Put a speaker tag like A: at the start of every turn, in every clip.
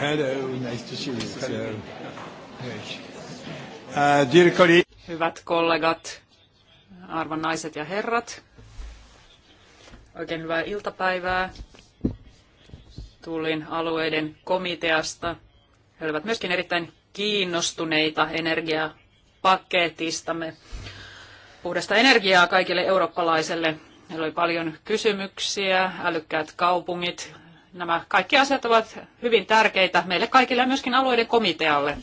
A: Hello, nice to see you. Uh, dear
B: Hyvät kollegat, arvon naiset ja herrat, oikein hyvää iltapäivää. Tulin alueiden komiteasta. He olivat myöskin erittäin kiinnostuneita energiapaketistamme. Puhdasta energiaa kaikille eurooppalaiselle Meillä oli paljon kysymyksiä, älykkäät kaupungit, Nämä kaikki asiat ovat hyvin tärkeitä meille kaikille ja myöskin alueiden komitealle.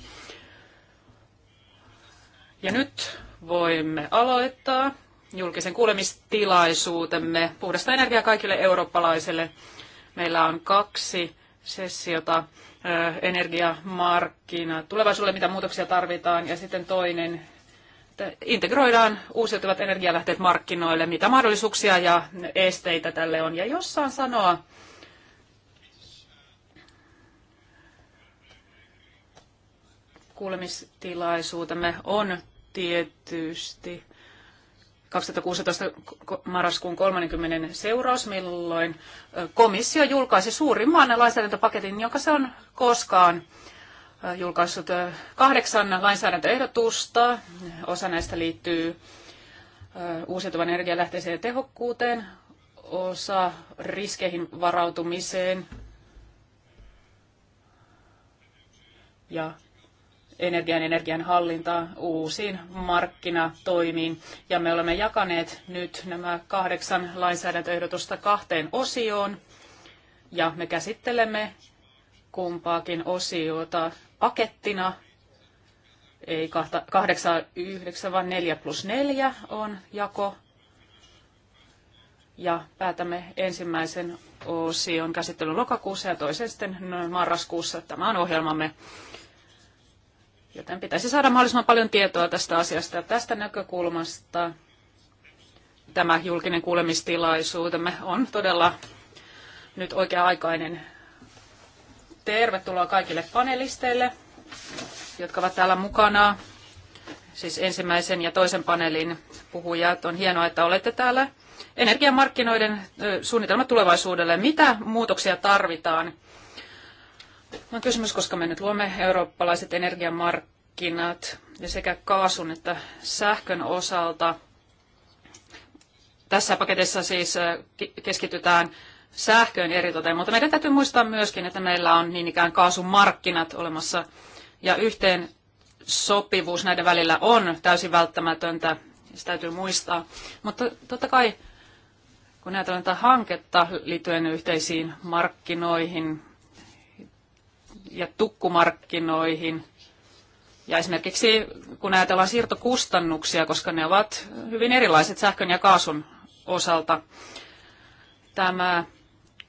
B: Ja nyt voimme aloittaa julkisen kuulemistilaisuutemme puhdasta energiaa kaikille eurooppalaisille. Meillä on kaksi sessiota energiamarkkina tulevaisuudelle, mitä muutoksia tarvitaan, ja sitten toinen, että integroidaan uusiutuvat energialähteet markkinoille, mitä mahdollisuuksia ja esteitä tälle on. Ja jos saan sanoa kuulemistilaisuutemme on tietysti 2016 marraskuun 30. seuraus, milloin komissio julkaisi suurimman lainsäädäntöpaketin, joka se on koskaan julkaissut kahdeksan lainsäädäntöehdotusta. Osa näistä liittyy uusiutuvan energialähteeseen ja tehokkuuteen, osa riskeihin varautumiseen ja energian energian hallintaa uusiin markkinatoimiin. Ja me olemme jakaneet nyt nämä kahdeksan lainsäädäntöehdotusta kahteen osioon. Ja me käsittelemme kumpaakin osiota pakettina. Ei kahta, kahdeksan, yhdeksän, vaan neljä plus neljä on jako. Ja päätämme ensimmäisen osion käsittelyn lokakuussa ja toisen sitten marraskuussa. Tämä on ohjelmamme Joten pitäisi saada mahdollisimman paljon tietoa tästä asiasta. Ja tästä näkökulmasta tämä julkinen kuulemistilaisuutemme on todella nyt oikea-aikainen. Tervetuloa kaikille panelisteille, jotka ovat täällä mukana. Siis ensimmäisen ja toisen paneelin puhujat. On hienoa, että olette täällä. Energiamarkkinoiden suunnitelma tulevaisuudelle. Mitä muutoksia tarvitaan? on kysymys, koska me nyt luomme eurooppalaiset energiamarkkinat ja sekä kaasun että sähkön osalta. Tässä paketissa siis äh, keskitytään sähköön toteen, mutta meidän täytyy muistaa myöskin, että meillä on niin ikään kaasumarkkinat olemassa ja yhteen sopivuus näiden välillä on täysin välttämätöntä, se täytyy muistaa. Mutta totta kai, kun ajatellaan tätä hanketta liittyen yhteisiin markkinoihin, ja tukkumarkkinoihin. Ja esimerkiksi kun ajatellaan siirtokustannuksia, koska ne ovat hyvin erilaiset sähkön ja kaasun osalta, tämä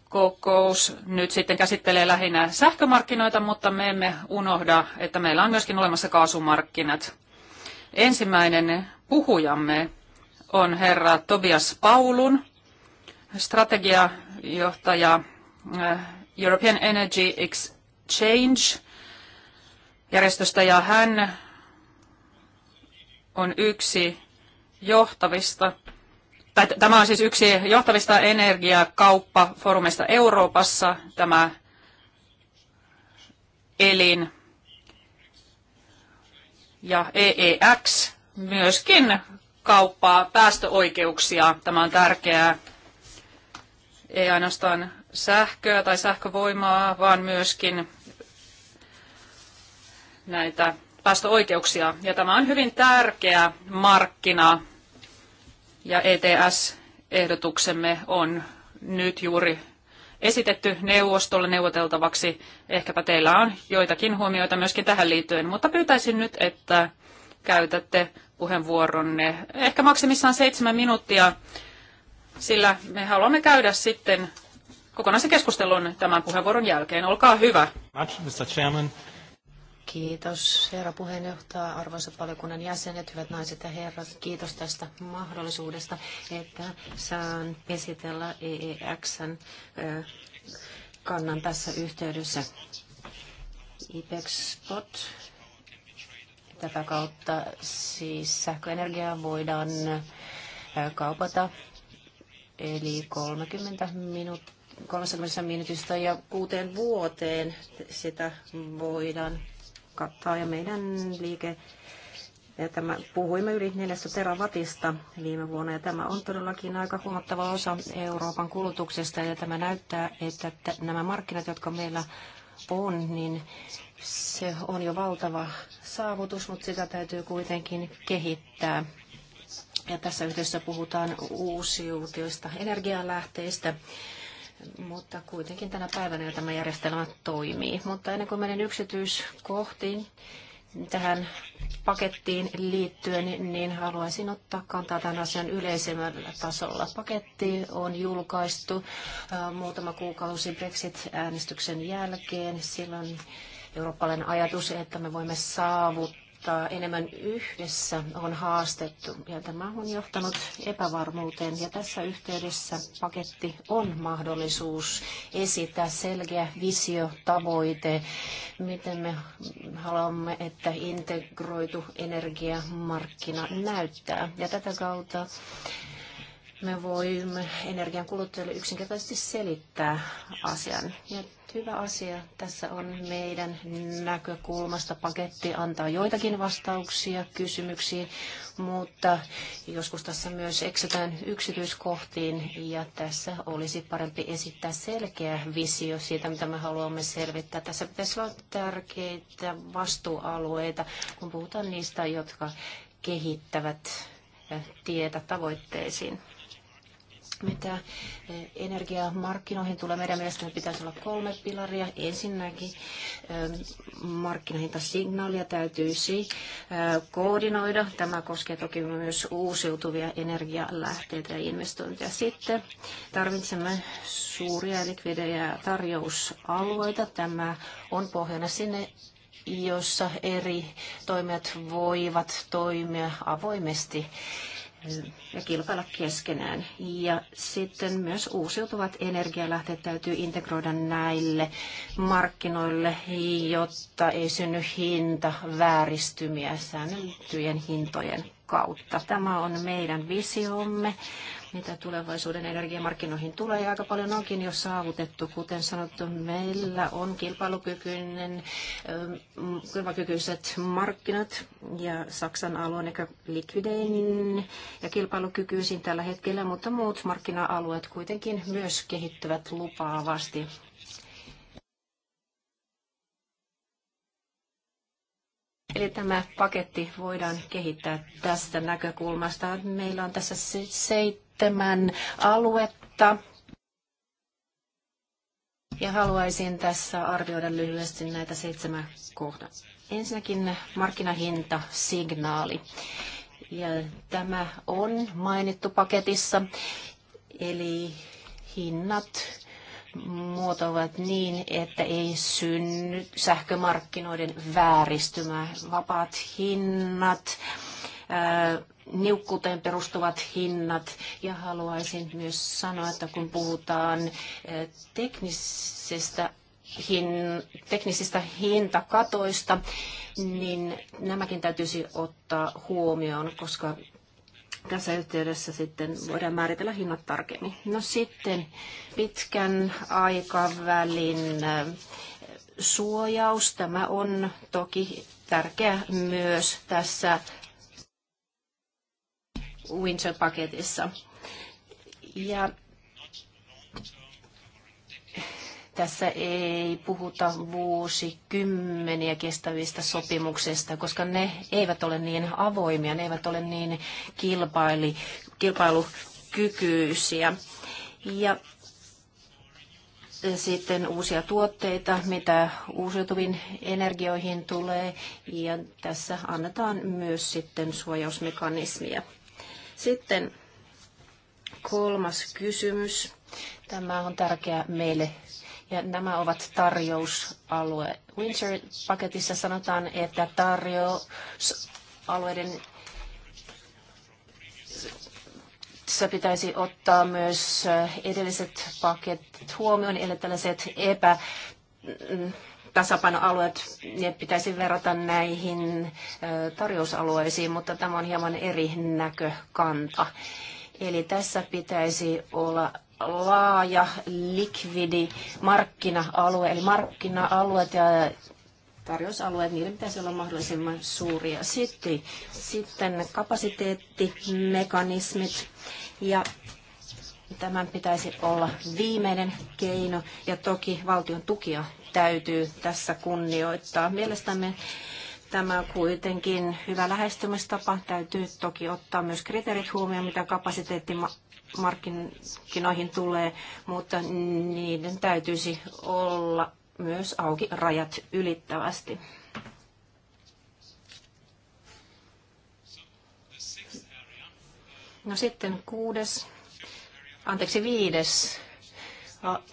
B: kokous nyt sitten käsittelee lähinnä sähkömarkkinoita, mutta me emme unohda, että meillä on myöskin olemassa kaasumarkkinat. Ensimmäinen puhujamme on herra Tobias Paulun, strategiajohtaja eh, European Energy Change-järjestöstä ja hän on yksi johtavista, tai tämä on siis yksi johtavista energiakauppafoorumeista Euroopassa, tämä elin ja EEX myöskin kauppaa päästöoikeuksia. Tämä on tärkeää. Ei ainoastaan sähköä tai sähkövoimaa, vaan myöskin näitä päästöoikeuksia. Ja tämä on hyvin tärkeä markkina ja ETS-ehdotuksemme on nyt juuri esitetty neuvostolle neuvoteltavaksi. Ehkäpä teillä on joitakin huomioita myöskin tähän liittyen, mutta pyytäisin nyt, että käytätte puheenvuoronne ehkä maksimissaan seitsemän minuuttia, sillä me haluamme käydä sitten kokonaisen keskustelun tämän puheenvuoron jälkeen. Olkaa hyvä.
C: Mr. Chairman. Kiitos herra puheenjohtaja, arvoisat valiokunnan jäsenet, hyvät naiset ja herrat. Kiitos tästä mahdollisuudesta, että saan esitellä EEXn kannan tässä yhteydessä. IPEX Spot. Tätä kautta siis sähköenergiaa voidaan kaupata eli 30 minuuttia 30 minuutista ja kuuteen vuoteen sitä voidaan kattaa. Ja meidän liike, ja tämä, puhuimme yli 4 terawatista viime vuonna, ja tämä on todellakin aika huomattava osa Euroopan kulutuksesta, ja tämä näyttää, että nämä markkinat, jotka meillä on, niin se on jo valtava saavutus, mutta sitä täytyy kuitenkin kehittää. Ja tässä yhteydessä puhutaan uusiutioista energialähteistä mutta kuitenkin tänä päivänä jo tämä järjestelmä toimii. Mutta ennen kuin menen yksityiskohtiin tähän pakettiin liittyen, niin haluaisin ottaa kantaa tämän asian yleisemmällä tasolla. Paketti on julkaistu muutama kuukausi Brexit-äänestyksen jälkeen. Silloin eurooppalainen ajatus, että me voimme saavuttaa tuottaa enemmän yhdessä on haastettu ja tämä on johtanut epävarmuuteen ja tässä yhteydessä paketti on mahdollisuus esittää selkeä visio, tavoite, miten me haluamme, että integroitu energiamarkkina näyttää ja tätä kautta me voimme energian kuluttajille yksinkertaisesti selittää asian. Ja hyvä asia. Tässä on meidän näkökulmasta. Paketti antaa joitakin vastauksia kysymyksiin, mutta joskus tässä myös eksytään yksityiskohtiin ja tässä olisi parempi esittää selkeä visio siitä, mitä me haluamme selvittää. Tässä pitäisi olla tärkeitä vastuualueita, kun puhutaan niistä, jotka kehittävät tietä tavoitteisiin mitä eh, energiamarkkinoihin tulee. Meidän mielestämme pitäisi olla kolme pilaria. Ensinnäkin eh, markkinahintasignaalia täytyisi eh, koordinoida. Tämä koskee toki myös uusiutuvia energialähteitä ja investointeja. Sitten tarvitsemme suuria likvidejä tarjousalueita. Tämä on pohjana sinne jossa eri toimijat voivat toimia avoimesti ja kilpailla keskenään. Ja sitten myös uusiutuvat energialähteet täytyy integroida näille markkinoille, jotta ei synny hinta vääristymiä säänneltyjen hintojen kautta. Tämä on meidän visiomme, mitä tulevaisuuden energiamarkkinoihin tulee. Ja aika paljon onkin jo saavutettu. Kuten sanottu, meillä on kilpailukykyinen, kilpailukykyiset markkinat ja Saksan alue on ehkä likvidein ja kilpailukykyisin tällä hetkellä, mutta muut markkina-alueet kuitenkin myös kehittyvät lupaavasti. Eli tämä paketti voidaan kehittää tästä näkökulmasta. Meillä on tässä seitsemän aluetta. Ja haluaisin tässä arvioida lyhyesti näitä seitsemän kohtaa. Ensinnäkin markkinahinta, signaali. Ja tämä on mainittu paketissa. Eli hinnat Muotoavat niin, että ei synny sähkömarkkinoiden vääristymää. Vapaat hinnat, äh, niukkuuteen perustuvat hinnat. Ja haluaisin myös sanoa, että kun puhutaan äh, teknisestä hin, teknisistä hintakatoista, niin nämäkin täytyisi ottaa huomioon, koska tässä yhteydessä sitten voidaan määritellä hinnat tarkemmin. No sitten pitkän aikavälin äh, suojaus. Tämä on toki tärkeä myös tässä Winter-paketissa. Ja tässä ei puhuta vuosikymmeniä kestävistä sopimuksista, koska ne eivät ole niin avoimia, ne eivät ole niin kilpaili, kilpailukykyisiä. Ja sitten uusia tuotteita, mitä uusiutuviin energioihin tulee, ja tässä annetaan myös sitten suojausmekanismia. Sitten kolmas kysymys. Tämä on tärkeä meille ja nämä ovat tarjousalue. Winter-paketissa sanotaan, että tarjousalueiden se pitäisi ottaa myös eh, edelliset paketit huomioon, eli tällaiset epä mm, tasapainoalueet, ne pitäisi verrata näihin eh, tarjousalueisiin, mutta tämä on hieman eri näkökanta. Eli tässä pitäisi olla laaja likvidi markkina-alue, eli markkina-alueet ja tarjousalueet, niiden pitäisi olla mahdollisimman suuria. Sitten, sitten kapasiteettimekanismit ja tämän pitäisi olla viimeinen keino ja toki valtion tukia täytyy tässä kunnioittaa. Mielestämme tämä kuitenkin hyvä lähestymistapa. Täytyy toki ottaa myös kriteerit huomioon, mitä kapasiteettima- markkinoihin tulee, mutta niiden täytyisi olla myös auki rajat ylittävästi. No sitten kuudes, anteeksi viides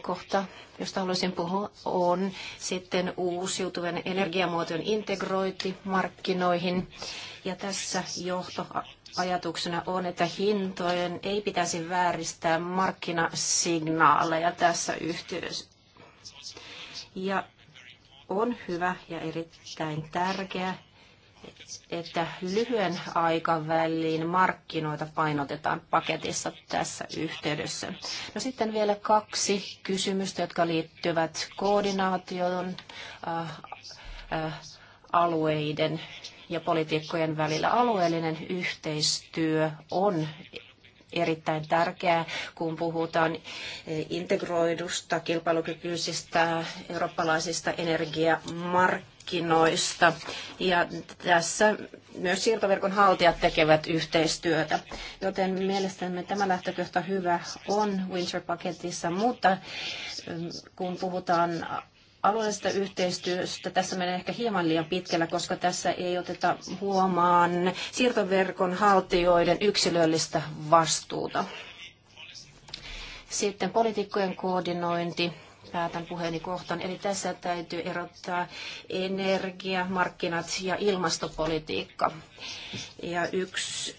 C: kohta, josta haluaisin puhua, on sitten uusiutuvien energiamuotojen integrointi markkinoihin. Ja tässä johto ajatuksena on, että hintojen ei pitäisi vääristää markkinasignaaleja tässä yhteydessä. Ja on hyvä ja erittäin tärkeä, että lyhyen aikavälin markkinoita painotetaan paketissa tässä yhteydessä. No sitten vielä kaksi kysymystä, jotka liittyvät koordinaation äh, äh, alueiden ja poliitikkojen välillä. Alueellinen yhteistyö on erittäin tärkeää, kun puhutaan integroidusta, kilpailukykyisistä eurooppalaisista energiamarkkinoista. Ja tässä myös siirtoverkon haltijat tekevät yhteistyötä. Joten mielestämme tämä lähtökohta hyvä on Winter-paketissa, mutta mm, kun puhutaan alueellisesta yhteistyöstä tässä menee ehkä hieman liian pitkällä, koska tässä ei oteta huomaan siirtoverkon haltijoiden yksilöllistä vastuuta. Sitten poliitikkojen koordinointi. Päätän puheeni kohtaan. Eli tässä täytyy erottaa energia, markkinat ja ilmastopolitiikka. Ja yksi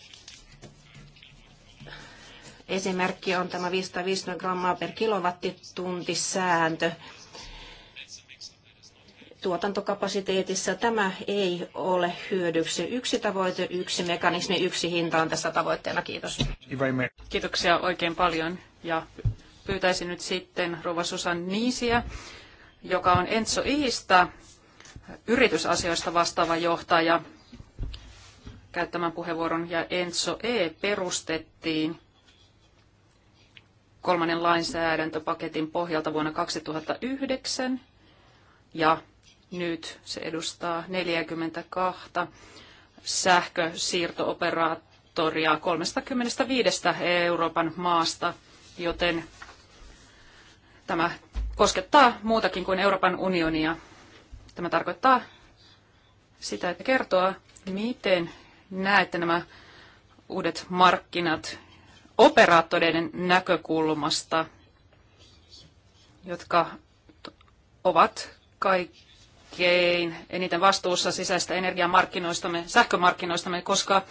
C: esimerkki on tämä 550 grammaa per kilowattitunti sääntö tuotantokapasiteetissa tämä ei ole hyödyksi. Yksi tavoite, yksi
B: mekanismi, yksi hinta on tässä tavoitteena. Kiitos. Kiitoksia oikein paljon ja pyytäisin nyt sitten Rova Susan Niisiä, joka on Enso Iista, yritysasioista vastaava johtaja, käyttämään puheenvuoron. Ja Enso E perustettiin kolmannen lainsäädäntöpaketin pohjalta vuonna 2009 ja nyt. Se edustaa 42 sähkösiirtooperaattoria 35 Euroopan maasta, joten tämä koskettaa muutakin kuin Euroopan unionia. Tämä tarkoittaa sitä, että kertoa, miten näette nämä uudet markkinat operaattoreiden näkökulmasta, jotka ovat kaikki kaikkein eniten vastuussa sisäistä energiamarkkinoistamme, sähkömarkkinoistamme, koska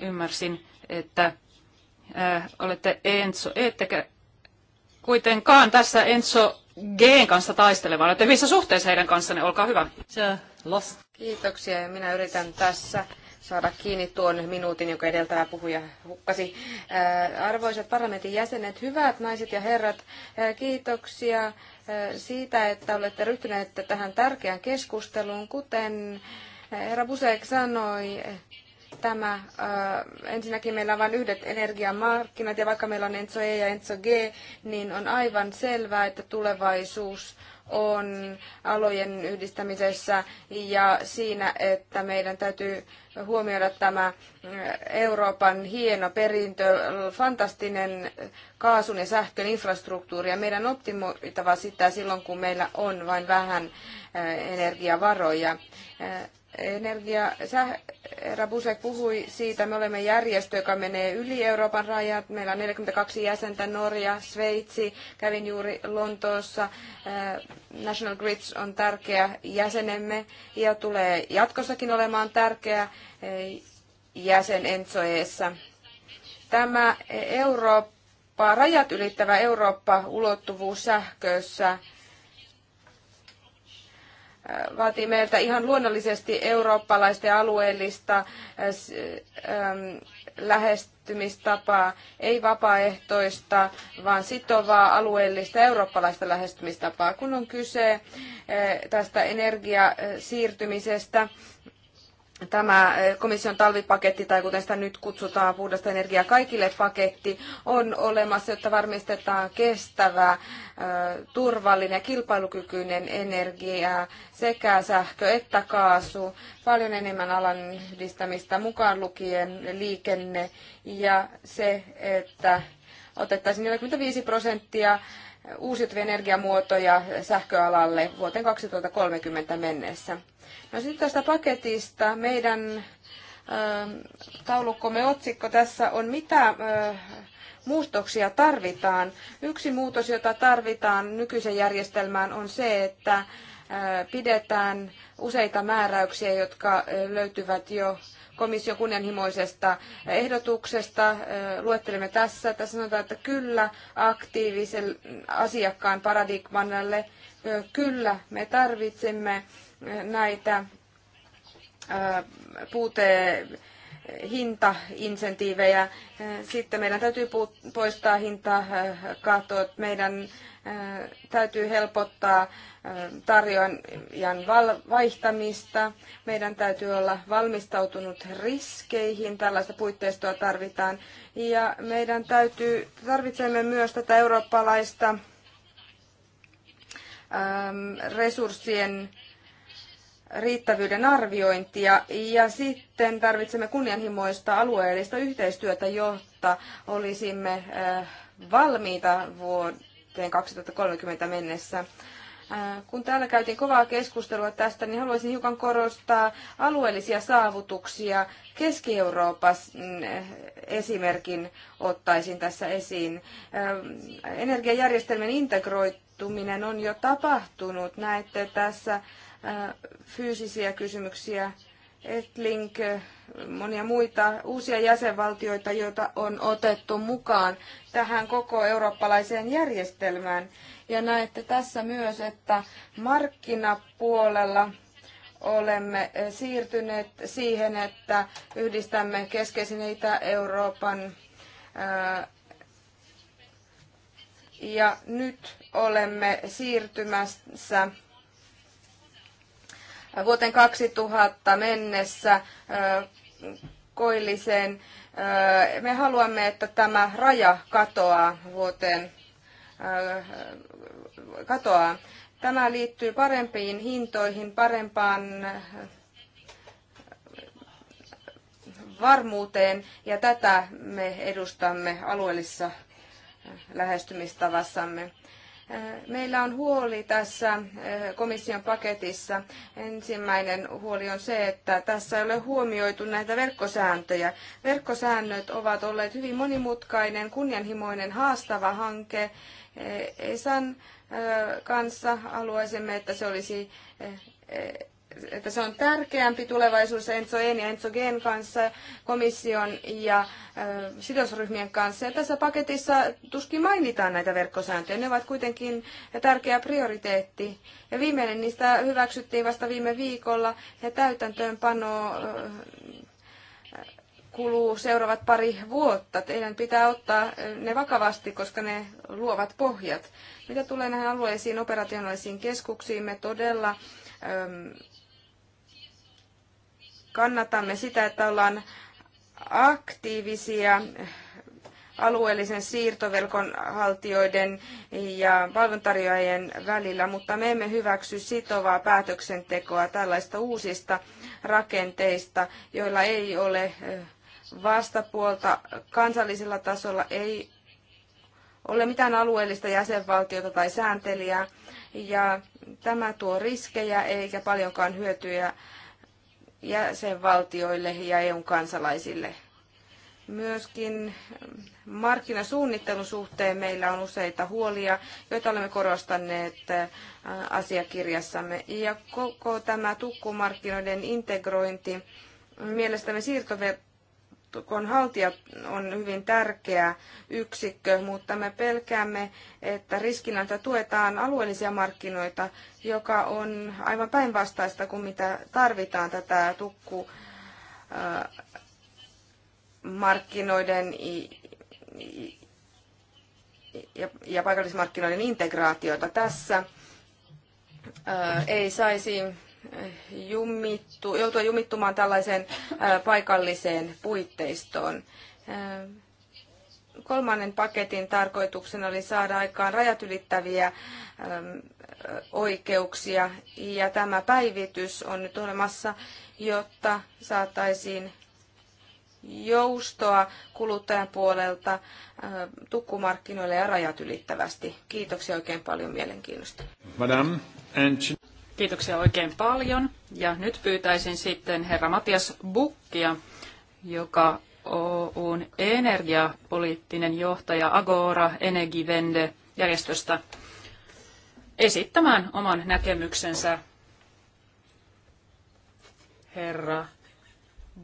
B: ymmärsin, että ää, äh, olette Enzo, ettekä kuitenkaan tässä Enzo gen kanssa taisteleva, Olette hyvissä suhteessa heidän kanssanne, olkaa
A: hyvä. Kiitoksia ja minä yritän tässä saada kiinni tuon minuutin, jonka edeltävä puhuja hukkasi. Äh, arvoisat parlamentin jäsenet, hyvät naiset ja herrat, äh, kiitoksia siitä, että olette ryhtyneet tähän tärkeään keskusteluun. Kuten herra Busek sanoi, tämä, ensinnäkin meillä on vain yhdet energiamarkkinat, ja vaikka meillä on Enso E ja Enso G, niin on aivan selvää, että tulevaisuus on alojen yhdistämisessä ja siinä, että meidän täytyy huomioida tämä eh, Euroopan hieno perintö, fantastinen kaasun ja sähkön infrastruktuuri ja meidän optimoitava sitä silloin, kun meillä on vain vähän eh, energiavaroja. Eh, Energia, herra Busek puhui siitä, me olemme järjestö, joka menee yli Euroopan rajat. Meillä on 42 jäsentä, Norja, Sveitsi, kävin juuri Lontoossa. Äh, National Grids on tärkeä jäsenemme ja tulee jatkossakin olemaan tärkeä äh, jäsen Ensoeessa. Tämä Eurooppa, rajat ylittävä Eurooppa-ulottuvuus sähkössä – Äh, vaatii meiltä ihan luonnollisesti eurooppalaista ja alueellista äh, ähm, lähestymistapaa, ei vapaaehtoista, vaan sitovaa alueellista eurooppalaista lähestymistapaa, kun on kyse äh, tästä energiasiirtymisestä Tämä eh, komission talvipaketti, tai kuten sitä nyt kutsutaan, puhdasta energiaa kaikille paketti, on olemassa, jotta varmistetaan kestävä, eh, turvallinen ja kilpailukykyinen energia sekä sähkö että kaasu, paljon enemmän alan yhdistämistä mukaan lukien liikenne ja se, että otettaisiin 45 prosenttia uusiutuvia energiamuotoja sähköalalle vuoteen 2030 mennessä. No sitten tästä paketista meidän ähm, taulukkomme otsikko tässä on mitä äh, muutoksia tarvitaan. Yksi muutos, jota tarvitaan nykyisen järjestelmään on se, että äh, pidetään useita määräyksiä, jotka äh, löytyvät jo komission kunnianhimoisesta ehdotuksesta. Luettelemme tässä. että sanotaan, että kyllä aktiivisen asiakkaan paradigmannalle. Kyllä me tarvitsemme näitä puute hintainsentiivejä. Sitten meidän täytyy poistaa hintakatot, meidän täytyy helpottaa tarjoajan vaihtamista, meidän täytyy olla valmistautunut riskeihin, tällaista puitteistoa tarvitaan, ja meidän täytyy, tarvitsemme myös tätä eurooppalaista resurssien riittävyyden arviointia ja sitten tarvitsemme kunnianhimoista alueellista yhteistyötä, jotta olisimme äh, valmiita vuoteen 2030 mennessä. Äh, kun täällä käytiin kovaa keskustelua tästä, niin haluaisin hiukan korostaa alueellisia saavutuksia. keski euroopassa mm, äh, esimerkin ottaisin tässä esiin. Energiajärjestelmän integroituminen on jo tapahtunut. Näette tässä Äh, fyysisiä kysymyksiä, Etlink, äh, monia muita uusia jäsenvaltioita, joita on otettu mukaan tähän koko eurooppalaiseen järjestelmään. Ja näette tässä myös, että markkinapuolella olemme äh, siirtyneet siihen, että yhdistämme keskeisen Itä-Euroopan ja nyt olemme siirtymässä vuoteen 2000 mennessä koilliseen. Me haluamme, että tämä raja katoaa vuoteen katoaa. Tämä liittyy parempiin hintoihin, parempaan varmuuteen ja tätä me edustamme alueellisessa lähestymistavassamme. Meillä on huoli tässä komission paketissa. Ensimmäinen huoli on se, että tässä ei ole huomioitu näitä verkkosääntöjä. Verkkosäännöt ovat olleet hyvin monimutkainen, kunnianhimoinen, haastava hanke. ESAN kanssa haluaisimme, että se olisi että se on tärkeämpi tulevaisuus Enzo En ja Enzo Gen kanssa, komission ja sidosryhmien kanssa. Ja tässä paketissa tuskin mainitaan näitä verkkosääntöjä. Ne ovat kuitenkin tärkeä prioriteetti. Ja viimeinen niistä hyväksyttiin vasta viime viikolla ja täytäntöönpano kuluu seuraavat pari vuotta. Teidän pitää ottaa ne vakavasti, koska ne luovat pohjat. Mitä tulee näihin alueisiin operationaalisiin keskuksiin, me todella kannatamme sitä, että ollaan aktiivisia alueellisen siirtovelkon haltijoiden ja palveluntarjoajien välillä, mutta me emme hyväksy sitovaa päätöksentekoa tällaista uusista rakenteista, joilla ei ole eh, vastapuolta kansallisella tasolla, ei ole mitään alueellista jäsenvaltiota tai sääntelijää, ja tämä tuo riskejä eikä paljonkaan hyötyjä jäsenvaltioille ja EUn kansalaisille. Myöskin markkinasuunnittelun suhteen meillä on useita huolia, joita olemme korostaneet äh, asiakirjassamme. Ja koko tämä tukkumarkkinoiden integrointi mielestämme siirtover- kun haltija on hyvin tärkeä yksikkö, mutta me pelkäämme, että riskinä, että tuetaan alueellisia markkinoita, joka on aivan päinvastaista kuin mitä tarvitaan tätä tukku äh, markkinoiden ja paikallismarkkinoiden integraatiota tässä. Äh, ei saisi jumittu, joutua jumittumaan tällaiseen paikalliseen puitteistoon. Kolmannen paketin tarkoituksena oli saada aikaan rajat ylittäviä oikeuksia ja tämä päivitys on nyt olemassa, jotta saataisiin joustoa kuluttajan puolelta tukkumarkkinoille ja rajat ylittävästi. Kiitoksia oikein paljon mielenkiinnosta.
B: Madame, and... Kiitoksia oikein paljon. Ja nyt pyytäisin sitten herra Matias Bukkia, joka on energiapoliittinen johtaja Agora Energivende järjestöstä esittämään oman näkemyksensä. Herra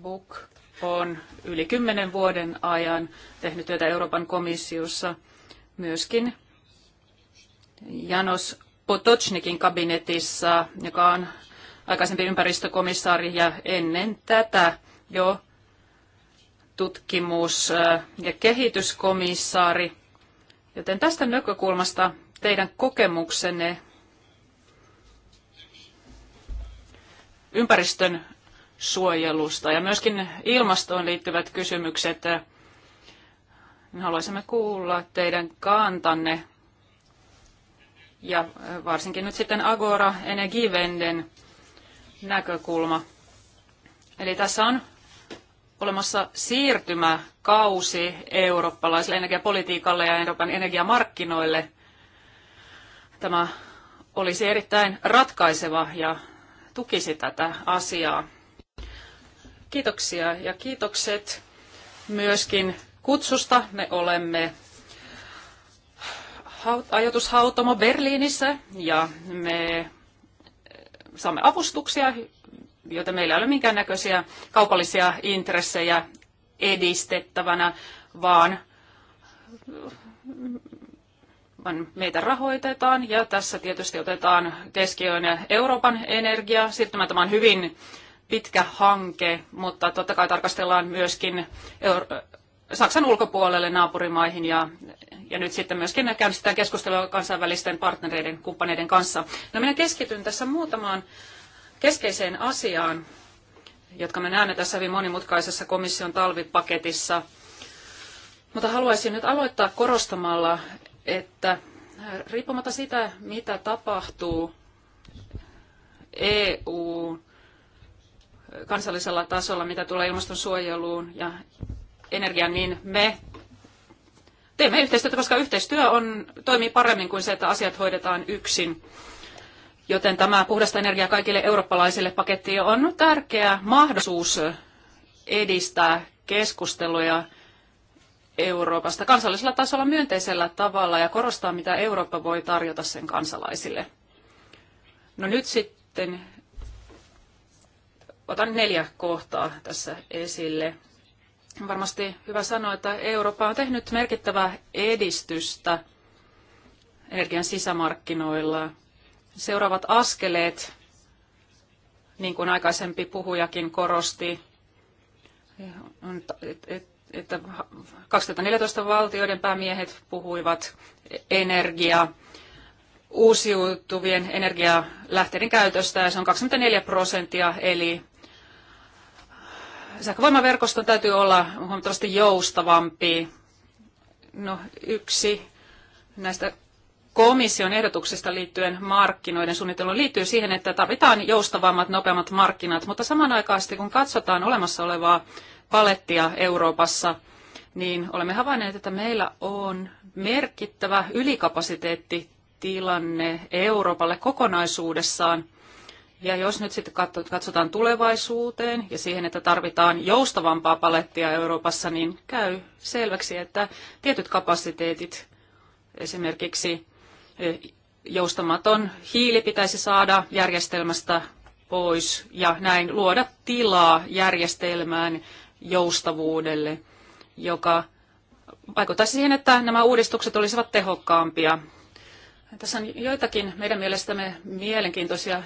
B: Buk on yli kymmenen vuoden ajan tehnyt työtä Euroopan komissiossa myöskin Janos Potocnikin kabinetissa, joka on aikaisempi ympäristökomissaari ja ennen tätä jo tutkimus- ja kehityskomissaari. Joten tästä näkökulmasta teidän kokemuksenne ympäristön suojelusta ja myöskin ilmastoon liittyvät kysymykset. Haluaisimme kuulla teidän kantanne ja varsinkin nyt sitten Agora energivenden näkökulma. Eli tässä on olemassa siirtymäkausi eurooppalaiselle energiapolitiikalle ja Euroopan energiamarkkinoille. Tämä olisi erittäin ratkaiseva ja tukisi tätä asiaa. Kiitoksia ja kiitokset myöskin kutsusta. Me olemme ajatushautomo Berliinissä ja me eh, saamme avustuksia, joita meillä ei ole minkäännäköisiä kaupallisia intressejä edistettävänä, vaan meitä rahoitetaan ja tässä tietysti otetaan keskiöön Euroopan energia. Siirtymä tämä on hyvin pitkä hanke, mutta totta kai tarkastellaan myöskin Saksan ulkopuolelle naapurimaihin ja, ja nyt sitten myöskin käynnistetään keskustelua kansainvälisten partnereiden, kumppaneiden kanssa. No minä keskityn tässä muutamaan keskeiseen asiaan, jotka me näemme tässä hyvin monimutkaisessa komission talvipaketissa. Mutta haluaisin nyt aloittaa korostamalla, että riippumatta sitä, mitä tapahtuu EU kansallisella tasolla, mitä tulee ilmastonsuojeluun ja energian, niin me teemme yhteistyötä, koska yhteistyö on, toimii paremmin kuin se, että asiat hoidetaan yksin. Joten tämä puhdasta energiaa kaikille eurooppalaisille paketti on tärkeä mahdollisuus edistää keskusteluja Euroopasta kansallisella tasolla myönteisellä tavalla ja korostaa, mitä Eurooppa voi tarjota sen kansalaisille. No nyt sitten otan neljä kohtaa tässä esille. On varmasti hyvä sanoa, että Eurooppa on tehnyt merkittävää edistystä energian sisämarkkinoilla. Seuraavat askeleet, niin kuin aikaisempi puhujakin korosti, että 2014 valtioiden päämiehet puhuivat energia uusiutuvien energialähteiden käytöstä ja se on 24 prosenttia, eli sähkövoimaverkoston täytyy olla huomattavasti joustavampi. No, yksi näistä komission ehdotuksista liittyen markkinoiden suunnitteluun liittyy siihen, että tarvitaan joustavammat, nopeammat markkinat, mutta samanaikaisesti kun katsotaan olemassa olevaa palettia Euroopassa, niin olemme havainneet, että meillä on merkittävä ylikapasiteettitilanne Euroopalle kokonaisuudessaan. Ja jos nyt sitten katsotaan tulevaisuuteen ja siihen, että tarvitaan joustavampaa palettia Euroopassa, niin käy selväksi, että tietyt kapasiteetit, esimerkiksi e, joustamaton hiili pitäisi saada järjestelmästä pois ja näin luoda tilaa järjestelmään joustavuudelle, joka vaikuttaisi siihen, että nämä uudistukset olisivat tehokkaampia. Tässä on joitakin meidän mielestämme mielenkiintoisia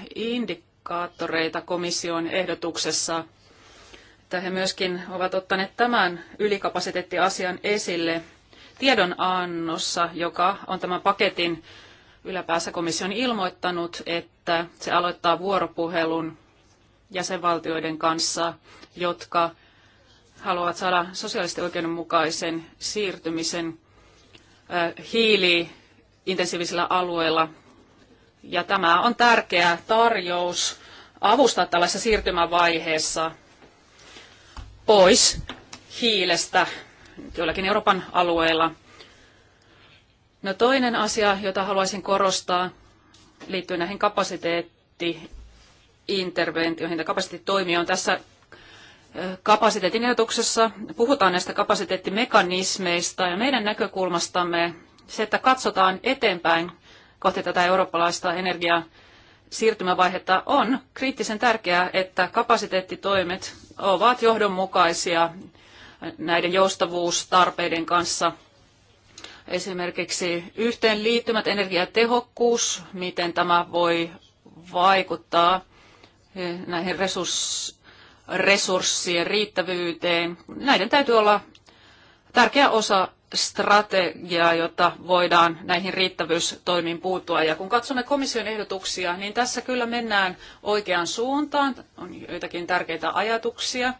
B: indikaattoreita komission ehdotuksessa, että he myöskin ovat ottaneet tämän ylikapasiteettiasian esille tiedonannossa, joka on tämän paketin yläpäässä komission ilmoittanut, että se aloittaa vuoropuhelun jäsenvaltioiden kanssa, jotka haluavat saada sosiaalisesti oikeudenmukaisen siirtymisen hiiliintensiivisillä alueilla ja tämä on tärkeä tarjous avustaa tällaisessa siirtymävaiheessa pois hiilestä joillakin Euroopan alueilla. No toinen asia, jota haluaisin korostaa, liittyy näihin kapasiteetti-interventioihin tai kapasiteettitoimiin. On tässä kapasiteetin ehdotuksessa puhutaan näistä kapasiteettimekanismeista ja meidän näkökulmastamme se, että katsotaan eteenpäin kohti tätä eurooppalaista energiaa siirtymävaihetta on kriittisen tärkeää, että kapasiteettitoimet ovat johdonmukaisia näiden joustavuustarpeiden kanssa. Esimerkiksi yhteenliittymät, energiatehokkuus, miten tämä voi vaikuttaa näihin resurssien riittävyyteen. Näiden täytyy olla tärkeä osa strategiaa, jotta voidaan näihin riittävyystoimiin puuttua. Ja kun katsomme komission ehdotuksia, niin tässä kyllä mennään oikeaan suuntaan. On joitakin tärkeitä ajatuksia.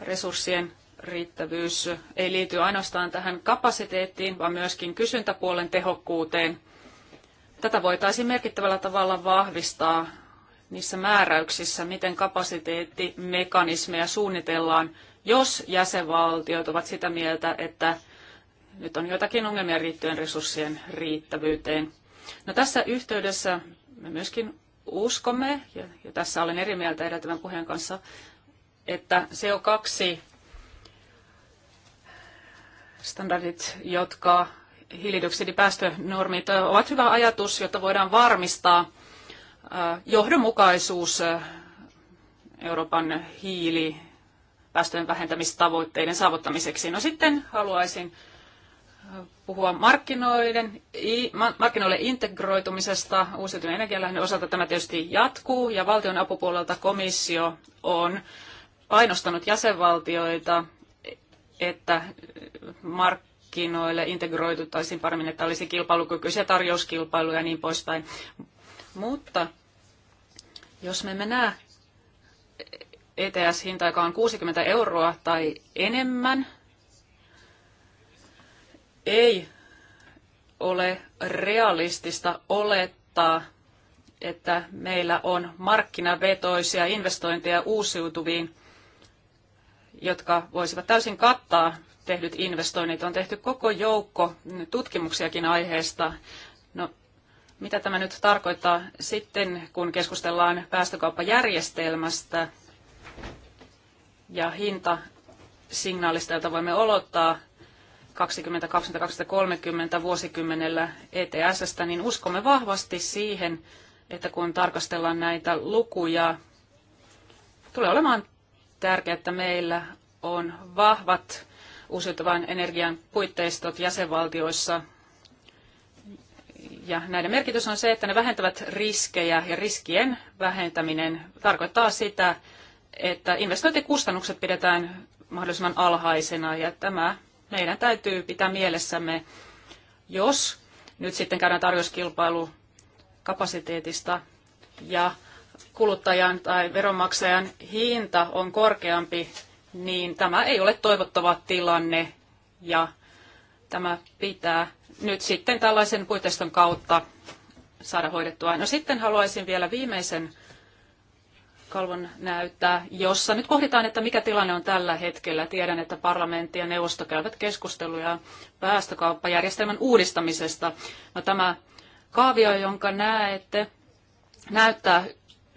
B: Resurssien riittävyys ei liity ainoastaan tähän kapasiteettiin, vaan myöskin kysyntäpuolen tehokkuuteen. Tätä voitaisiin merkittävällä tavalla vahvistaa niissä määräyksissä, miten kapasiteettimekanismeja suunnitellaan, jos jäsenvaltiot ovat sitä mieltä, että nyt on joitakin ongelmia liittyen resurssien riittävyyteen. No, tässä yhteydessä me myöskin uskomme, ja, ja tässä olen eri mieltä edeltävän puheen kanssa, että CO2 standardit, jotka hiilidioksidipäästönormit ovat hyvä ajatus, jotta voidaan varmistaa johdonmukaisuus Euroopan hiilipäästöjen vähentämistavoitteiden saavuttamiseksi. No sitten haluaisin puhua markkinoiden, markkinoille integroitumisesta uusiutuvien energialähden osalta. Tämä tietysti jatkuu ja valtion apupuolelta komissio on painostanut jäsenvaltioita, että markkinoille integroituttaisiin paremmin, että olisi kilpailukykyisiä tarjouskilpailuja ja niin poispäin. Mutta jos me emme näe ETS-hinta, joka on 60 euroa tai enemmän, ei ole realistista olettaa, että meillä on markkinavetoisia investointeja uusiutuviin, jotka voisivat täysin kattaa tehdyt investoinnit. On tehty koko joukko tutkimuksiakin aiheesta. No, mitä tämä nyt tarkoittaa sitten, kun keskustellaan päästökauppajärjestelmästä ja hintasignaalista, jota voimme olottaa 2020-2030 vuosikymmenellä ETSstä, niin uskomme vahvasti siihen, että kun tarkastellaan näitä lukuja, tulee olemaan tärkeää, että meillä on vahvat uusiutuvan energian puitteistot jäsenvaltioissa. Ja näiden merkitys on se, että ne vähentävät riskejä ja riskien vähentäminen tarkoittaa sitä, että investointikustannukset pidetään mahdollisimman alhaisena ja tämä meidän täytyy pitää mielessämme, jos nyt sitten käydään tarjouskilpailu kapasiteetista ja kuluttajan tai veronmaksajan hinta on korkeampi, niin tämä ei ole toivottava tilanne ja tämä pitää nyt sitten tällaisen puiteston kautta saada hoidettua. No sitten haluaisin vielä viimeisen kalvon näyttää, jossa nyt pohditaan, että mikä tilanne on tällä hetkellä. Tiedän, että parlamentti ja neuvosto käyvät keskusteluja päästökauppajärjestelmän uudistamisesta. No, tämä kaavio, jonka näette, näyttää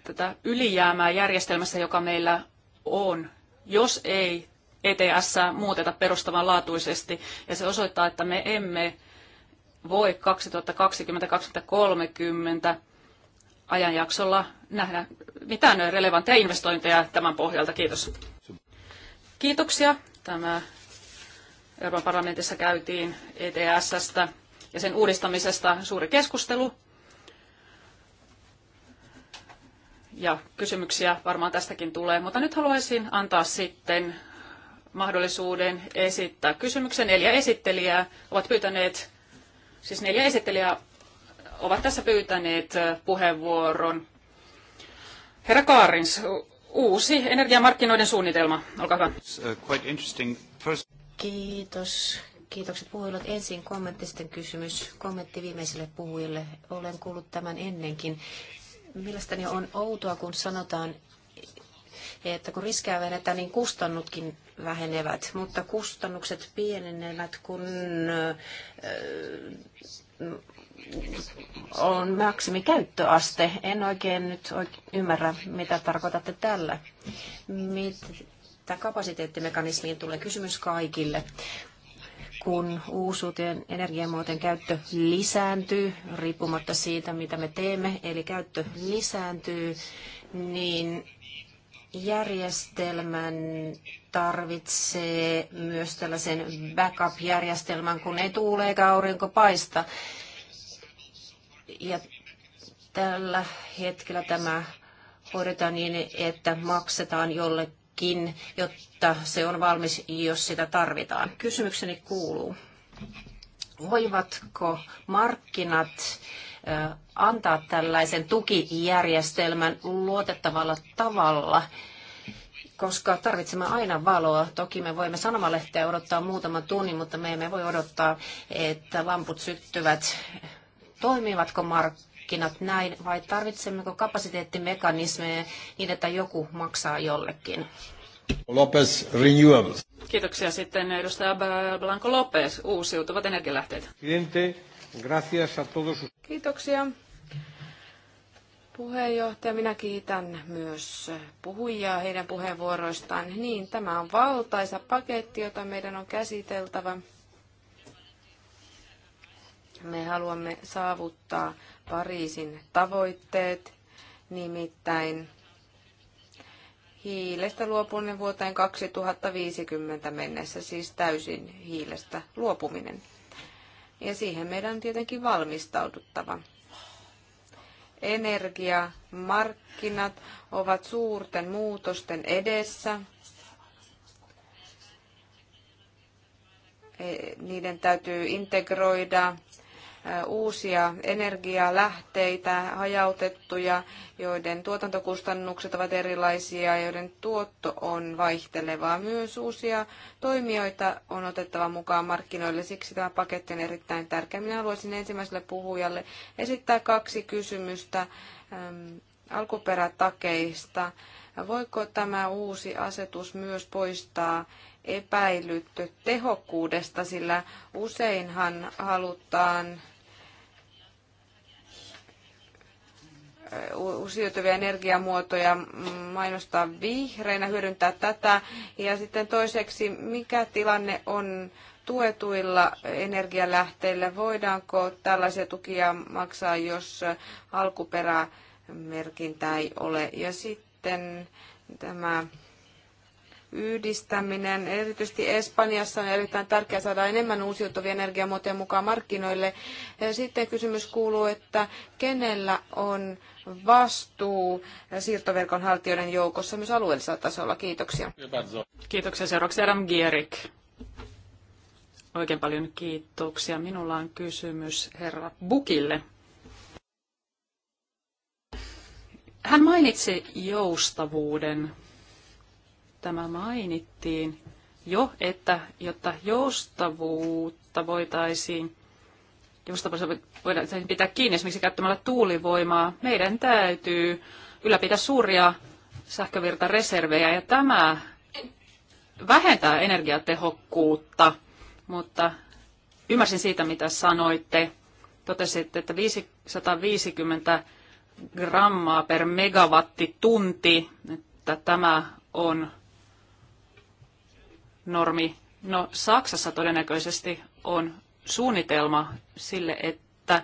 B: tätä ylijäämää järjestelmässä, joka meillä on, jos ei ETS muuteta perustavanlaatuisesti. Ja se osoittaa, että me emme voi 2020-2030 ajanjaksolla nähdä mitään relevantteja investointeja tämän pohjalta. Kiitos. Kiitoksia. Tämä Euroopan parlamentissa käytiin ETSstä ja sen uudistamisesta suuri keskustelu. Ja kysymyksiä varmaan tästäkin tulee, mutta nyt haluaisin antaa sitten mahdollisuuden esittää kysymyksen. Neljä esittelijää ovat pyytäneet, siis neljä esittelijää ovat tässä pyytäneet puheenvuoron. Herra Kaarins, uusi energiamarkkinoiden suunnitelma. Olkaa hyvä. Uh,
C: Kiitos. Kiitokset puhujille. Ensin kommentti, sitten kysymys. Kommentti viimeiselle puhujille. Olen kuullut tämän ennenkin. Mielestäni on outoa, kun sanotaan, että kun riskejä vähennetään, niin kustannutkin vähenevät, mutta kustannukset pienenevät, kun on maksimikäyttöaste. En oikein nyt oikein ymmärrä, mitä tarkoitatte tällä. Mitä kapasiteettimekanismiin tulee kysymys kaikille. Kun uusuuteen energiamuotojen käyttö lisääntyy, riippumatta siitä, mitä me teemme, eli käyttö lisääntyy, niin järjestelmän tarvitsee myös tällaisen backup-järjestelmän, kun ei tuule eikä aurinko paista. Ja tällä hetkellä tämä hoidetaan niin, että maksetaan jollekin, jotta se on valmis, jos sitä tarvitaan. Kysymykseni kuuluu, voivatko markkinat antaa tällaisen tukijärjestelmän luotettavalla tavalla, koska tarvitsemme aina valoa. Toki me voimme sanomalehteä odottaa muutaman tunnin, mutta me emme voi odottaa, että lamput syttyvät Toimivatko markkinat näin vai tarvitsemmeko kapasiteettimekanismeja niin,
B: että joku maksaa jollekin?
A: Lopez Renewables.
B: Kiitoksia sitten edustaja Blanco Lopez, uusiutuvat energialähteet.
A: Kiitoksia. Puheenjohtaja, minä kiitän myös puhujia heidän puheenvuoroistaan. Niin, tämä on valtaisa paketti, jota meidän on käsiteltävä. Me haluamme saavuttaa Pariisin tavoitteet, nimittäin hiilestä luopuminen vuoteen 2050 mennessä, siis täysin hiilestä luopuminen. Ja siihen meidän on tietenkin valmistauduttava. Energiamarkkinat ovat suurten muutosten edessä. E, niiden täytyy integroida uusia energialähteitä, hajautettuja, joiden tuotantokustannukset ovat erilaisia, ja joiden tuotto on vaihtelevaa. Myös uusia toimijoita on otettava mukaan markkinoille, siksi tämä paketti on erittäin tärkeä. Minä haluaisin ensimmäiselle puhujalle esittää kaksi kysymystä alkuperätakeista. Voiko tämä uusi asetus myös poistaa epäilyt tehokkuudesta, sillä useinhan halutaan uusiutuvia energiamuotoja, mainostaa vihreinä, hyödyntää tätä. Ja sitten toiseksi, mikä tilanne on tuetuilla energialähteillä? Voidaanko tällaisia tukia maksaa, jos alkuperämerkintä ei ole? Ja sitten tämä yhdistäminen. Erityisesti Espanjassa on erittäin tärkeää saada enemmän uusiutuvia energiamuotoja mukaan markkinoille. Sitten kysymys kuuluu, että kenellä on vastuu siirtoverkon haltijoiden joukossa myös alueellisella tasolla. Kiitoksia.
B: Kiitoksia. Seuraavaksi Adam Gierik. Oikein paljon kiitoksia. Minulla on kysymys herra Bukille. Hän mainitsi joustavuuden tämä mainittiin jo, että jotta joustavuutta voitaisiin joustavuutta voidaan pitää kiinni esimerkiksi käyttämällä tuulivoimaa, meidän täytyy ylläpitää suuria sähkövirtareservejä ja tämä vähentää energiatehokkuutta, mutta ymmärsin siitä, mitä sanoitte. Totesitte, että 550 grammaa per megawattitunti, että tämä on normi. No Saksassa todennäköisesti on suunnitelma sille, että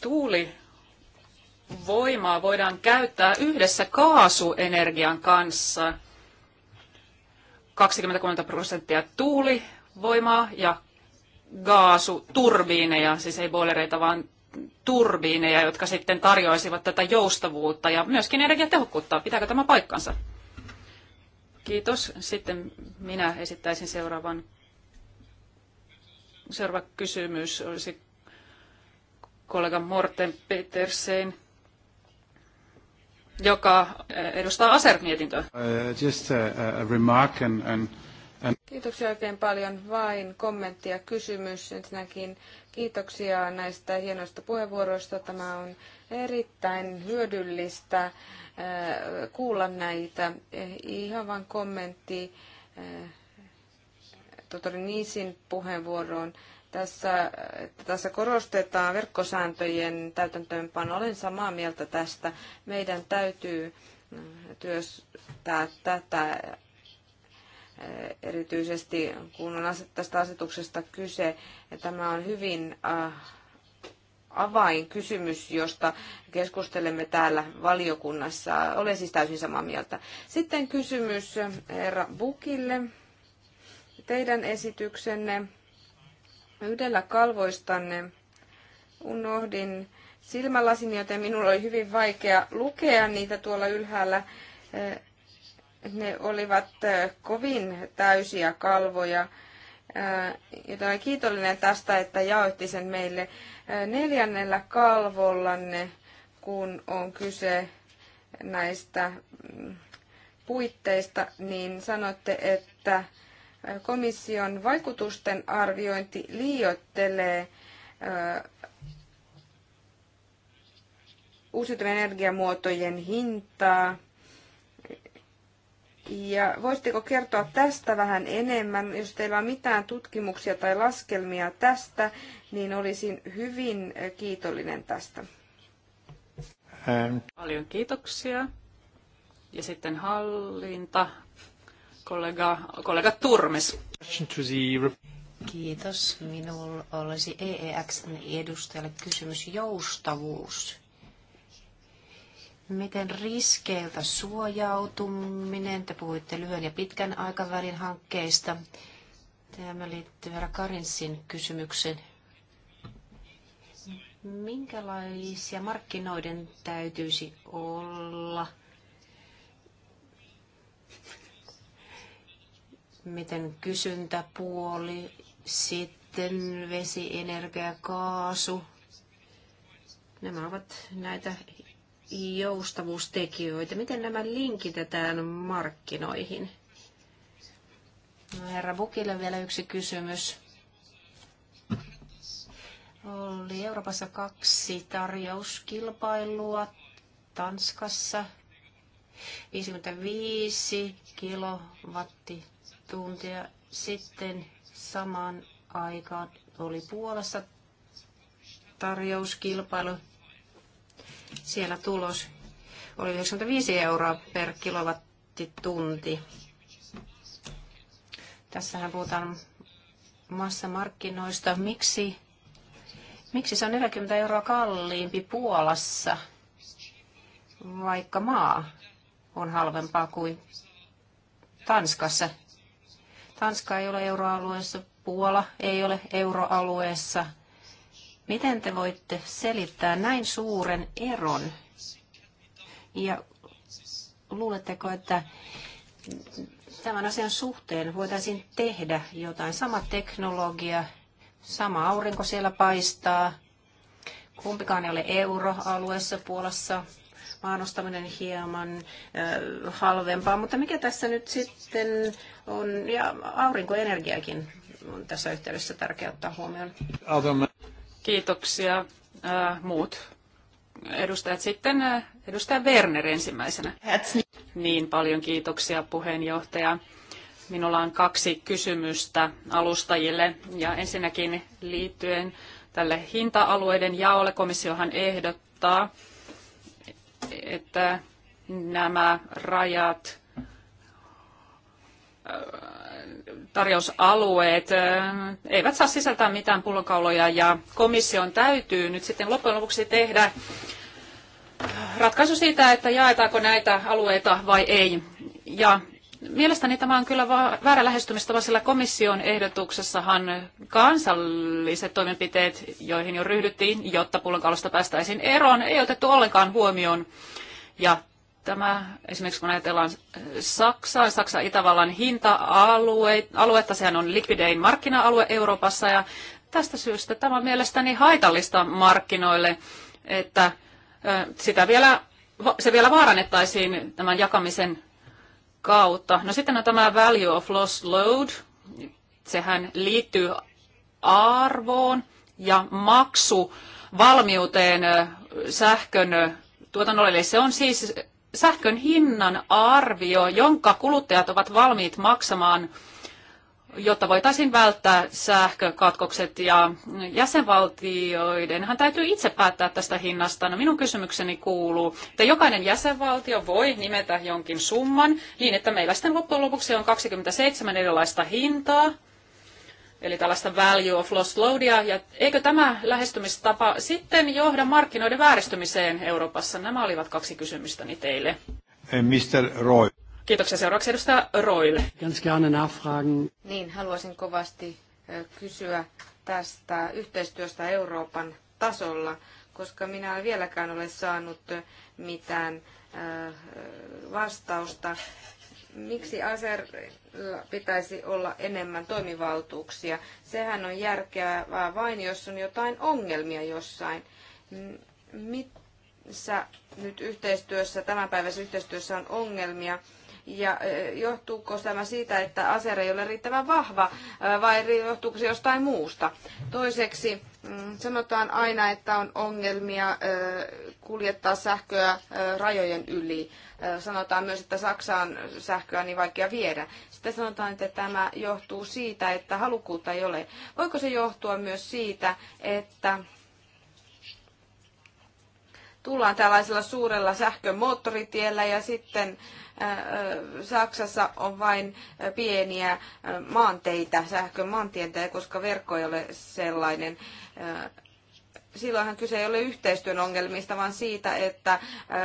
B: tuulivoimaa voidaan käyttää yhdessä kaasuenergian kanssa. 20-30 prosenttia tuulivoimaa ja kaasuturbiineja, siis ei boilereita, vaan turbiineja, jotka sitten tarjoaisivat tätä joustavuutta ja myöskin energiatehokkuutta. Pitääkö tämä paikkansa? Kiitos. Sitten minä esittäisin seuraavan seuraava kysymys olisi kollega Morten Petersen, joka
A: edustaa ASER-mietintöä.
B: Uh,
A: kiitoksia oikein paljon. Vain kommentti ja kysymys. Ensinnäkin kiitoksia näistä hienoista puheenvuoroista. Tämä on erittäin hyödyllistä äh, kuulla näitä. Ihan vain kommentti äh, tuttori Niisin puheenvuoroon. Tässä, tässä korostetaan verkkosääntöjen täytäntöönpano. Olen samaa mieltä tästä. Meidän täytyy äh, työstää tätä erityisesti, kun on tästä asetuksesta kyse. Tämä on hyvin avainkysymys, josta keskustelemme täällä valiokunnassa. Olen siis täysin samaa mieltä. Sitten kysymys eh, herra Bukille. Teidän esityksenne yhdellä kalvoistanne unohdin silmälasin, joten minulla oli hyvin vaikea lukea niitä tuolla ylhäällä. Eh, ne olivat eh, kovin täysiä kalvoja joten olen kiitollinen tästä, että jaoitti sen meille neljännellä kalvollanne, kun on kyse näistä mm, puitteista, niin sanotte, että komission vaikutusten arviointi liiottelee uusiutuvien energiamuotojen hintaa – ja voisitteko kertoa tästä vähän enemmän? Jos teillä on mitään tutkimuksia tai laskelmia tästä, niin olisin hyvin eh, kiitollinen tästä. Paljon kiitoksia.
B: Ja sitten hallinta, kollega, kollega Turmes.
C: Kiitos. Minulla olisi EEX edustajalle kysymys joustavuus Miten riskeiltä suojautuminen, te puhuitte lyhyen ja pitkän aikavälin hankkeista. Tämä liittyy herra Karinsin kysymykseen. Minkälaisia markkinoiden täytyisi olla? Miten kysyntäpuoli, sitten vesi, energia, kaasu. Nämä ovat näitä joustavuustekijöitä. Miten nämä linkitetään markkinoihin? No, herra Bukille vielä yksi kysymys.
A: Oli
C: Euroopassa kaksi tarjouskilpailua Tanskassa. 55 kilowattituntia sitten samaan aikaan oli Puolassa tarjouskilpailu siellä tulos oli 95 euroa per kilowattitunti. Tässähän puhutaan massamarkkinoista. Miksi, miksi se on 40 euroa kalliimpi Puolassa, vaikka maa on halvempaa kuin Tanskassa? Tanska ei ole euroalueessa, Puola ei ole euroalueessa – Miten te voitte selittää näin suuren eron? Ja luuletteko, että tämän asian suhteen voitaisiin tehdä jotain? Sama teknologia, sama aurinko siellä paistaa, kumpikaan ei ole euroalueessa Puolassa, maanostaminen hieman äh, halvempaa, mutta mikä tässä nyt sitten on, ja aurinkoenergiakin
B: on tässä yhteydessä tärkeää ottaa huomioon. Kiitoksia. Äh, muut edustajat sitten. Äh, edustaja Werner ensimmäisenä. Niin paljon kiitoksia puheenjohtaja. Minulla on kaksi kysymystä alustajille ja ensinnäkin liittyen tälle hinta-alueiden jaolle komissiohan ehdottaa, että nämä rajat äh, tarjousalueet eivät saa sisältää mitään pullonkauloja ja komission täytyy nyt sitten loppujen lopuksi tehdä ratkaisu siitä, että jaetaanko näitä alueita vai ei. Ja mielestäni tämä on kyllä väärä lähestymistapa, sillä komission ehdotuksessahan kansalliset toimenpiteet, joihin jo ryhdyttiin, jotta pullonkaulosta päästäisiin eroon, ei otettu ollenkaan huomioon. Ja tämä, esimerkiksi kun ajatellaan äh, Saksaa, Saksan Itävallan hinta-aluetta, sehän on likvidein markkina-alue Euroopassa ja tästä syystä tämä on mielestäni haitallista markkinoille, että äh, sitä vielä, se vielä vaarannettaisiin tämän jakamisen kautta. No sitten on tämä value of loss load, sehän liittyy arvoon ja maksu valmiuteen äh, sähkön tuotannolle. Eli se on siis sähkön hinnan arvio, jonka kuluttajat ovat valmiit maksamaan, jotta voitaisiin välttää sähkökatkokset ja jäsenvaltioiden. Hän täytyy itse päättää tästä hinnasta. No minun kysymykseni kuuluu, että jokainen jäsenvaltio voi nimetä jonkin summan niin, että meillä sitten loppujen lopuksi on 27 erilaista hintaa, eli tällaista value of lost loadia, ja eikö tämä lähestymistapa sitten johda markkinoiden vääristymiseen Euroopassa? Nämä olivat kaksi kysymystäni teille.
A: Eh, Mr. Roy.
B: Kiitoksia seuraavaksi edustaja Roille.
A: Ganz gerne nachfragen. Niin, haluaisin kovasti eh, kysyä tästä yhteistyöstä Euroopan tasolla, koska minä en vieläkään ole saanut eh, mitään vastausta. Miksi Aser pitäisi olla enemmän toimivaltuuksia. Sehän on järkevää vain, jos on jotain ongelmia jossain. Missä nyt yhteistyössä, tämän päivässä yhteistyössä on ongelmia? Ja e, johtuuko tämä siitä, että asere ei ole riittävän vahva e, vai johtuuko se jostain muusta? Toiseksi mm, sanotaan aina, että on ongelmia e, kuljettaa sähköä rajojen yli. Sanotaan myös, että Saksaan sähköä on niin vaikea viedä. Sitten sanotaan, että tämä johtuu siitä, että halukkuutta ei ole. Voiko se johtua myös siitä, että tullaan tällaisella suurella sähkömoottoritiellä ja sitten Saksassa on vain pieniä maanteitä, sähkömaantietä, koska verkko ei ole sellainen silloinhan kyse ei ole yhteistyön ongelmista, vaan siitä, että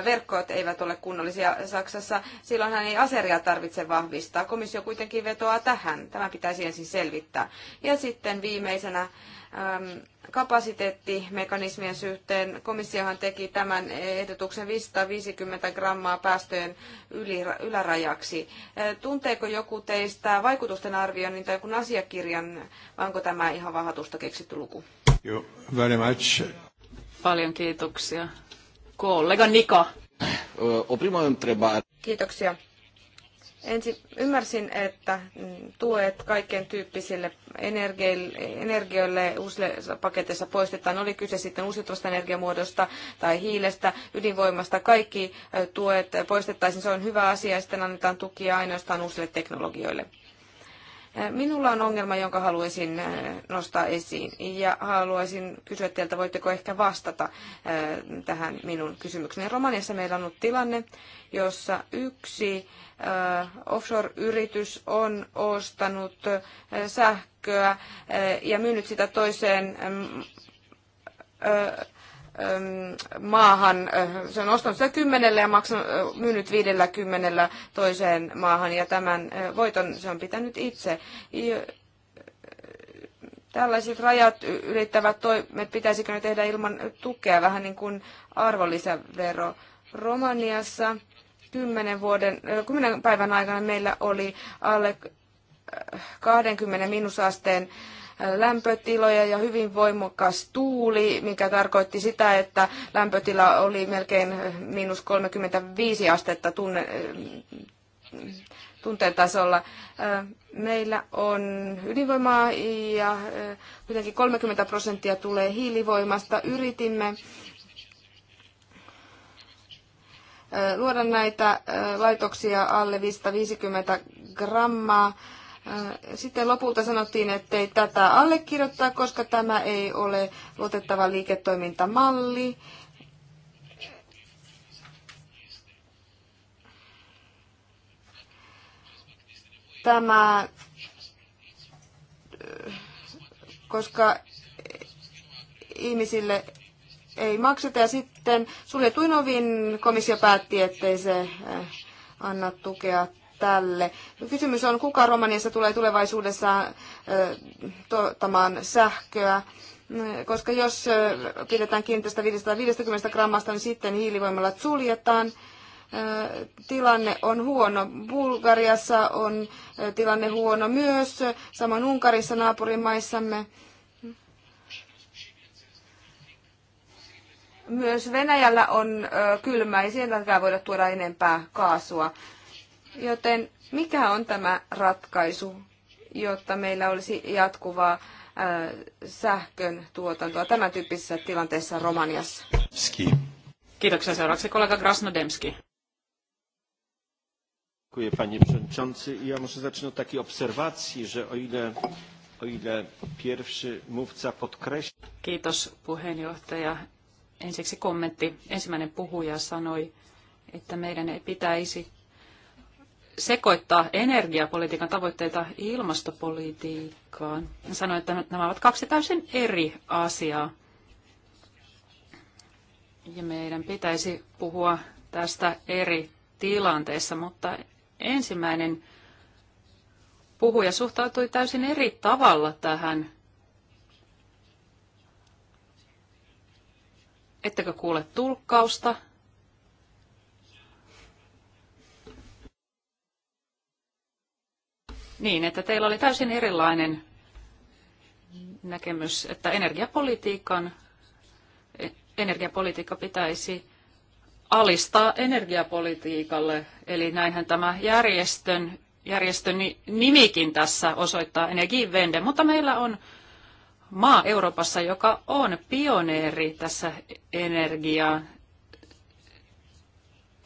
A: verkkoit eivät ole kunnollisia Saksassa. Silloinhan ei aseria tarvitse vahvistaa. Komissio kuitenkin vetoaa tähän. Tämä pitäisi ensin selvittää. Ja sitten viimeisenä kapasiteettimekanismien suhteen. Komissiohan teki tämän ehdotuksen 550 grammaa päästöjen yli, ylärajaksi. Tunteeko joku teistä vaikutusten arvioinnin tai jonkun asiakirjan, vai onko tämä ihan vahatusta keksitty luku? You very much. Paljon kiitoksia. Kollega Niko. Eh, o primo Kiitoksia. Ensin ymmärsin, että mm, tuet kaiken tyyppisille energioille uusissa paketeissa poistetaan. Oli kyse sitten uusiutuvasta energiamuodosta tai hiilestä, ydinvoimasta. Kaikki eh, tuet poistettaisiin, se on hyvä asia ja sitten annetaan tukia ainoastaan uusille teknologioille. Äh, minulla on ongelma, jonka haluaisin äh, nostaa esiin ja haluaisin kysyä teiltä, voitteko ehkä vastata äh, tähän minun kysymykseen. Romaniassa meillä on ollut tilanne, jossa yksi offshore-yritys on ostanut sähköä ja myynyt sitä toiseen mm, maahan, äh, se on ostanut sitä kymmenellä ja maksanut, myynyt viidellä kymmenellä toiseen maahan ja tämän voiton se on pitänyt itse. Tällaiset rajat ylittävät toimet, pitäisikö ne tehdä ilman tukea, vähän niin kuin arvonlisävero. Romaniassa kymmenen vuoden, 10 päivän aikana meillä oli alle 20 äh, minusasteen lämpötiloja ja hyvin voimakas tuuli, mikä tarkoitti sitä, että lämpötila oli melkein eh, miinus 35 astetta tunne, eh, tunteen tasolla. Eh, meillä on ydinvoimaa ja kuitenkin 30 prosenttia tulee hiilivoimasta. Yritimme luoda näitä laitoksia alle 550 grammaa Äh, sitten lopulta sanottiin, että ei tätä allekirjoittaa, koska tämä ei ole luotettava liiketoimintamalli. Tämä, koska ihmisille ei makseta ja sitten suljetuin ovin komissio päätti, ettei se äh, anna tukea tälle. Kysymys on, kuka Romaniassa tulee tulevaisuudessa tuottamaan sähköä, koska jos pidetään kiinni tästä 550 grammasta, niin sitten hiilivoimalat suljetaan tilanne on huono. Bulgariassa on tilanne huono myös, samoin Unkarissa naapurimaissamme. Myös Venäjällä on kylmä, ei sieltäkään voida tuoda enempää kaasua. Joten mikä on tämä ratkaisu, jotta meillä olisi jatkuvaa äh, sähkön tuotantoa tämän tyyppisessä tilanteessa Romaniassa? Ski.
B: Kiitoksia seuraavaksi kollega Krasnodemski.
A: Dziękuję panie przewodniczący. Ja może zacznę od takiej obserwacji, że o ile,
B: o ile pierwszy mówca podkreśla... Kiitos puheenjohtaja. Ensiksi kommentti. Ensimmäinen puhuja sanoi, että meidän ei pitäisi sekoittaa energiapolitiikan tavoitteita ilmastopolitiikkaan. Sanoin, että nämä ovat kaksi täysin eri asiaa. Ja meidän pitäisi puhua tästä eri tilanteessa, mutta ensimmäinen puhuja suhtautui täysin eri tavalla tähän. Ettekö kuule tulkkausta? niin, että teillä oli täysin erilainen näkemys, että energiapolitiikan, energiapolitiikka pitäisi alistaa energiapolitiikalle. Eli näinhän tämä järjestön, järjestön nimikin tässä osoittaa Energivende, mutta meillä on maa Euroopassa, joka on pioneeri tässä energiaa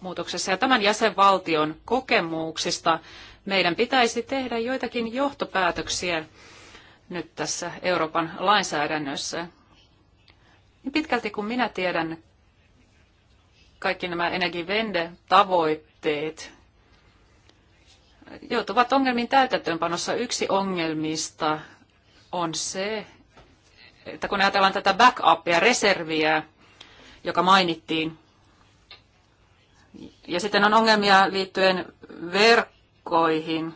B: muutoksessa ja tämän jäsenvaltion kokemuksista meidän pitäisi tehdä joitakin johtopäätöksiä nyt tässä Euroopan lainsäädännössä. Niin pitkälti kun minä tiedän kaikki nämä Energivende-tavoitteet, joutuvat ongelmiin täytäntöönpanossa. Yksi ongelmista on se, että kun ajatellaan tätä backupia, reserviä, joka mainittiin, ja sitten on ongelmia liittyen ver- aikoihin.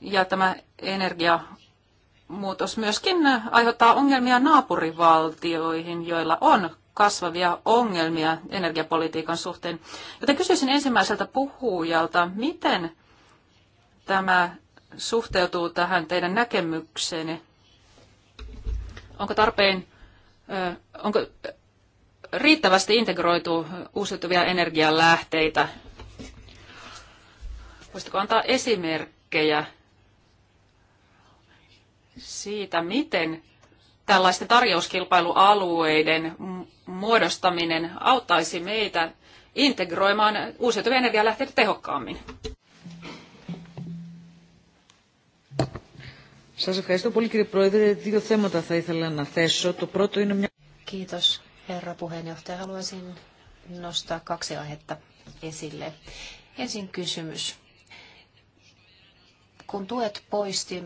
B: Ja tämä energiamuutos myöskin aiheuttaa ongelmia naapurivaltioihin, joilla on kasvavia ongelmia energiapolitiikan suhteen. Joten kysyisin ensimmäiseltä puhujalta, miten tämä suhteutuu tähän teidän näkemykseenne? Onko tarpeen, onko riittävästi integroitu uusiutuvia energialähteitä Voisitko antaa esimerkkejä siitä, miten tällaisten tarjouskilpailualueiden muodostaminen auttaisi meitä integroimaan uusiutuvia energialähteitä tehokkaammin?
C: Kiitos herra puheenjohtaja. Haluaisin nostaa kaksi aihetta esille. Ensin kysymys kun tuet poisti,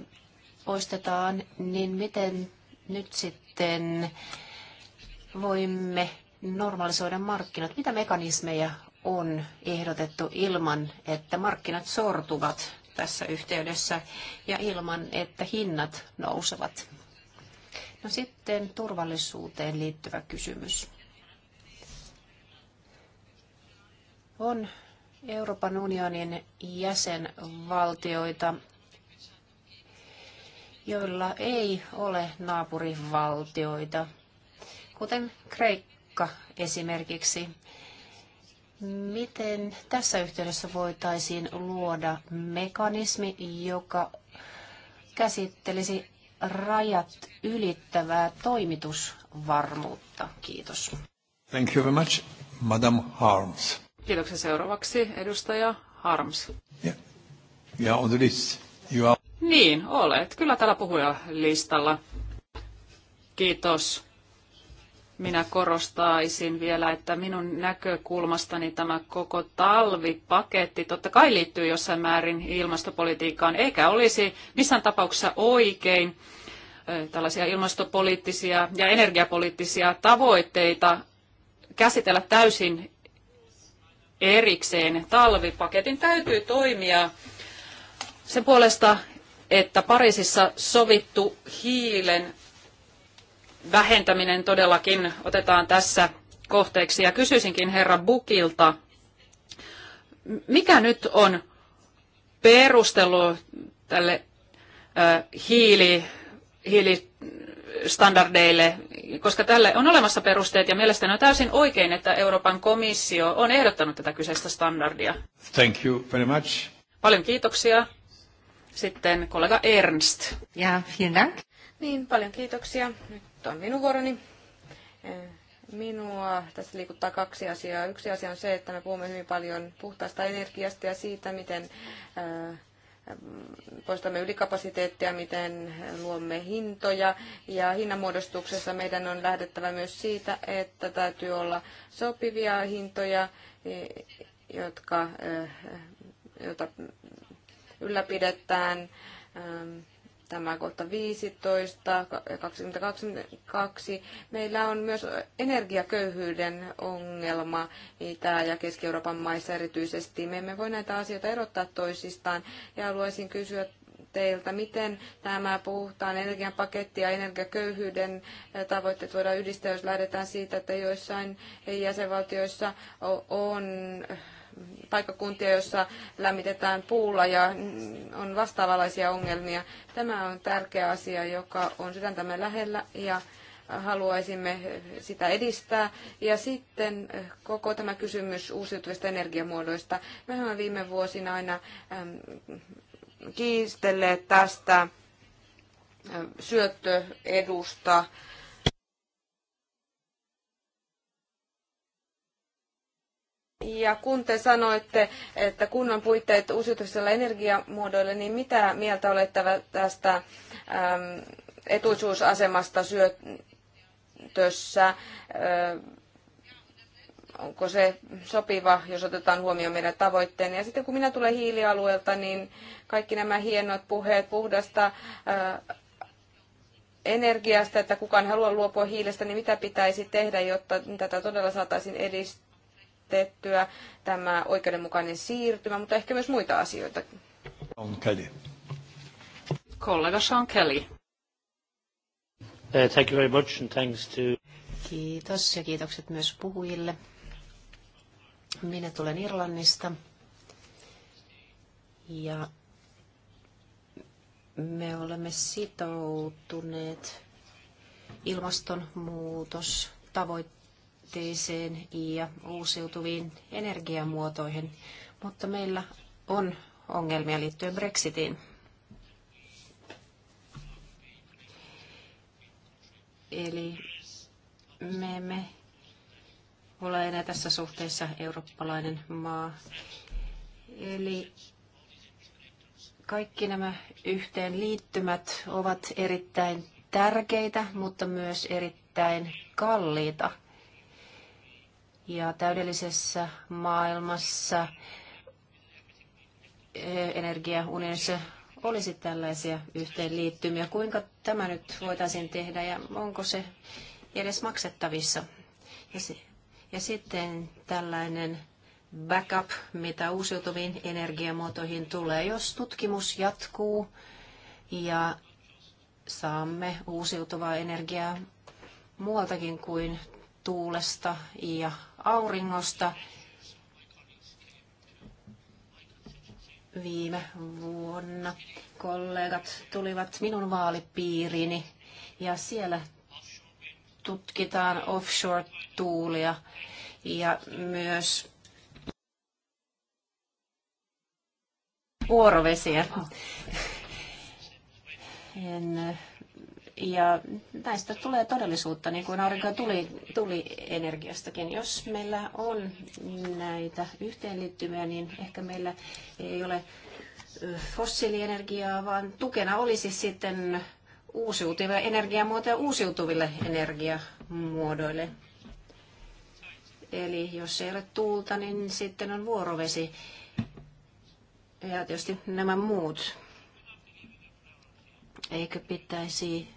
C: poistetaan, niin miten nyt sitten voimme normalisoida markkinat? Mitä mekanismeja on ehdotettu ilman, että markkinat sortuvat tässä yhteydessä ja ilman, että hinnat nousevat? No sitten turvallisuuteen liittyvä kysymys. On Euroopan unionin jäsenvaltioita, joilla ei ole naapurivaltioita, kuten Kreikka esimerkiksi. Miten tässä yhteydessä voitaisiin luoda mekanismi, joka käsittelisi rajat ylittävää toimitusvarmuutta? Kiitos.
A: Thank you very much, Madam Harms.
B: Kiitoksia seuraavaksi, edustaja Harms.
A: Yeah. Yeah, on the list. You are...
B: Niin, olet. Kyllä täällä puhujalistalla. Kiitos. Minä korostaisin vielä, että minun näkökulmastani tämä koko talvipaketti totta kai liittyy jossain määrin ilmastopolitiikkaan, eikä olisi missään tapauksessa oikein tällaisia ilmastopoliittisia ja energiapoliittisia tavoitteita käsitellä täysin erikseen. Talvipaketin täytyy toimia sen puolesta, että Pariisissa sovittu hiilen vähentäminen todellakin otetaan tässä kohteeksi. Ja kysyisinkin herra Bukilta, mikä nyt on perustelu tälle äh, hiili, hiilistandardeille, koska tälle on olemassa perusteet ja mielestäni on täysin oikein, että Euroopan komissio on ehdottanut tätä kyseistä standardia.
A: Thank you very much.
B: Paljon kiitoksia. Sitten kollega Ernst.
A: Ja, vielen dank. Niin, paljon kiitoksia. Nyt on minun vuoroni. Eh, minua tässä liikuttaa kaksi asiaa. Yksi asia on se, että me puhumme hyvin paljon puhtaasta energiasta ja siitä, miten eh, poistamme ylikapasiteettia, miten luomme hintoja. Ja hinnanmuodostuksessa meidän on lähdettävä myös siitä, että täytyy olla sopivia hintoja, eh, jotka, joita ylläpidetään. Ähm, tämä kohta 15 ja 2022. Meillä on myös energiaköyhyyden ongelma Itä- ja Keski-Euroopan maissa erityisesti. Me emme voi näitä asioita erottaa toisistaan ja haluaisin kysyä teiltä, miten tämä puhtaan energiapaketti ja energiaköyhyyden äh, tavoitteet voidaan yhdistää, jos lähdetään siitä, että joissain jäsenvaltioissa on paikkakuntia, joissa lämmitetään puulla ja on vastaavanlaisia ongelmia. Tämä on tärkeä asia, joka on sydäntämme lähellä ja haluaisimme sitä edistää. Ja sitten koko tämä kysymys uusiutuvista energiamuodoista. Me olemme viime vuosina aina kiistelleet tästä syöttöedusta Ja kun te sanoitte, että kunnan puitteet uusiutuvisilla energiamuodoilla, niin mitä mieltä olette tästä äm, etuisuusasemasta syötössä? Äh, onko se sopiva, jos otetaan huomioon meidän tavoitteen. Ja sitten kun minä tulen hiilialueelta, niin kaikki nämä hienot puheet puhdasta ää, äh, energiasta, että kukaan haluaa luopua hiilestä, niin mitä pitäisi tehdä, jotta tätä todella saataisiin edistettyä? vältettyä, tämä oikeudenmukainen siirtymä, mutta ehkä myös muita asioita. On Kelly.
B: Kollega Sean
A: Kelly. Uh, thank you very much and thanks to...
C: Kiitos ja kiitokset myös puhujille. Minä tulen Irlannista ja me olemme sitoutuneet tavoitteeseen liikenteeseen ja uusiutuviin energiamuotoihin, mutta meillä on ongelmia liittyen Brexitiin. Eli me emme ole enää tässä suhteessa eurooppalainen maa. Eli kaikki nämä yhteenliittymät ovat erittäin tärkeitä, mutta myös erittäin kalliita. Ja täydellisessä maailmassa eh, energiaunionissa olisi tällaisia yhteenliittymiä. Kuinka tämä nyt voitaisiin tehdä ja onko se edes maksettavissa? Ja, se, ja sitten tällainen backup, mitä uusiutuviin energiamuotoihin tulee, jos tutkimus jatkuu ja saamme uusiutuvaa energiaa muualtakin kuin tuulesta ja auringosta. Viime vuonna kollegat tulivat minun vaalipiirini ja siellä tutkitaan offshore-tuulia ja myös vuorovesiä. En ja näistä tulee todellisuutta, niin kuin aurinko tuli, tuli energiastakin. Jos meillä on näitä yhteenliittymiä, niin ehkä meillä ei ole fossiilienergiaa, vaan tukena olisi sitten uusiutuvia energiamuotoja uusiutuville energiamuodoille. Eli jos ei ole tuulta, niin sitten on vuorovesi ja tietysti nämä muut Eikö pitäisi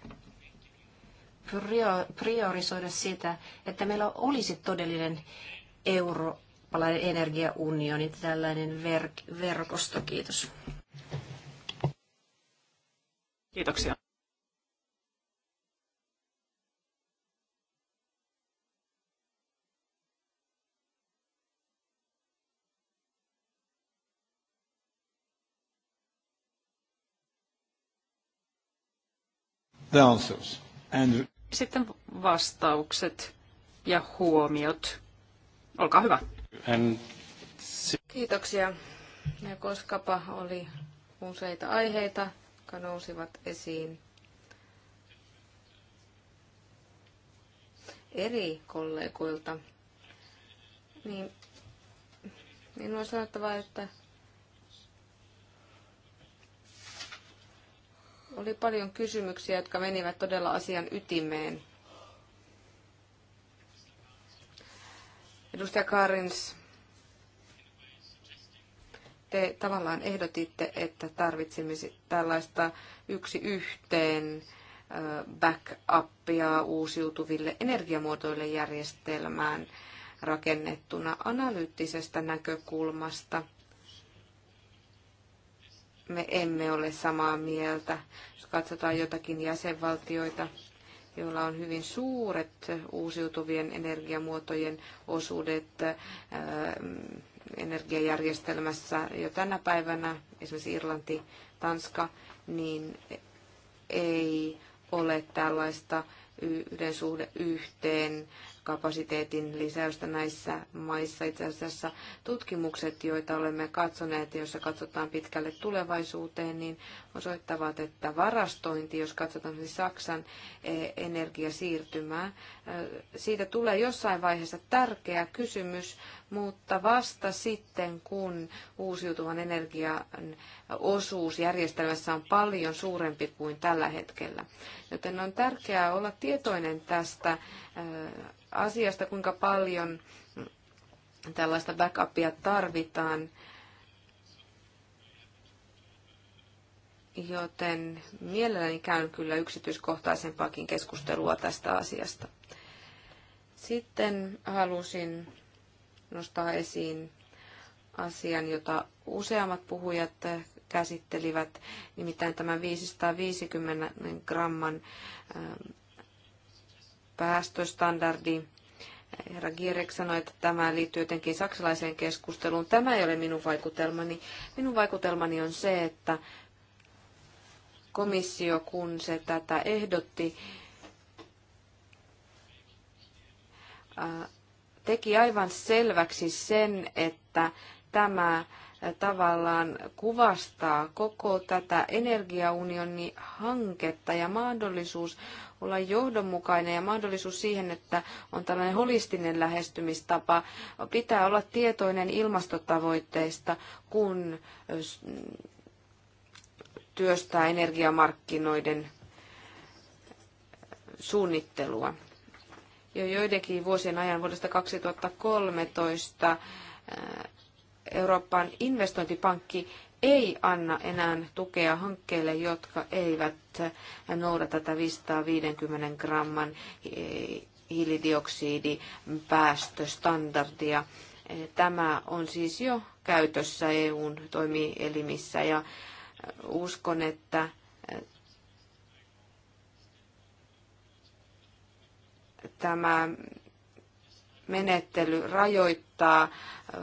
C: priorisoida sitä, että meillä olisi todellinen eurooppalainen energiaunioni, tällainen ver- verkosto? Kiitos.
B: Kiitoksia.
A: the answers and...
B: Sitten vastaukset ja huomiot. Olkaa hyvä.
A: And... Kiitoksia. Ja koskapa oli useita aiheita, jotka nousivat esiin eri kollegoilta, niin minun on sanottava, että Oli paljon kysymyksiä, jotka menivät todella asian ytimeen. Edustaja Karins, te tavallaan ehdotitte, että tarvitsemme tällaista yksi yhteen backupia uusiutuville energiamuotoille järjestelmään rakennettuna analyyttisestä näkökulmasta me emme ole samaa mieltä. Jos katsotaan jotakin jäsenvaltioita, joilla on hyvin suuret uusiutuvien energiamuotojen osuudet energiajärjestelmässä jo tänä päivänä, esimerkiksi Irlanti, Tanska, niin ei ole tällaista yhden suhde yhteen kapasiteetin lisäystä näissä maissa. Itse asiassa tutkimukset, joita olemme katsoneet, joissa katsotaan pitkälle tulevaisuuteen, niin osoittavat, että varastointi, jos katsotaan siis Saksan e, energiasiirtymää, siitä tulee jossain vaiheessa tärkeä kysymys, mutta vasta sitten, kun uusiutuvan energian osuus järjestelmässä on paljon suurempi kuin tällä hetkellä. Joten on tärkeää olla tietoinen tästä asiasta, kuinka paljon tällaista backupia tarvitaan. joten mielelläni käyn kyllä yksityiskohtaisempaakin keskustelua tästä asiasta. Sitten halusin nostaa esiin asian, jota useammat puhujat käsittelivät, nimittäin tämän 550 gramman ähm, päästöstandardi. Herra Gierek sanoi, että tämä liittyy jotenkin saksalaiseen keskusteluun. Tämä ei ole minun vaikutelmani. Minun vaikutelmani on se, että komissio, kun se tätä ehdotti, äh, teki aivan selväksi sen, että tämä tavallaan kuvastaa koko tätä energiaunionin hanketta ja mahdollisuus olla johdonmukainen ja mahdollisuus siihen, että on tällainen holistinen lähestymistapa. Pitää olla tietoinen ilmastotavoitteista, kun työstää energiamarkkinoiden suunnittelua. Jo joidenkin vuosien ajan vuodesta 2013 Euroopan investointipankki ei anna enää tukea hankkeille, jotka eivät noudata tätä 550 gramman e, hiilidioksidipäästöstandardia. E, tämä on siis jo käytössä EUn toimielimissä ja uskon, että tämä menettely rajoittaa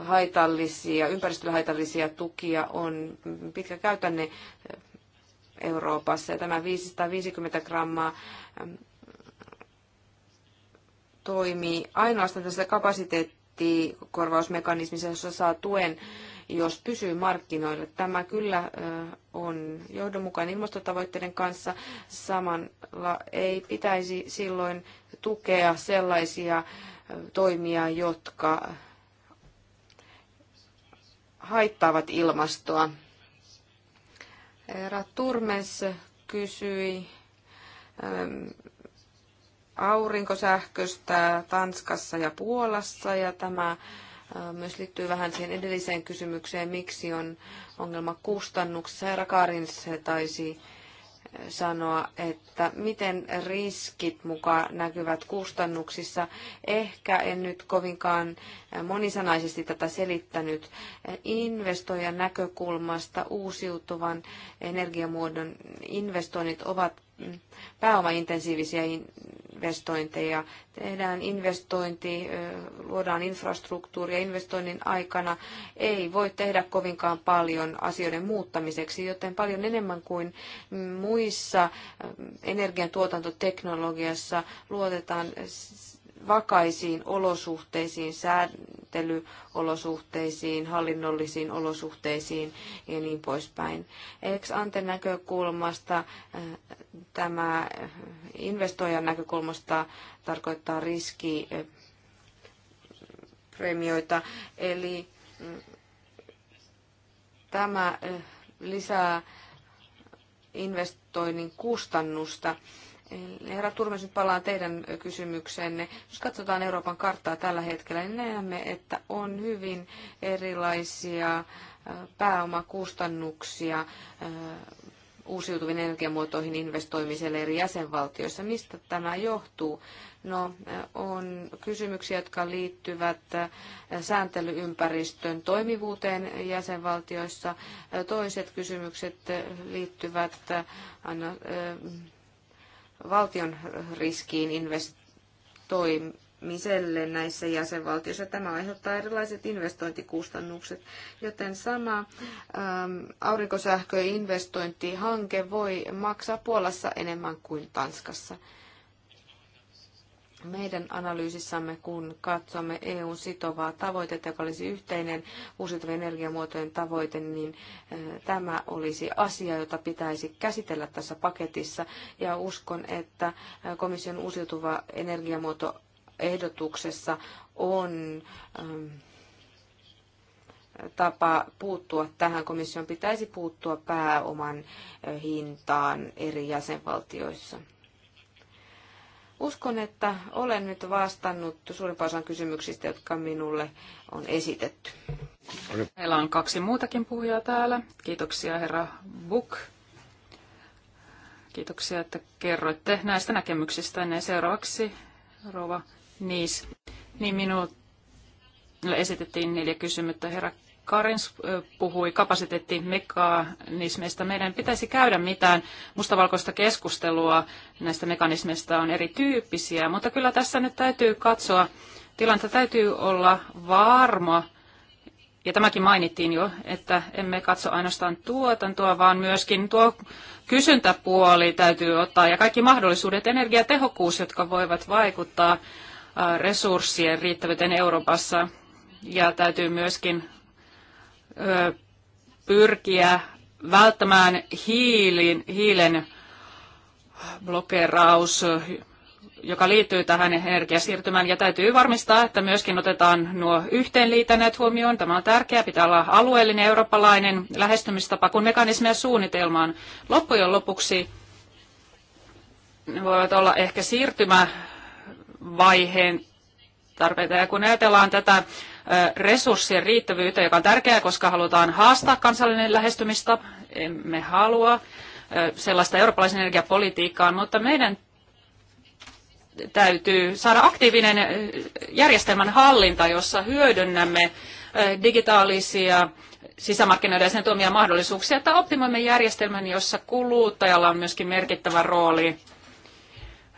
A: haitallisia, ympäristölle haitallisia tukia on pitkä käytänne Euroopassa. Ja tämä 550 grammaa toimii ainoastaan tässä kapasiteettikorvausmekanismissa, jossa saa tuen jos pysyy markkinoilla. Tämä kyllä on johdonmukainen ilmastotavoitteiden kanssa. Samalla ei pitäisi silloin tukea sellaisia toimia, jotka haittaavat ilmastoa. Herra Turmes kysyi ähm, aurinkosähköstä Tanskassa ja Puolassa ja tämä Äh, myös liittyy vähän siihen edelliseen kysymykseen, miksi on ongelma kustannuksessa? Herra Karins taisi äh, sanoa, että miten riskit mukaan näkyvät kustannuksissa. Ehkä en nyt kovinkaan äh, monisanaisesti tätä selittänyt. Investoijan näkökulmasta uusiutuvan energiamuodon investoinnit ovat pääomaintensiivisiä investointeja. Tehdään investointi, luodaan infrastruktuuria investoinnin aikana. Ei voi tehdä kovinkaan paljon asioiden muuttamiseksi, joten paljon enemmän kuin muissa energiantuotantoteknologiassa luotetaan vakaisiin olosuhteisiin, sääntelyolosuhteisiin, hallinnollisiin olosuhteisiin ja niin poispäin. Ex ante näkökulmasta äh, tämä investoijan näkökulmasta tarkoittaa riski äh, premioita, eli mm, tämä äh, lisää investoinnin kustannusta. Herra Turmes, nyt palaan teidän kysymykseenne. Jos katsotaan Euroopan karttaa tällä hetkellä, niin näemme, että on hyvin erilaisia äh, pääomakustannuksia äh, uusiutuvien energiamuotoihin investoimiselle eri jäsenvaltioissa. Mistä tämä johtuu? No, äh, on kysymyksiä, jotka liittyvät sääntelyympäristön toimivuuteen jäsenvaltioissa. Toiset kysymykset liittyvät aina valtion riskiin investoimiselle näissä jäsenvaltioissa. Tämä aiheuttaa erilaiset investointikustannukset, joten sama ähm, aurinkosähköinvestointihanke voi maksaa Puolassa enemmän kuin Tanskassa meidän analyysissamme, kun katsomme EUn sitovaa tavoitetta, joka olisi yhteinen uusiutuvien energiamuotojen tavoite, niin eh, tämä olisi asia, jota pitäisi käsitellä tässä paketissa. Ja uskon, että eh, komission uusiutuva energiamuoto ehdotuksessa on ehm, tapa puuttua tähän. Komission pitäisi puuttua pääoman eh, hintaan eri jäsenvaltioissa. Uskon, että olen nyt vastannut suurimpaan osan kysymyksistä, jotka minulle on esitetty. Meillä on kaksi muutakin puhujaa täällä. Kiitoksia herra Buk.
B: Kiitoksia, että kerroitte näistä näkemyksistä. Ja seuraavaksi rouva Niis. Niin minulle esitettiin neljä kysymystä. Herra Karins puhui kapasiteettimekanismeista. Meidän pitäisi käydä mitään mustavalkoista keskustelua näistä mekanismeista on erityyppisiä, mutta kyllä tässä nyt täytyy katsoa, tilanta täytyy olla varma, ja tämäkin mainittiin jo, että emme katso ainoastaan tuotantoa, vaan myöskin tuo kysyntäpuoli täytyy ottaa ja kaikki mahdollisuudet, energiatehokkuus, jotka voivat vaikuttaa resurssien riittävyyteen Euroopassa. Ja täytyy myöskin pyrkiä välttämään hiilin, hiilen blokeraus, joka liittyy tähän energiasiirtymään, ja täytyy varmistaa, että myöskin otetaan nuo yhteenliitäneet huomioon. Tämä on tärkeää, pitää olla alueellinen eurooppalainen lähestymistapa, kun mekanismeja suunnitelmaan. Loppujen lopuksi ne voivat olla ehkä siirtymävaiheen tarpeita, ja kun ajatellaan tätä resurssien riittävyyteen, joka on tärkeää, koska halutaan haastaa kansallinen lähestymistä. Emme halua sellaista eurooppalaisen energiapolitiikkaan, mutta meidän täytyy saada aktiivinen järjestelmän hallinta, jossa hyödynnämme digitaalisia sisämarkkinoiden ja sen tuomia mahdollisuuksia, että optimoimme järjestelmän, jossa kuluttajalla on myöskin merkittävä rooli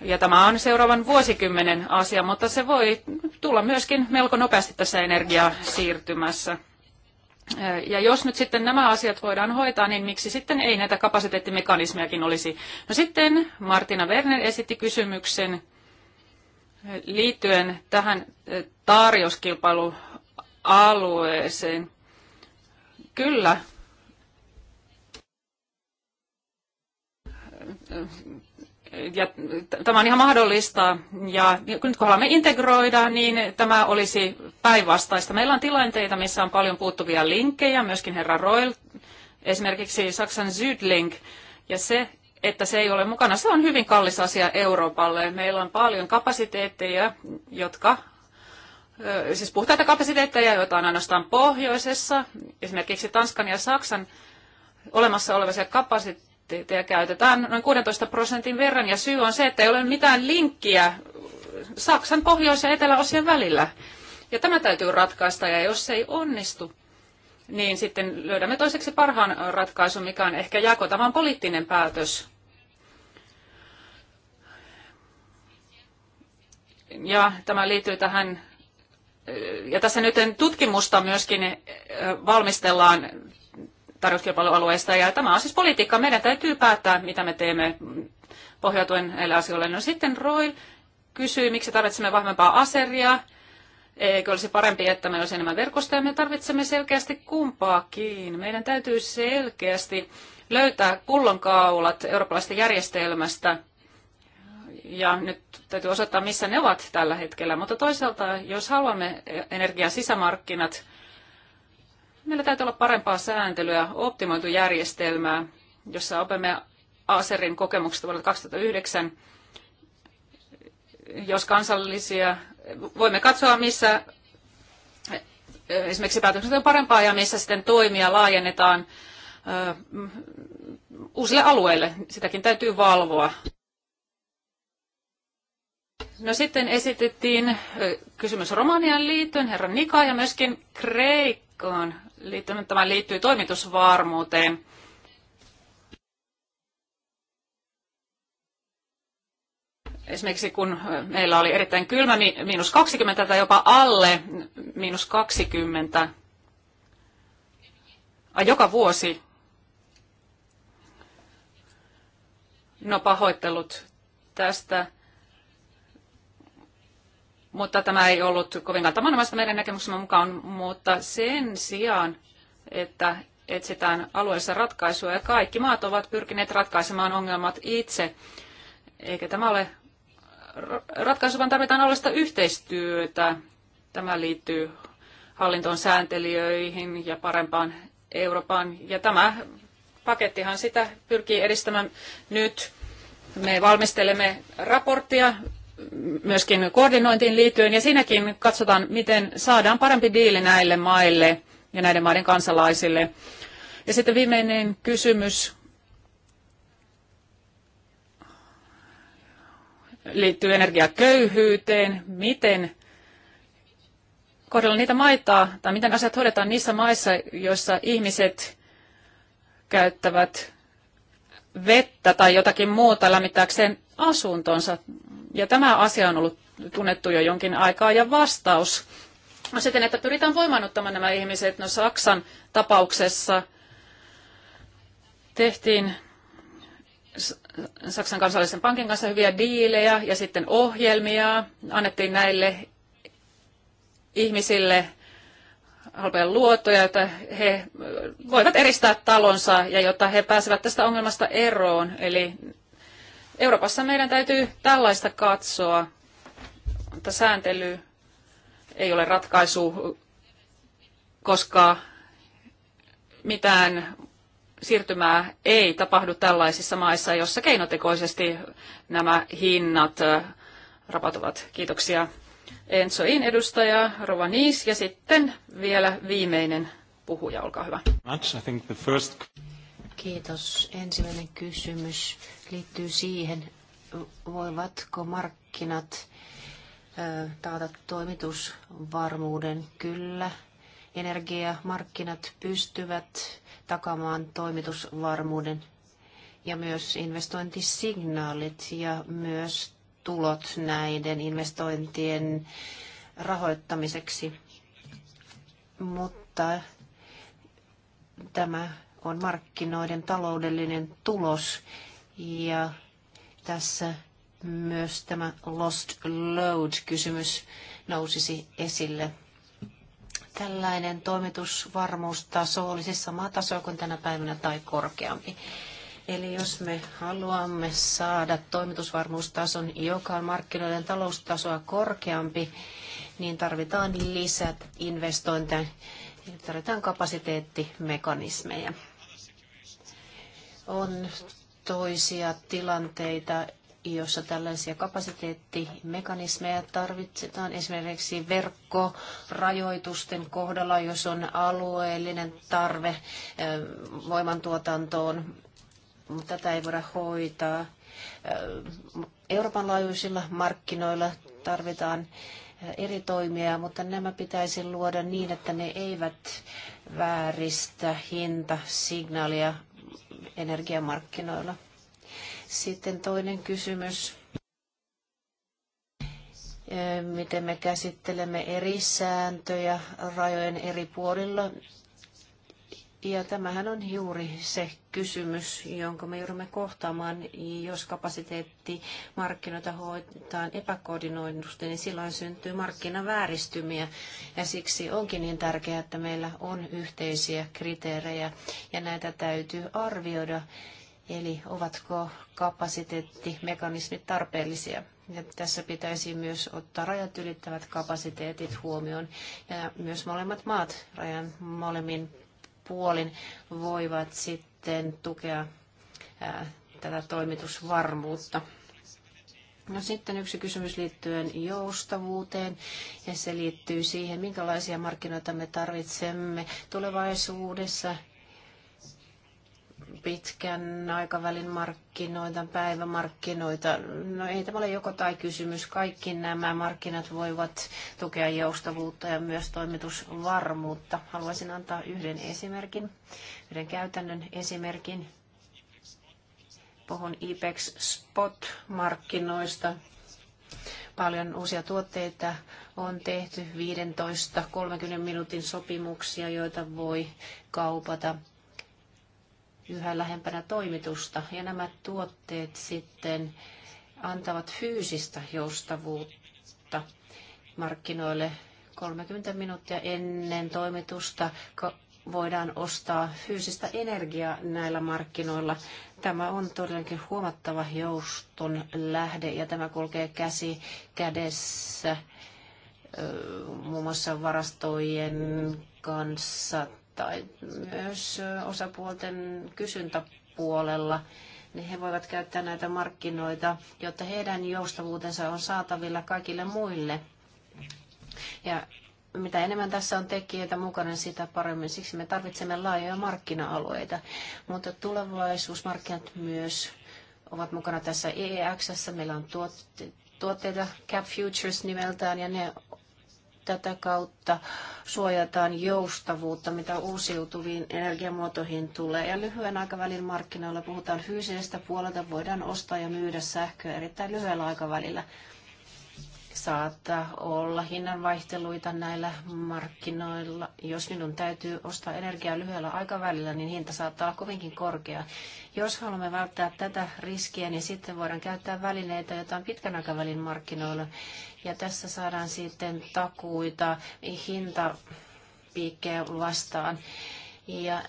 B: ja tämä on seuraavan vuosikymmenen asia, mutta se voi tulla myöskin melko nopeasti tässä energiaa siirtymässä. Ja jos nyt sitten nämä asiat voidaan hoitaa, niin miksi sitten ei näitä kapasiteettimekanismejakin olisi? No sitten Martina Werner esitti kysymyksen liittyen tähän tarjouskilpailualueeseen. Kyllä ja tämä on ihan mahdollista. Ja nyt kun haluamme integroida, niin tämä olisi päinvastaista. Meillä on tilanteita, missä on paljon puuttuvia linkkejä, myöskin herra Royal, esimerkiksi Saksan Südlink, ja se, että se ei ole mukana, se on hyvin kallis asia Euroopalle. Meillä on paljon kapasiteetteja, jotka siis puhtaita kapasiteetteja, joita on ainoastaan pohjoisessa, esimerkiksi Tanskan ja Saksan olemassa olevia kapasiteetteja, kapasiteettia käytetään noin 16 prosentin verran, ja syy on se, että ei ole mitään linkkiä Saksan pohjois- ja eteläosien välillä. Ja tämä täytyy ratkaista, ja jos se ei onnistu, niin sitten löydämme toiseksi parhaan ratkaisun, mikä on ehkä jakotavan poliittinen päätös. Ja tämä liittyy tähän, ja tässä nyt tutkimusta myöskin valmistellaan tarjouskilpailualueista. Ja tämä on siis politiikka. Meidän täytyy päättää, mitä me teemme pohjautuen näille asioille. No sitten Roil kysyy, miksi tarvitsemme vahvempaa aseria. Eikö olisi parempi, että meillä olisi enemmän verkostoja? Me tarvitsemme selkeästi kumpaakin. Meidän täytyy selkeästi löytää pullonkaulat eurooppalaisesta järjestelmästä. Ja nyt täytyy osoittaa, missä ne ovat tällä hetkellä. Mutta toisaalta, jos haluamme energian sisämarkkinat, Meillä täytyy olla parempaa sääntelyä, optimoitu järjestelmää, jossa opimme Aserin kokemuksesta vuodelta 2009. Jos kansallisia, voimme katsoa, missä esimerkiksi päätökset on parempaa ja missä sitten toimia laajennetaan uusille alueille. Sitäkin täytyy valvoa. No sitten esitettiin kysymys Romanian liittyen, herra Nika, ja myöskin Kreikkaan liittynyt, tämä liittyy toimitusvarmuuteen. Esimerkiksi kun meillä oli erittäin kylmä, miinus 20 tai jopa alle miinus 20 joka vuosi. No pahoittelut tästä mutta tämä ei ollut kovinkaan tavanomaista meidän näkemyksemme mukaan, mutta sen sijaan, että etsitään alueessa ratkaisuja ja kaikki maat ovat pyrkineet ratkaisemaan ongelmat itse, eikä tämä ole ratkaisu, vaan tarvitaan alueellista yhteistyötä. Tämä liittyy hallintoon sääntelijöihin ja parempaan Euroopan. Ja tämä pakettihan sitä pyrkii edistämään nyt. Me valmistelemme raporttia myöskin koordinointiin liittyen, ja siinäkin katsotaan, miten saadaan parempi diili näille maille ja näiden maiden kansalaisille. Ja sitten viimeinen kysymys liittyy energiaköyhyyteen. Miten kohdella niitä maita, tai miten asiat hoidetaan niissä maissa, joissa ihmiset käyttävät vettä tai jotakin muuta lämmittääkseen asuntonsa. Ja tämä asia on ollut tunnettu jo jonkin aikaa ja vastaus on siten, että pyritään voimannuttamaan nämä ihmiset. No Saksan tapauksessa tehtiin Saksan kansallisen pankin kanssa hyviä diilejä ja sitten ohjelmia. Annettiin näille ihmisille halpoja luottoja, jotta he voivat eristää talonsa ja jotta he pääsevät tästä ongelmasta eroon. Eli Euroopassa meidän täytyy tällaista katsoa, että sääntely ei ole ratkaisu, koska mitään siirtymää ei tapahdu tällaisissa maissa, jossa keinotekoisesti nämä hinnat äh, rapautuvat. Kiitoksia Ensoin edustaja Rovanis ja sitten vielä viimeinen puhuja, olkaa hyvä. Kiitos.
C: Ensimmäinen kysymys liittyy siihen, voivatko markkinat taata toimitusvarmuuden? Kyllä. Energiamarkkinat pystyvät takamaan toimitusvarmuuden ja myös investointisignaalit ja myös tulot näiden investointien rahoittamiseksi. Mutta tämä on markkinoiden taloudellinen tulos ja tässä myös tämä lost load-kysymys nousisi esille. Tällainen toimitusvarmuustaso olisi sama taso kuin tänä päivänä tai korkeampi. Eli jos me haluamme saada toimitusvarmuustason, joka on markkinoiden taloustasoa korkeampi, niin tarvitaan lisät investointeja, tarvitaan kapasiteettimekanismeja. On toisia tilanteita, joissa tällaisia kapasiteettimekanismeja tarvitsetaan esimerkiksi verkkorajoitusten kohdalla, jos on alueellinen tarve eh, voimantuotantoon. Tätä ei voida hoitaa. Eh, Euroopan laajuisilla markkinoilla tarvitaan eh, eri toimia, mutta nämä pitäisi luoda niin, että ne eivät vääristä hintasignaalia energiamarkkinoilla. Sitten toinen kysymys. Miten me käsittelemme eri sääntöjä rajojen eri puolilla? Ja tämähän on juuri se kysymys, jonka me joudumme kohtaamaan, jos kapasiteetti markkinoita hoitetaan epäkoordinoidusti, niin silloin syntyy markkinavääristymiä. Ja siksi onkin niin tärkeää, että meillä on yhteisiä kriteerejä ja näitä täytyy arvioida. Eli ovatko kapasiteettimekanismit tarpeellisia? Ja tässä pitäisi myös ottaa rajat ylittävät kapasiteetit huomioon ja myös molemmat maat rajan molemmin puolin voivat sitten tukea tätä toimitusvarmuutta. No sitten yksi kysymys liittyen joustavuuteen, ja se liittyy siihen, minkälaisia markkinoita me tarvitsemme tulevaisuudessa, pitkän aikavälin markkinoita, päivämarkkinoita. No ei tämä ole joko tai kysymys. Kaikki nämä markkinat voivat tukea joustavuutta ja myös toimitusvarmuutta. Haluaisin antaa yhden esimerkin, yhden käytännön esimerkin. Puhun IPEX Spot-markkinoista. Paljon uusia tuotteita on tehty 15-30 minuutin sopimuksia, joita voi kaupata yhä lähempänä toimitusta. Ja nämä tuotteet sitten antavat fyysistä joustavuutta markkinoille 30 minuuttia ennen toimitusta voidaan ostaa fyysistä energiaa näillä markkinoilla. Tämä on todellakin huomattava jouston lähde ja tämä kulkee käsi kädessä muun muassa varastojen kanssa tai myös osapuolten kysyntäpuolella, niin he voivat käyttää näitä markkinoita, jotta heidän joustavuutensa on saatavilla kaikille muille. Ja mitä enemmän tässä on tekijöitä mukana, sitä paremmin. Siksi me tarvitsemme laajoja markkina-alueita. Mutta tulevaisuusmarkkinat myös ovat mukana tässä EEX. Meillä on tuotteita Cap Futures nimeltään ja ne tätä kautta suojataan joustavuutta, mitä uusiutuviin energiamuotoihin tulee. Ja lyhyen aikavälin markkinoilla puhutaan fyysisestä puolelta, voidaan ostaa ja myydä sähköä erittäin lyhyellä aikavälillä saattaa olla hinnanvaihteluita näillä markkinoilla. Jos minun täytyy ostaa energiaa lyhyellä aikavälillä, niin hinta saattaa olla kovinkin korkea. Jos haluamme välttää tätä riskiä, niin sitten voidaan käyttää välineitä, joita on pitkän aikavälin markkinoilla. Ja tässä saadaan sitten takuita hintapiikkejä vastaan. Ja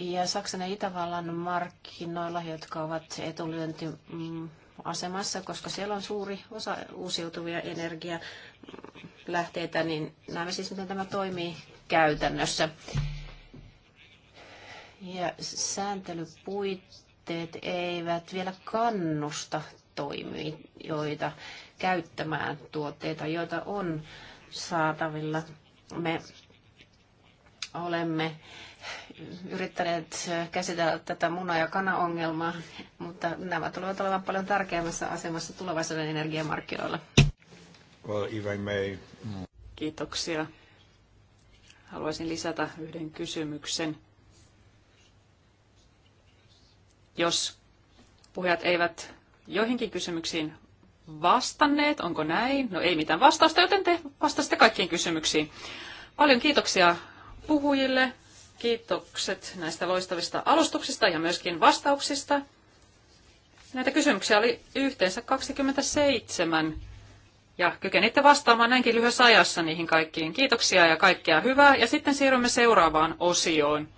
C: ja Saksan ja Itävallan markkinoilla, jotka ovat etulyöntimarkkinoilla, mm, asemassa, koska siellä on suuri osa uusiutuvia energialähteitä, niin näemme siis, miten tämä toimii käytännössä. Ja sääntelypuitteet eivät vielä kannusta toimijoita käyttämään tuotteita, joita on saatavilla. Me olemme yrittäneet käsitellä tätä muna- ja kanaongelmaa, ongelmaa mutta nämä tulevat olemaan paljon tärkeämmässä asemassa tulevaisuuden energiamarkkinoilla.
B: Well, if I may. Mm. Kiitoksia. Haluaisin lisätä yhden kysymyksen. Jos puhujat eivät joihinkin kysymyksiin vastanneet, onko näin? No ei mitään vastausta, joten te vastasitte kaikkiin kysymyksiin. Paljon kiitoksia puhujille. Kiitokset näistä loistavista alustuksista ja myöskin vastauksista. Näitä kysymyksiä oli yhteensä 27 ja kykenitte vastaamaan näinkin lyhyessä ajassa niihin kaikkiin. Kiitoksia ja kaikkea hyvää. Ja sitten siirrymme seuraavaan osioon.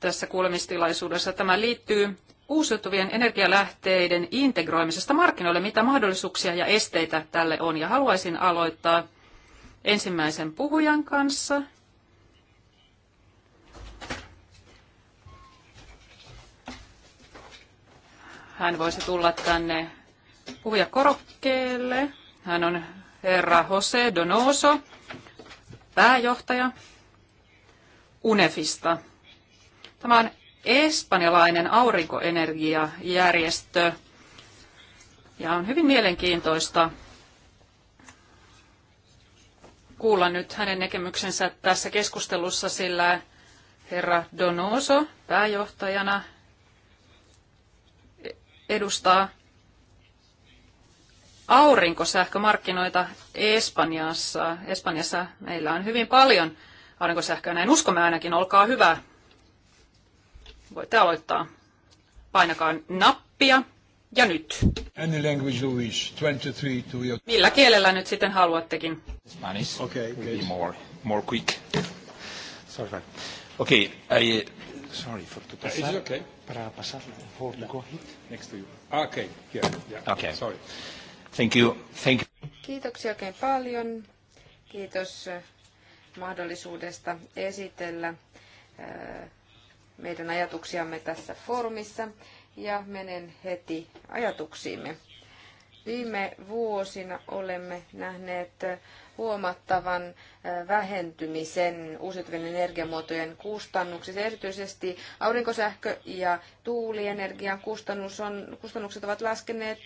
B: Tässä kuulemistilaisuudessa tämä liittyy uusiutuvien energialähteiden integroimisesta markkinoille, mitä mahdollisuuksia ja esteitä tälle on. Ja haluaisin aloittaa ensimmäisen puhujan kanssa. Hän voisi tulla tänne puhujakorokkeelle. Hän on herra Jose Donoso, pääjohtaja UNEFista. Tämä on espanjalainen aurinkoenergiajärjestö ja on hyvin mielenkiintoista kuulla nyt hänen näkemyksensä tässä keskustelussa, sillä herra Donoso pääjohtajana edustaa aurinkosähkömarkkinoita Espanjassa. Espanjassa meillä on hyvin paljon aurinkosähköä, näin uskomme ainakin, olkaa hyvä. Voitte aloittaa. Painakaa nappia ja nyt.
A: Any language you wish, 23 to your...
B: Millä kielellä nyt sitten haluattekin? Spanish. Okay, okay. Be more, more quick. Sorry. Okay, I, sorry for to pass. Is it okay? Para pasar, for to go hit. Next to you. Ah, okay, yeah, yeah. Okay. Sorry. Thank you. Thank you.
A: Kiitoksia oikein paljon. Kiitos eh, mahdollisuudesta esitellä eh, meidän ajatuksiamme tässä foorumissa ja menen heti ajatuksiimme. Viime vuosina olemme nähneet huomattavan vähentymisen uusiutuvien energiamuotojen kustannuksissa. Erityisesti aurinkosähkö ja tuulienergian kustannus on, kustannukset ovat laskeneet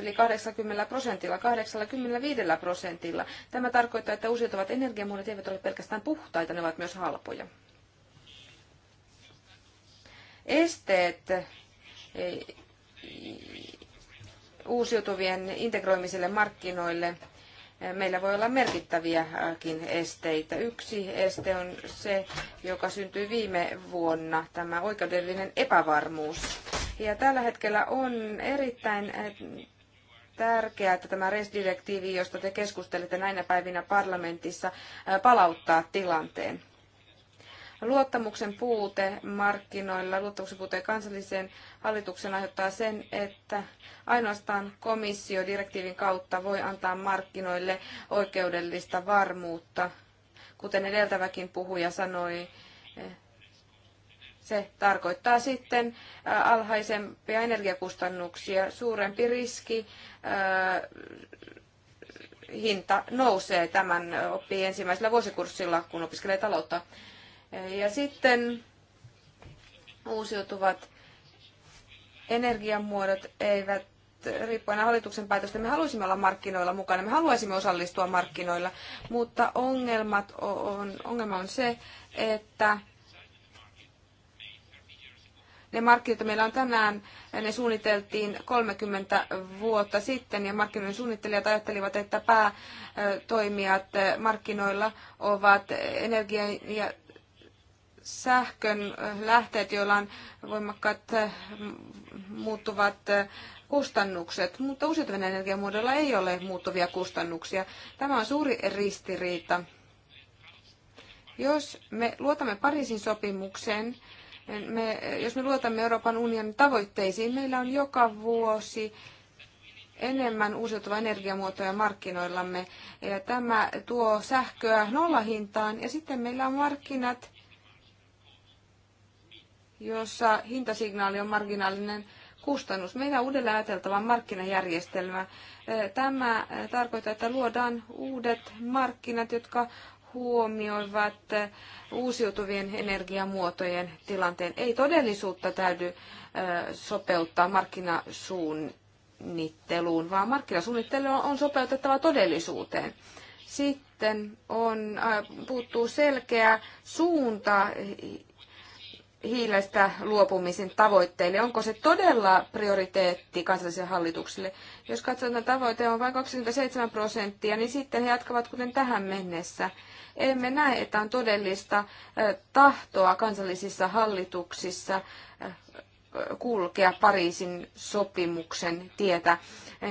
A: yli 80 prosentilla, 85 prosentilla. Tämä tarkoittaa, että uusiutuvat energiamuodot eivät ole pelkästään puhtaita, ne ovat myös halpoja. Esteet uusiutuvien integroimiselle markkinoille eh, meillä voi olla merkittäviäkin esteitä. Yksi este on se, joka syntyi viime vuonna, tämä oikeudellinen epävarmuus. Ja tällä hetkellä on erittäin eh, tärkeää, että tämä RES-direktiivi, josta te keskustelette näinä päivinä parlamentissa, eh, palauttaa tilanteen. Luottamuksen puute markkinoilla, luottamuksen puute kansalliseen hallituksen aiheuttaa sen, että ainoastaan komissio direktiivin kautta voi antaa markkinoille oikeudellista varmuutta. Kuten edeltäväkin puhuja sanoi, se tarkoittaa sitten alhaisempia energiakustannuksia, suurempi riski, hinta nousee tämän oppii ensimmäisellä vuosikurssilla, kun opiskelee taloutta. Ja sitten uusiutuvat energiamuodot eivät riippuen hallituksen päätöstä. Me haluaisimme olla markkinoilla mukana, me haluaisimme osallistua markkinoilla, mutta ongelmat on, ongelma on se, että ne markkinat, meillä on tänään, ne suunniteltiin 30 vuotta sitten ja markkinoiden suunnittelijat ajattelivat, että päätoimijat markkinoilla ovat energia ja sähkön lähteet, joilla on voimakkaat eh, muuttuvat eh, kustannukset, mutta uusiutuvan energiamuodolla ei ole muuttuvia kustannuksia. Tämä on suuri ristiriita. Jos me luotamme Pariisin sopimukseen, me, jos me luotamme Euroopan unionin tavoitteisiin, meillä on joka vuosi enemmän uusiutuvia energiamuotoja markkinoillamme. Ja tämä tuo sähköä nollahintaan ja sitten meillä on markkinat, jossa hintasignaali on marginaalinen kustannus. Meidän on uudelleen ajateltava markkinajärjestelmä. Tämä tarkoittaa, että luodaan uudet markkinat, jotka huomioivat uusiutuvien energiamuotojen tilanteen. Ei todellisuutta täydy sopeuttaa markkinasuunnitteluun, vaan markkinasuunnittelu on sopeutettava todellisuuteen. Sitten on, puuttuu selkeä suunta hiilestä luopumisen tavoitteille? Onko se todella prioriteetti kansallisille hallituksille? Jos katsotaan, tavoite on vain 27 prosenttia, niin sitten he jatkavat kuten tähän mennessä. Emme näe, että on todellista tahtoa kansallisissa hallituksissa kulkea Pariisin sopimuksen tietä. E,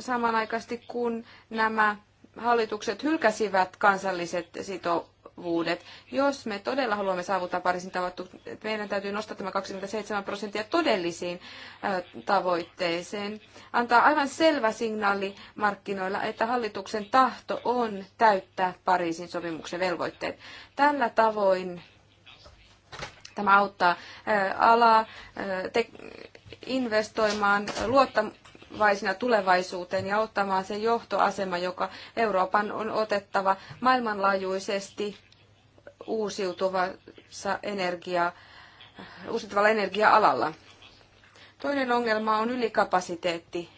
A: samanaikaisesti kun nämä hallitukset hylkäsivät kansalliset sitoumukset, ulottuvuudet. Jos me todella haluamme saavuttaa Pariisin tavoitteet, meidän täytyy nostaa tämä 27 prosenttia todellisiin tavoitteeseen. Antaa aivan selvä signaali markkinoilla, että hallituksen tahto on täyttää Pariisin sopimuksen velvoitteet. Tällä tavoin tämä auttaa alaa investoimaan luottavaisina tulevaisuuteen ja ottamaan se johtoasema, joka Euroopan on otettava maailmanlaajuisesti uusiutuvassa energia, uusiutuvalla energia-alalla. Toinen ongelma on ylikapasiteetti.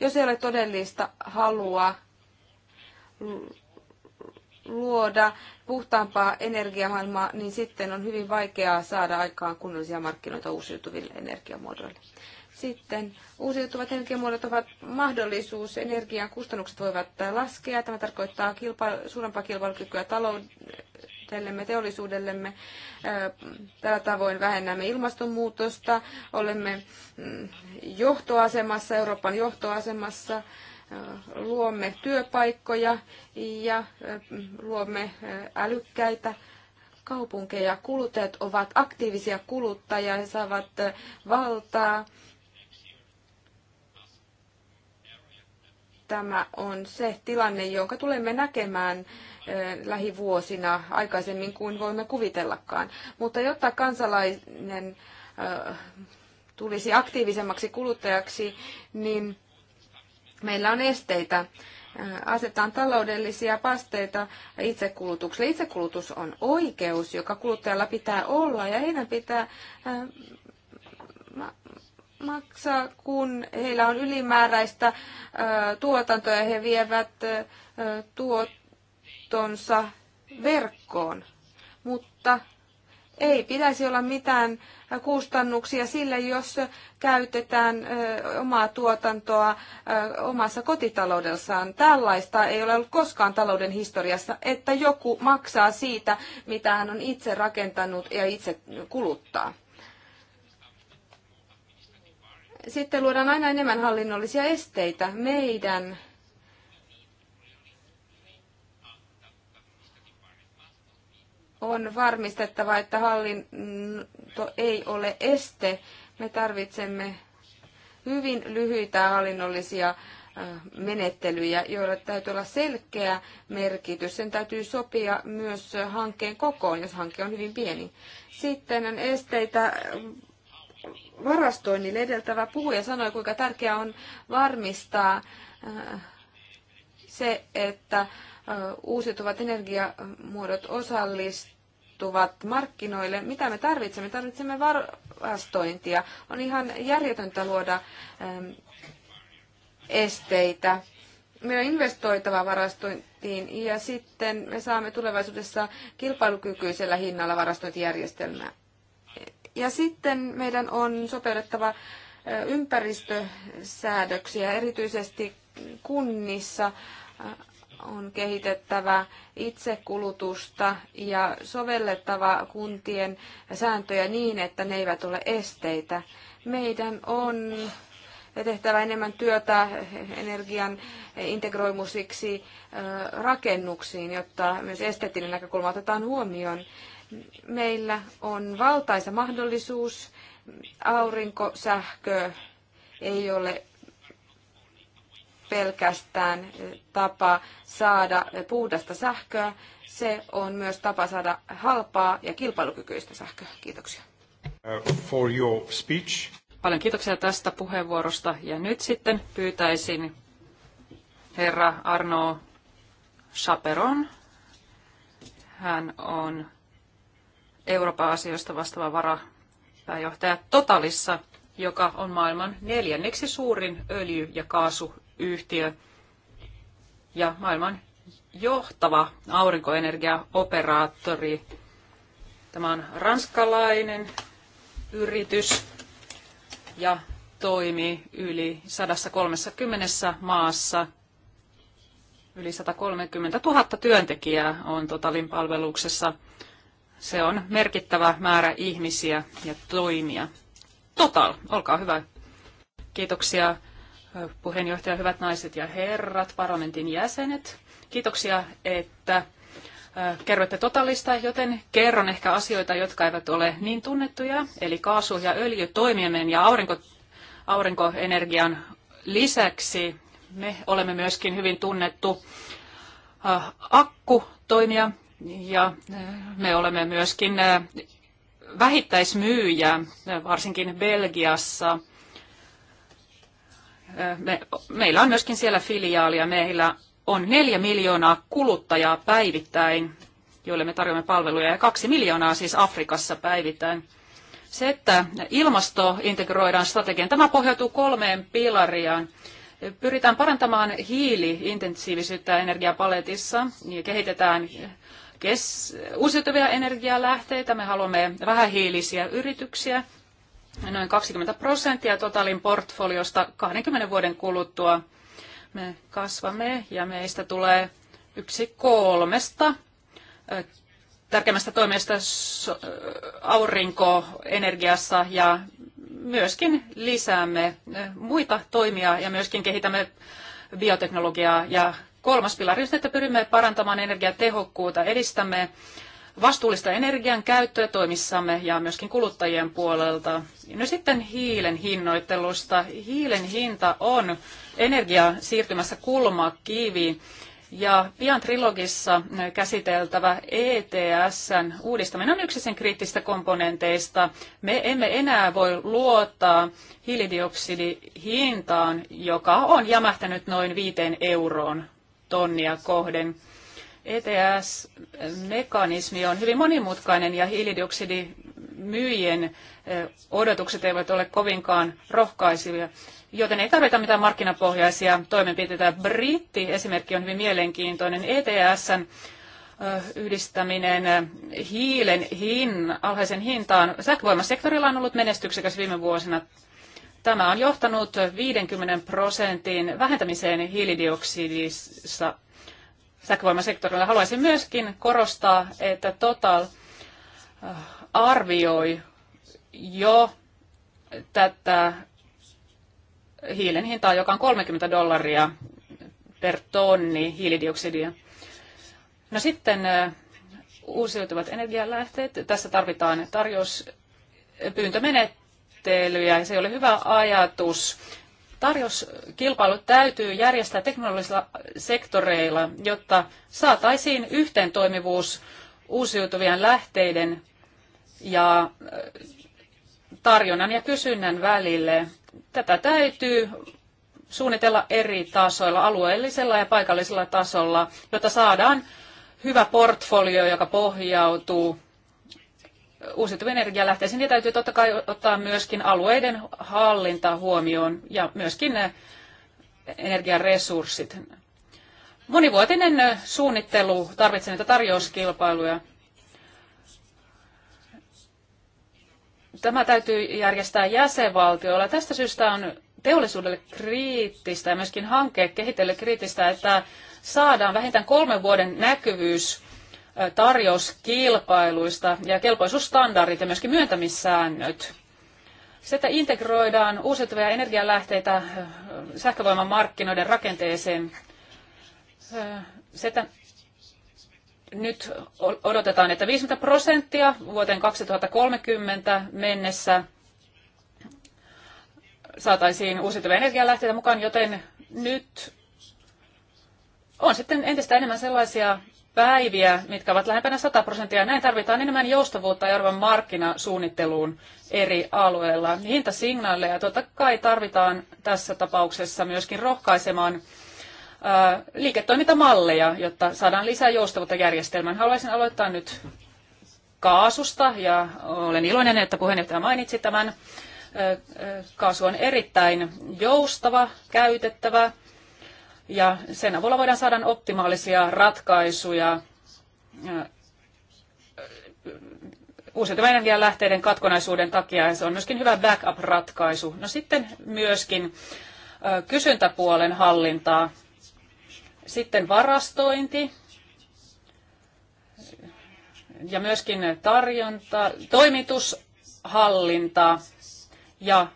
A: Jos ei ole todellista halua luoda puhtaampaa energiamaailmaa, niin sitten on hyvin vaikeaa saada aikaan kunnollisia markkinoita uusiutuville energiamuodoille. Sitten uusiutuvat energiamuodot ovat mahdollisuus. Energian kustannukset voivat laskea. Tämä tarkoittaa kilpailu, suurempaa kilpailukykyä talouden itsellemme, teollisuudellemme. Tällä tavoin vähennämme ilmastonmuutosta, olemme mm, johtoasemassa, Euroopan johtoasemassa, luomme työpaikkoja ja luomme älykkäitä kaupunkeja. Kuluttajat ovat aktiivisia kuluttajia, he saavat valtaa tämä on se tilanne, jonka tulemme näkemään lähivuosina aikaisemmin kuin voimme kuvitellakaan. Mutta jotta kansalainen tulisi aktiivisemmaksi kuluttajaksi, niin meillä on esteitä. Asetetaan taloudellisia pasteita itsekulutukselle. Itsekulutus on oikeus, joka kuluttajalla pitää olla, ja heidän pitää maksaa, kun heillä on ylimääräistä tuotantoa ja he vievät tuotonsa verkkoon. Mutta ei pitäisi olla mitään kustannuksia sille, jos käytetään omaa tuotantoa omassa kotitaloudessaan. Tällaista ei ole ollut koskaan talouden historiassa, että joku maksaa siitä, mitä hän on itse rakentanut ja itse kuluttaa sitten luodaan aina enemmän hallinnollisia esteitä meidän on varmistettava, että hallinto ei ole este. Me tarvitsemme hyvin lyhyitä hallinnollisia menettelyjä, joilla täytyy olla selkeä merkitys. Sen täytyy sopia myös hankkeen kokoon, jos hanke on hyvin pieni. Sitten on esteitä varastoinnille. Edeltävä puhuja sanoi, kuinka tärkeää on varmistaa äh, se, että äh, uusiutuvat energiamuodot osallistuvat markkinoille. Mitä me tarvitsemme? Tarvitsemme varastointia. On ihan järjetöntä luoda ähm, esteitä. Meidän on investoitava varastointiin ja sitten me saamme tulevaisuudessa kilpailukykyisellä hinnalla varastointijärjestelmää. Ja sitten meidän on sopeutettava ympäristösäädöksiä, erityisesti kunnissa on kehitettävä itsekulutusta ja sovellettava kuntien sääntöjä niin, että ne eivät ole esteitä. Meidän on tehtävä enemmän työtä energian integroimusiksi rakennuksiin, jotta myös esteettinen näkökulma otetaan huomioon meillä on valtaisa mahdollisuus. Aurinkosähkö ei ole pelkästään tapa saada puhdasta sähköä, se on myös tapa saada halpaa ja kilpailukykyistä sähköä. Kiitoksia.
B: Uh, for your speech. Paljon kiitoksia tästä puheenvuorosta ja nyt sitten pyytäisin herra Arno Chaperon. Hän on Euroopan asioista vastaava varapääjohtaja Totalissa, joka on maailman neljänneksi suurin öljy- ja kaasuyhtiö ja maailman johtava aurinkoenergiaoperaattori. Tämä on ranskalainen yritys ja toimii yli 130 maassa. Yli 130 000 työntekijää on Totalin palveluksessa – se on merkittävä määrä ihmisiä ja toimia. Total, olkaa hyvä. Kiitoksia puheenjohtaja, hyvät naiset ja herrat, parlamentin jäsenet. Kiitoksia, että kerroitte totalista, joten kerron ehkä asioita, jotka eivät ole niin tunnettuja, eli kaasu- ja öljytoimiemen ja aurinko, aurinkoenergian lisäksi me olemme myöskin hyvin tunnettu akkutoimija, ja eh, me olemme myöskin eh, vähittäismyyjä, eh, varsinkin Belgiassa. Me, meillä on myöskin siellä filiaalia. Meillä on neljä miljoonaa kuluttajaa päivittäin, joille me tarjoamme palveluja, ja kaksi miljoonaa siis Afrikassa päivittäin. Se, että ilmasto integroidaan strategian, tämä pohjautuu kolmeen pilariaan. Pyritään parantamaan hiiliintensiivisyyttä energiapaletissa ja kehitetään kes, uusiutuvia energialähteitä, me haluamme vähähiilisiä yrityksiä, noin 20 prosenttia totaalin portfoliosta 20 vuoden kuluttua. Me kasvamme ja meistä tulee yksi kolmesta tärkeimmästä toimesta aurinkoenergiassa ja myöskin lisäämme muita toimia ja myöskin kehitämme bioteknologiaa ja kolmas pilari, on että pyrimme parantamaan energiatehokkuutta, edistämme vastuullista energian käyttöä toimissamme ja myöskin kuluttajien puolelta. No sitten hiilen hinnoittelusta. Hiilen hinta on energia siirtymässä kulmakivi ja pian trilogissa käsiteltävä ETSn uudistaminen on yksi sen kriittisistä komponenteista. Me emme enää voi luottaa hiilidioksidihintaan, joka on jämähtänyt noin viiteen euroon tonnia kohden. ETS-mekanismi on hyvin monimutkainen ja hiilidioksidimyyjien e, odotukset eivät ole kovinkaan rohkaisivia, joten ei tarvita mitään markkinapohjaisia toimenpiteitä. Britti esimerkki on hyvin mielenkiintoinen. ETSn yhdistäminen hiilen hin, alhaisen hintaan. Sähkövoimasektorilla on ollut menestyksekäs viime vuosina. Tämä on johtanut 50 prosentin vähentämiseen hiilidioksidissa sähkövoimasektorilla. Haluaisin myöskin korostaa, että Total äh, arvioi jo tätä hiilen hintaa, joka on 30 dollaria per tonni hiilidioksidia. No sitten äh, uusiutuvat energialähteet. Tässä tarvitaan tarjouspyyntömenettely menettelyjä. Se ei ole hyvä ajatus. Tarjouskilpailu täytyy järjestää teknologisilla sektoreilla, jotta saataisiin yhteen toimivuus uusiutuvien lähteiden ja tarjonnan ja kysynnän välille. Tätä täytyy suunnitella eri tasoilla, alueellisella ja paikallisella tasolla, jotta saadaan hyvä portfolio, joka pohjautuu uusiutuvien energialähteisiin, niin täytyy totta kai ottaa myöskin alueiden hallinta huomioon ja myöskin energiaresurssit. Monivuotinen suunnittelu tarvitsee niitä tarjouskilpailuja. Tämä täytyy järjestää jäsenvaltioilla. Tästä syystä on teollisuudelle kriittistä ja myöskin hankkeen kehittäjille kriittistä, että saadaan vähintään kolmen vuoden näkyvyys tarjouskilpailuista ja kelpoisuusstandardit ja myöskin myöntämissäännöt. Se, että integroidaan uusiutuvia energialähteitä sähkövoiman markkinoiden rakenteeseen, se, että nyt odotetaan, että 50 prosenttia vuoteen 2030 mennessä saataisiin uusiutuvia energialähteitä mukaan, joten nyt on sitten entistä enemmän sellaisia päiviä, mitkä ovat lähempänä 100 prosenttia. Näin tarvitaan enemmän joustavuutta Euroopan markkinasuunnitteluun eri alueilla. Hintasignaaleja totta kai tarvitaan tässä tapauksessa myöskin rohkaisemaan äh, liiketoimintamalleja, jotta saadaan lisää joustavuutta järjestelmään. Haluaisin aloittaa nyt kaasusta ja olen iloinen, että puheenjohtaja mainitsi tämän. Äh, äh, kaasu on erittäin joustava, käytettävä ja sen avulla voidaan saada optimaalisia ratkaisuja uusiutuvan energian lähteiden katkonaisuuden takia ja se on myöskin hyvä backup-ratkaisu. No sitten myöskin kysyntäpuolen hallintaa. Sitten varastointi ja myöskin tarjonta, toimitushallinta ja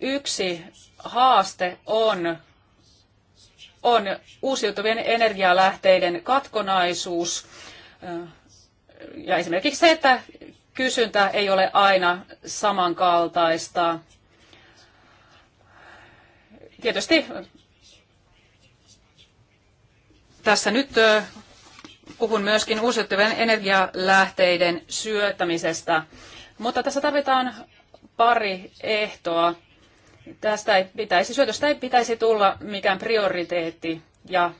B: yksi haaste on, on uusiutuvien energialähteiden katkonaisuus ja esimerkiksi se, että kysyntä ei ole aina samankaltaista. Tietysti tässä nyt puhun myöskin uusiutuvien energialähteiden syöttämisestä, mutta tässä tarvitaan pari ehtoa. Tästä ei pitäisi, syötöstä ei pitäisi tulla mikään prioriteetti ja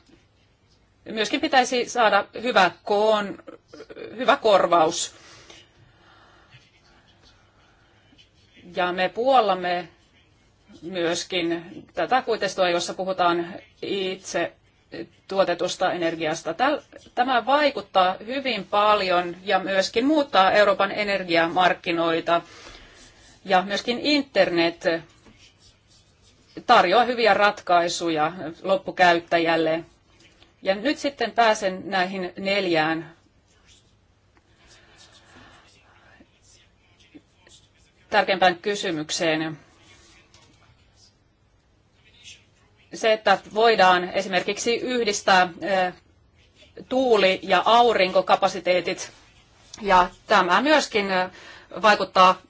B: myöskin pitäisi saada hyvä, koon, hyvä korvaus. Ja me puollamme myöskin tätä kuitestoa, jossa puhutaan itse tuotetusta energiasta. Tämä vaikuttaa hyvin paljon ja myöskin muuttaa Euroopan energiamarkkinoita. Ja myöskin internet tarjoaa hyviä ratkaisuja loppukäyttäjälle. Ja nyt sitten pääsen näihin neljään tärkeimpään kysymykseen. Se, että voidaan esimerkiksi yhdistää tuuli- ja aurinkokapasiteetit, ja tämä myöskin vaikuttaa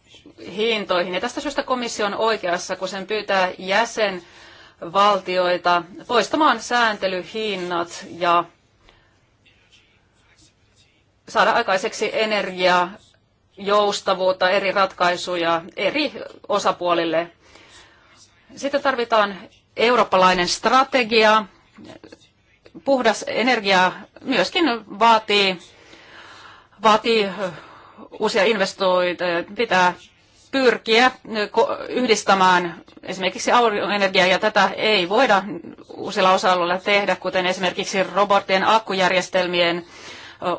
B: hintoihin. Ja tästä syystä komissio on oikeassa, kun sen pyytää jäsenvaltioita poistamaan sääntelyhinnat ja saada aikaiseksi energiajoustavuutta joustavuutta, eri ratkaisuja eri osapuolille. Sitten tarvitaan eurooppalainen strategia. Puhdas energia myöskin vaatii, vaatii uusia investointeja, pitää pyrkiä yhdistämään esimerkiksi aurinkoenergiaa, ja tätä ei voida useilla osa-alueilla tehdä, kuten esimerkiksi robottien akkujärjestelmien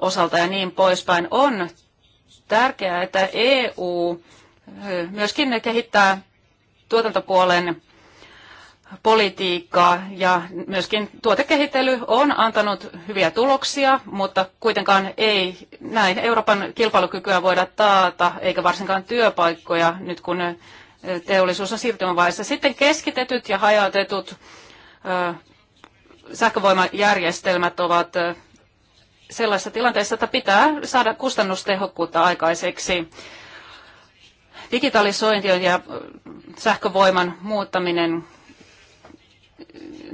B: osalta ja niin poispäin. On tärkeää, että EU myöskin kehittää tuotantopuolen politiikkaa ja myöskin tuotekehittely on antanut hyviä tuloksia, mutta kuitenkaan ei näin Euroopan kilpailukykyä voida taata, eikä varsinkaan työpaikkoja nyt kun teollisuus on siirtymävaiheessa. Sitten keskitetyt ja hajautetut sähkövoimajärjestelmät ovat sellaisessa tilanteessa, että pitää saada kustannustehokkuutta aikaiseksi digitalisointi ja sähkövoiman muuttaminen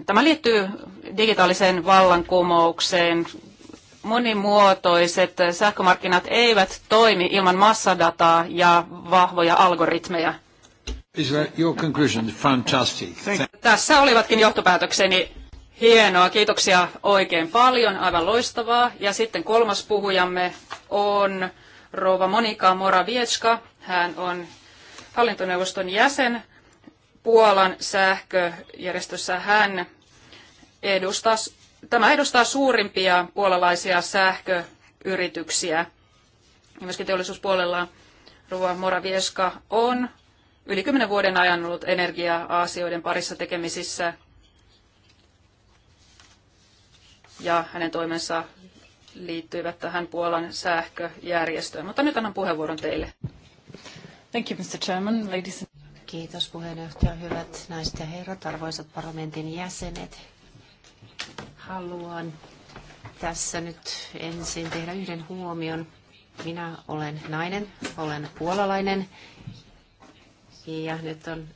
B: Tämä liittyy digitaaliseen vallankumoukseen. Monimuotoiset sähkömarkkinat eivät toimi ilman massadataa ja vahvoja algoritmeja. Your conclusion? Fantastic. Tässä olivatkin johtopäätökseni. Hienoa, kiitoksia oikein paljon, aivan loistavaa. Ja sitten kolmas puhujamme on rouva Monika Morawiecka. Hän on hallintoneuvoston jäsen Puolan sähköjärjestössä. Hän edustaa, tämä edustaa suurimpia puolalaisia sähköyrityksiä. Ja myöskin teollisuuspuolella Ruva Moravieska on yli kymmenen vuoden ajan ollut energia-asioiden parissa tekemisissä. Ja hänen toimensa liittyivät tähän Puolan sähköjärjestöön. Mutta nyt annan puheenvuoron teille.
C: Thank you, Mr. Chairman, ladies and... Kiitos puheenjohtaja, hyvät naiset ja herrat, arvoisat parlamentin jäsenet. Haluan tässä nyt ensin tehdä yhden huomion. Minä olen nainen, olen puolalainen ja nyt on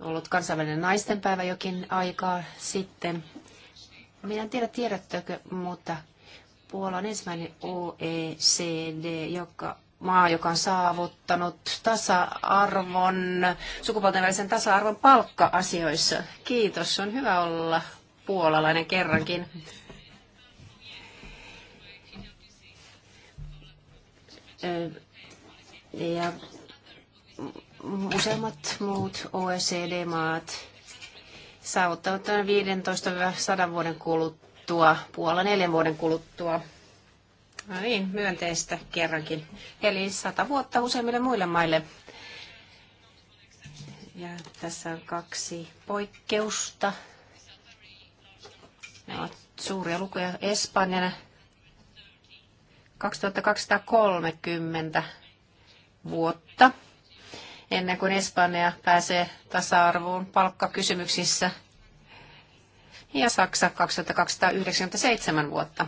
C: ollut kansainvälinen naistenpäivä jokin aikaa sitten. Minä en tiedä, tiedättekö, mutta Puola on ensimmäinen OECD, joka, maa, joka on saavuttanut tasa-arvon, sukupuolten välisen tasa-arvon palkka-asioissa. Kiitos, on hyvä olla puolalainen kerrankin. Ja useimmat muut OECD-maat saavuttavat 15-100 vuoden kuluttua, puola neljän vuoden kuluttua. No niin, myönteistä kerrankin. Eli 100 vuotta useimmille muille maille. Ja tässä on kaksi poikkeusta. Ne ovat suuria lukuja. Espanjana 2230 vuotta ennen kuin Espanja pääsee tasa-arvoon palkkakysymyksissä ja Saksa 2297 vuotta.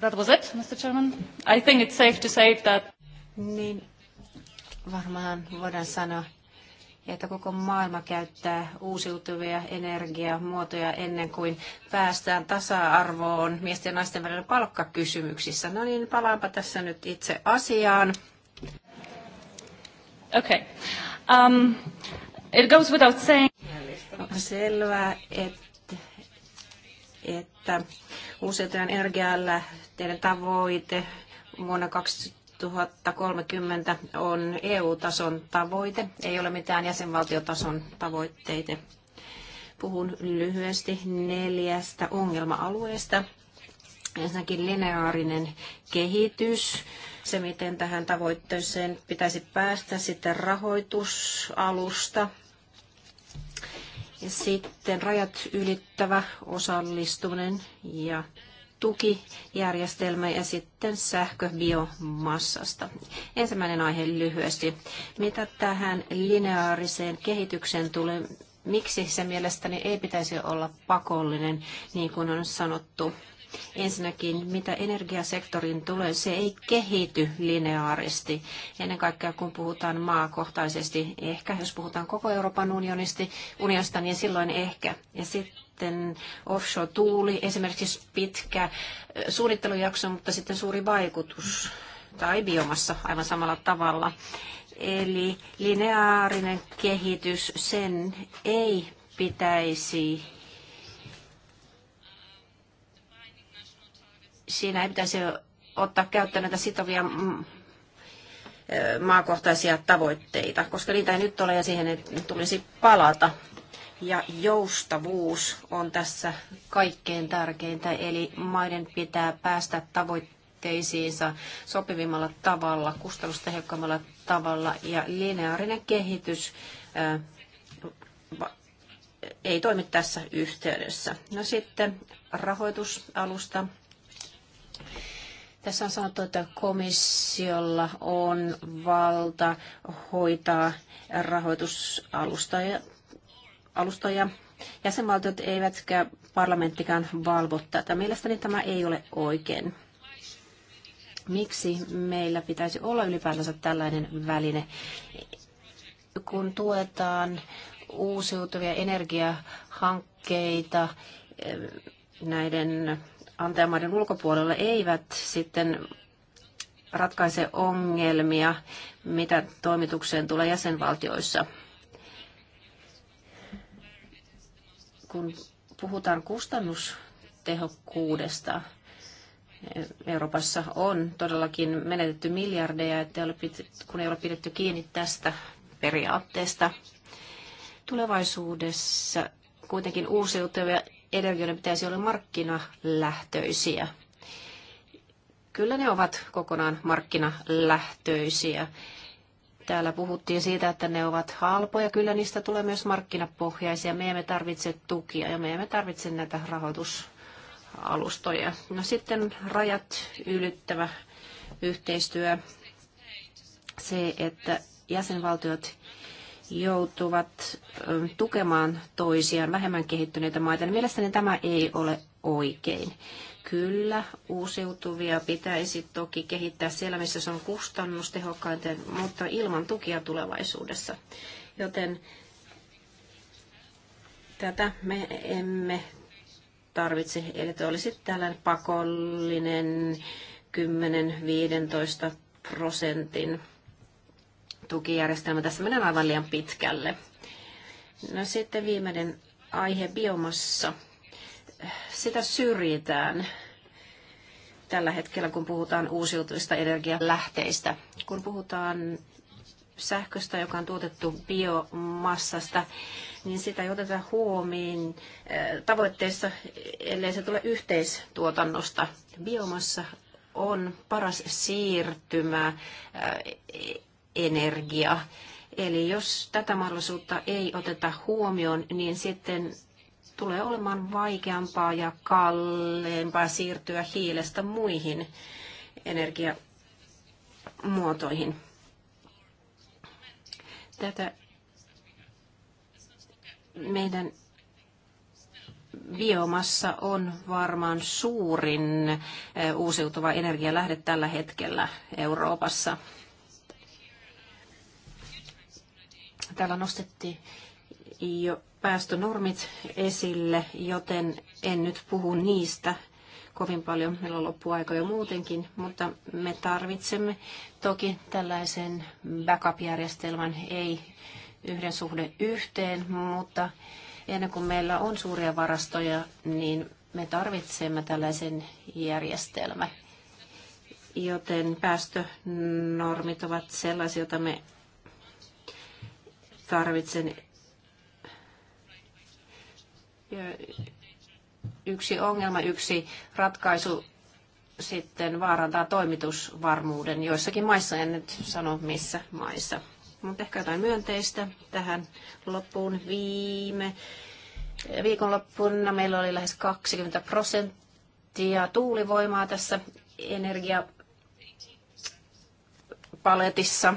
B: That was it, Mr. Chairman.
C: I think it's safe to say that... Niin varmaan voidaan sanoa, ja että koko maailma käyttää uusiutuvia energiamuotoja ennen kuin päästään tasa-arvoon miesten ja naisten välillä palkkakysymyksissä. No niin, palaanpa tässä nyt itse asiaan. Okay. Um, it goes without saying. No, selvä, että, että uusiutuvan energialähteiden tavoite vuonna 20 2030 on EU-tason tavoite, ei ole mitään jäsenvaltiotason tavoitteita. Puhun lyhyesti neljästä ongelma-alueesta. Ensinnäkin lineaarinen kehitys, se miten tähän tavoitteeseen pitäisi päästä, sitten rahoitusalusta, ja sitten rajat ylittävä osallistuminen ja tukijärjestelmä ja sitten sähköbiomassasta. Ensimmäinen aihe lyhyesti. Mitä tähän lineaariseen kehitykseen tulee? Miksi se mielestäni ei pitäisi olla pakollinen, niin kuin on sanottu? Ensinnäkin, mitä energiasektorin tulee, se ei kehity lineaaristi. Ennen kaikkea, kun puhutaan maakohtaisesti, ehkä jos puhutaan koko Euroopan unionisti, unionista, niin silloin ehkä. Ja sitten offshore-tuuli, esimerkiksi pitkä suunnittelujakso, mutta sitten suuri vaikutus tai biomassa aivan samalla tavalla. Eli lineaarinen kehitys, sen ei pitäisi siinä ei pitäisi ottaa käyttöön näitä sitovia mm, maakohtaisia tavoitteita, koska niitä ei nyt ole ja siihen ei tulisi palata. Ja joustavuus on tässä kaikkein tärkeintä, eli maiden pitää päästä tavoitteisiinsa sopivimmalla tavalla, kustannustehokkaammalla tavalla ja lineaarinen kehitys ei toimi tässä yhteydessä. No sitten rahoitusalusta tässä on sanottu, että komissiolla on valta hoitaa rahoitusalustoja. Alustoja. Jäsenvaltiot eivätkä parlamenttikaan valvo tätä. Mielestäni tämä ei ole oikein. Miksi meillä pitäisi olla ylipäätänsä tällainen väline, kun tuetaan uusiutuvia energiahankkeita eh, näiden antajamaiden ulkopuolella eivät sitten ratkaise ongelmia, mitä toimitukseen tulee jäsenvaltioissa. Kun puhutaan kustannustehokkuudesta, Euroopassa on todellakin menetetty miljardeja, että kun ei ole pidetty kiinni tästä periaatteesta. Tulevaisuudessa kuitenkin uusiutuvia energioiden pitäisi olla markkinalähtöisiä. Kyllä ne ovat kokonaan markkinalähtöisiä. Täällä puhuttiin siitä, että ne ovat halpoja. Kyllä niistä tulee myös markkinapohjaisia. Me emme tarvitse tukia ja me emme tarvitse näitä rahoitusalustoja. No sitten rajat ylittävä yhteistyö. Se, että jäsenvaltiot joutuvat tukemaan toisiaan vähemmän kehittyneitä maita, niin mielestäni tämä ei ole oikein. Kyllä, uusiutuvia pitäisi toki kehittää siellä, missä se on kustannustehokkainta, mutta ilman tukia tulevaisuudessa. Joten tätä me emme tarvitse. Eli tuo olisi tällainen pakollinen 10-15 prosentin tukijärjestelmä. Tässä mennään aivan liian pitkälle. No sitten viimeinen aihe biomassa. Sitä syrjitään tällä hetkellä, kun puhutaan uusiutuvista energialähteistä. Kun puhutaan sähköstä, joka on tuotettu biomassasta, niin sitä ei oteta huomiin eh, tavoitteissa, ellei se tule yhteistuotannosta. Biomassa on paras siirtymä eh, energia. Eli jos tätä mahdollisuutta ei oteta huomioon, niin sitten tulee olemaan vaikeampaa ja kalleempaa siirtyä hiilestä muihin energiamuotoihin. Tätä meidän biomassa on varmaan suurin eh, uusiutuva energialähde tällä hetkellä Euroopassa. Täällä nostettiin jo päästönormit esille, joten en nyt puhu niistä kovin paljon. Meillä on loppuaika jo muutenkin, mutta me tarvitsemme toki tällaisen backup-järjestelmän, ei yhden suhde yhteen, mutta ennen kuin meillä on suuria varastoja, niin me tarvitsemme tällaisen järjestelmän. Joten päästönormit ovat sellaisia, joita me tarvitsen. Yksi ongelma, yksi ratkaisu sitten vaarantaa toimitusvarmuuden joissakin maissa, en nyt sano missä maissa. Mutta ehkä jotain myönteistä tähän loppuun viime viikonloppuna. Meillä oli lähes 20 prosenttia tuulivoimaa tässä energiapaletissa.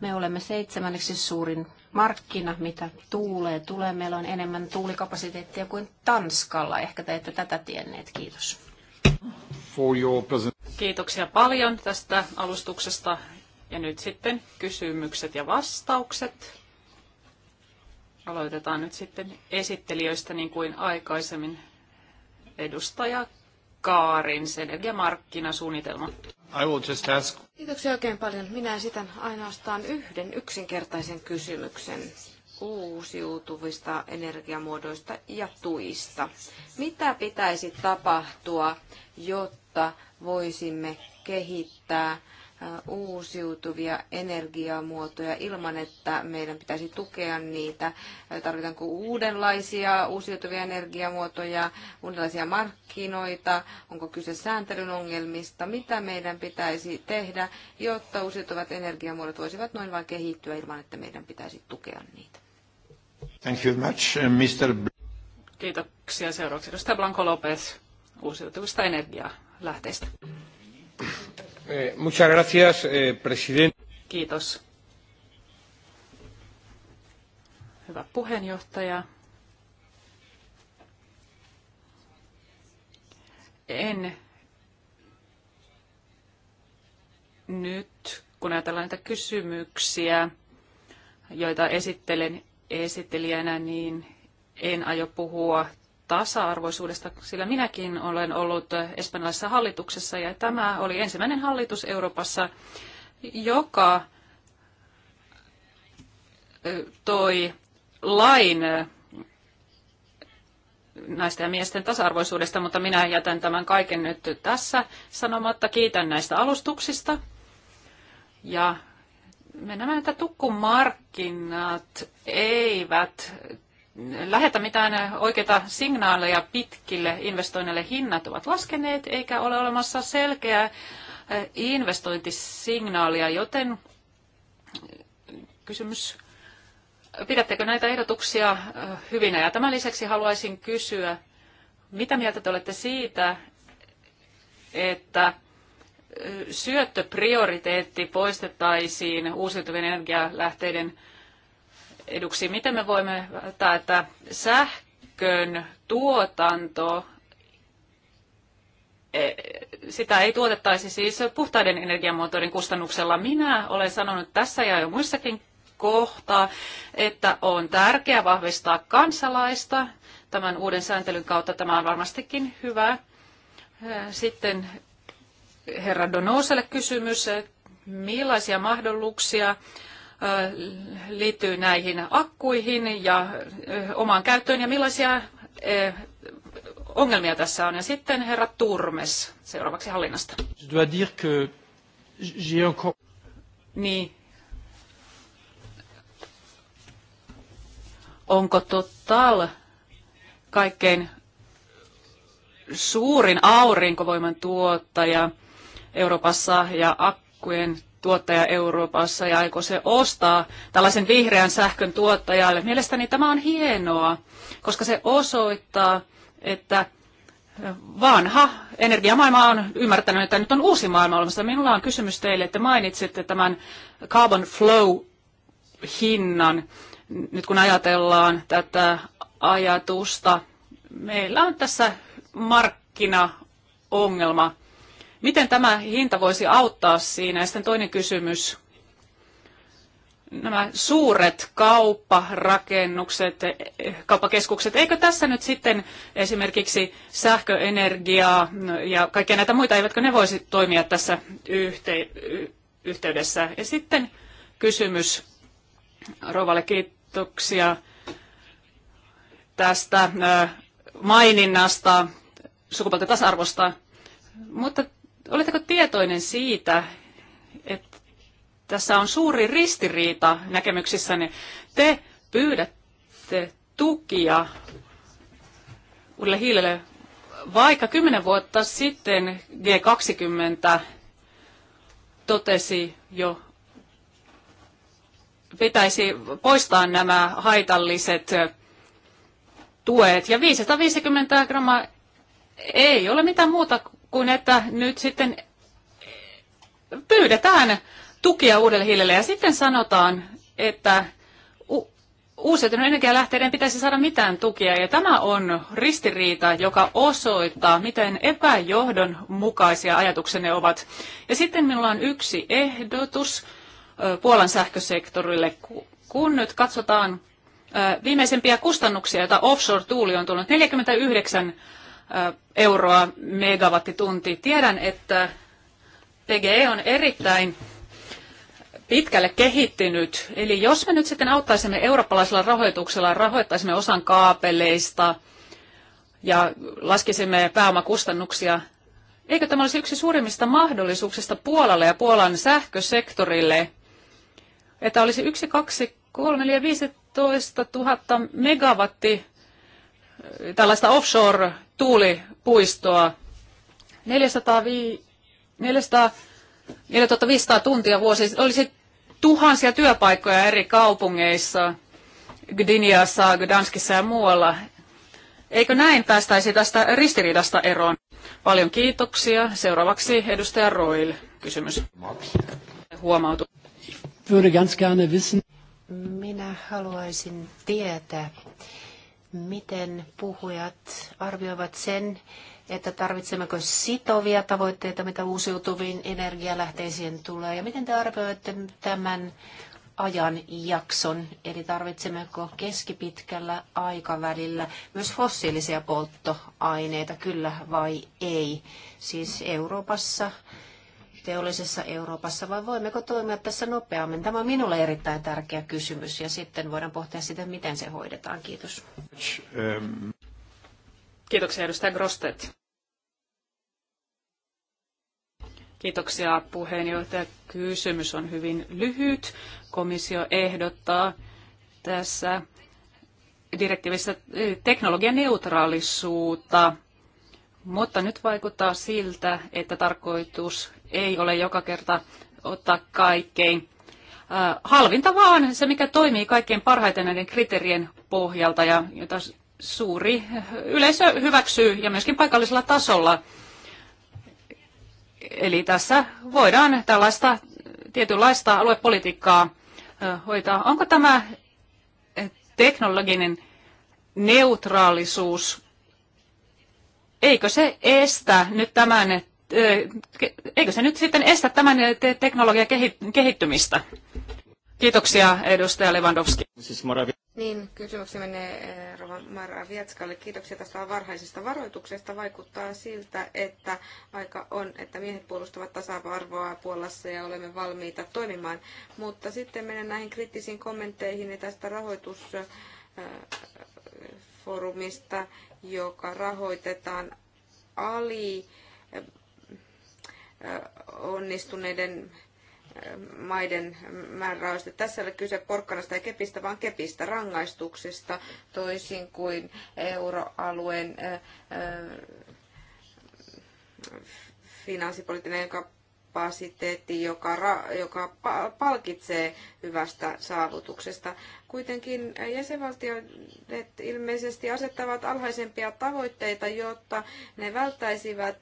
C: Me olemme seitsemänneksi suurin markkina, mitä tuulee. Tulee, meillä on enemmän tuulikapasiteettia kuin Tanskalla. Ehkä te ette tätä tienneet. Kiitos. Kiitoksia paljon
B: tästä alustuksesta. Ja nyt sitten kysymykset ja vastaukset. Aloitetaan nyt sitten esittelijöistä niin kuin aikaisemmin.
A: Edustaja Kaarins,
B: energiamarkkinasuunnitelma.
A: I will just ask... Kiitoksia oikein paljon. Minä esitän ainoastaan yhden yksinkertaisen kysymyksen uusiutuvista energiamuodoista ja tuista. Mitä pitäisi tapahtua, jotta voisimme kehittää uusiutuvia energiamuotoja ilman, että meidän pitäisi tukea niitä? Tarvitaanko uudenlaisia uusiutuvia energiamuotoja, uudenlaisia markkinoita? Onko kyse sääntelyn ongelmista? Mitä meidän pitäisi tehdä, jotta uusiutuvat energiamuodot voisivat noin vain kehittyä ilman, että meidän pitäisi tukea niitä?
C: Thank you much, uh, Mr.
A: Kiitoksia.
B: Seuraavaksi edustaja Blanco Lopez uusiutuvista energialähteistä. Eh, muchas gracias, eh, president. Kiitos. Hyvä puheenjohtaja. En nyt, kun ajatellaan näitä kysymyksiä, joita esittelen esittelijänä, niin en aio puhua tasa-arvoisuudesta, sillä minäkin olen ollut espanjalaisessa hallituksessa ja tämä oli ensimmäinen hallitus Euroopassa, joka toi lain naisten ja miesten tasa-arvoisuudesta, mutta minä jätän tämän kaiken nyt tässä sanomatta. Kiitän näistä alustuksista. Ja me nämä, että tukkumarkkinat eivät lähetä mitään oikeita signaaleja pitkille investoinneille. Hinnat ovat laskeneet eikä ole olemassa selkeää eh, investointisignaalia, joten eh, kysymys, pidättekö näitä ehdotuksia eh, hyvinä? Ja tämän lisäksi haluaisin kysyä, mitä mieltä te olette siitä, että syöttöprioriteetti poistettaisiin uusiutuvien energialähteiden eduksi. Miten me voimme tai että sähkön tuotanto, e, sitä ei tuotettaisi siis puhtaiden energiamuotoiden kustannuksella. Minä olen sanonut tässä ja jo muissakin kohtaa, että on tärkeää vahvistaa kansalaista. Tämän uuden sääntelyn kautta tämä on varmastikin hyvä. Sitten herra Donoselle kysymys, millaisia mahdollisuuksia liittyy näihin akkuihin ja omaan käyttöön ja millaisia ongelmia tässä on. Ja sitten herra Turmes seuraavaksi hallinnasta. Niin. Onko Total kaikkein suurin aurinkovoiman tuottaja Euroopassa ja akkujen tuottaja Euroopassa ja aikoo se ostaa tällaisen vihreän sähkön tuottajalle. Mielestäni tämä on hienoa, koska se osoittaa, että vanha energiamaailma on ymmärtänyt, että nyt on uusi maailma olemassa. Minulla on kysymys teille, että mainitsitte tämän carbon flow-hinnan. Nyt kun ajatellaan tätä ajatusta, meillä on tässä markkinaongelma. Miten tämä hinta voisi auttaa siinä? Ja sitten toinen kysymys. Nämä suuret kaupparakennukset, kauppakeskukset, eikö tässä nyt sitten esimerkiksi sähköenergiaa ja kaikkia näitä muita, eivätkö ne voisi toimia tässä yhteydessä? Ja sitten kysymys Rovalle kiitoksia tästä maininnasta sukupuolten tasa-arvosta. Mutta Oletteko tietoinen siitä, että tässä on suuri ristiriita näkemyksissänne? Te pyydätte tukia uudelle hiilelle, vaikka kymmenen vuotta sitten G20 totesi jo pitäisi poistaa nämä haitalliset tuet. Ja 550 grammaa ei ole mitään muuta kuin että nyt sitten pyydetään tukia uudelle hiilelle ja sitten sanotaan, että uusiutuvien energialähteiden pitäisi saada mitään tukia. Ja tämä on ristiriita, joka osoittaa, miten epäjohdonmukaisia ajatuksenne ovat. Ja sitten minulla on yksi ehdotus Puolan sähkösektorille. Kun nyt katsotaan viimeisempiä kustannuksia, joita offshore-tuuli on tullut, 49 euroa megawattitunti. Tiedän, että PGE on erittäin pitkälle kehittynyt. Eli jos me nyt sitten auttaisimme eurooppalaisella rahoituksella, rahoittaisimme osan kaapeleista ja laskisimme pääomakustannuksia, eikö tämä olisi yksi suurimmista mahdollisuuksista Puolalle ja Puolan sähkösektorille, että olisi yksi, kaksi, kolme, neljä, 15 000 megawatti tällaista offshore-tuulipuistoa. 400, 4500 tuntia vuosi olisi tuhansia työpaikkoja eri kaupungeissa, Gdyniassa, Gdanskissa ja muualla. Eikö näin päästäisi tästä ristiriidasta eroon? Paljon kiitoksia. Seuraavaksi edustaja Roil. Kysymys. Huomautu.
C: Minä haluaisin tietää, miten puhujat arvioivat sen, että tarvitsemmeko sitovia tavoitteita, mitä uusiutuviin energialähteisiin tulee, ja miten te arvioitte tämän ajanjakson, eli tarvitsemmeko keskipitkällä aikavälillä myös fossiilisia polttoaineita, kyllä vai ei, siis Euroopassa teollisessa Euroopassa, vai voimmeko toimia tässä nopeammin? Tämä on minulle erittäin tärkeä kysymys, ja sitten voidaan pohtia sitä, miten se hoidetaan. Kiitos. Kiitoksia,
B: edustaja Grostet. Kiitoksia puheenjohtaja. Kysymys on hyvin lyhyt. Komissio ehdottaa tässä direktiivissä eh, teknologian neutraalisuutta, mutta nyt vaikuttaa siltä, että tarkoitus ei ole joka kerta ottaa kaikkein halvinta, vaan se, mikä toimii kaikkein parhaiten näiden kriteerien pohjalta ja jota suuri yleisö hyväksyy ja myöskin paikallisella tasolla. Eli tässä voidaan tällaista tietynlaista aluepolitiikkaa hoitaa. Onko tämä teknologinen neutraalisuus, eikö se estä nyt tämän eikö se nyt sitten estä tämän teknologian kehittymistä? Kiitoksia edustaja Lewandowski. Siis
A: niin, kysymys menee Rova Vietskalle. Kiitoksia tästä varhaisesta varoituksesta. Vaikuttaa siltä, että aika on, että miehet puolustavat tasa-arvoa Puolassa ja olemme valmiita toimimaan. Mutta sitten menen näihin kriittisiin kommentteihin tästä rahoitusfoorumista, joka rahoitetaan ali onnistuneiden maiden määräystä. Tässä ei ole kyse porkkanasta ja kepistä, vaan kepistä rangaistuksesta, toisin kuin euroalueen finanssipoliittinen kapasiteetti, joka, ra, joka palkitsee hyvästä saavutuksesta. Kuitenkin jäsenvaltiot ilmeisesti asettavat alhaisempia tavoitteita, jotta ne välttäisivät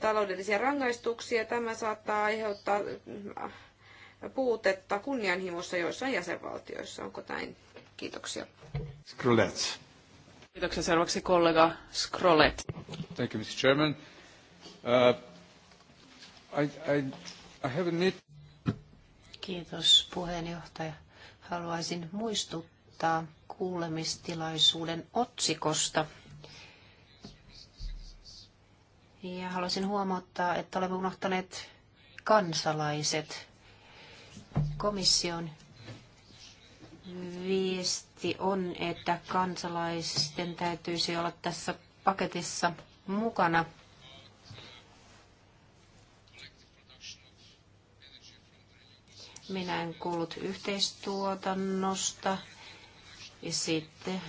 A: taloudellisia rangaistuksia. Tämä saattaa aiheuttaa äh, puutetta kunnianhimossa joissain jäsenvaltioissa. Onko näin? Kiitoksia. Skrulets. Kiitoksia seuraavaksi kollega Scrollet. Thank you, Mr. Chairman. Uh, I, I, I have a need...
C: Kiitos puheenjohtaja. Haluaisin muistuttaa kuulemistilaisuuden otsikosta – ja haluaisin huomauttaa, että olemme unohtaneet kansalaiset. Komission viesti on, että kansalaisten täytyisi olla tässä paketissa mukana. Minä en kuullut yhteistuotannosta ja, sitten,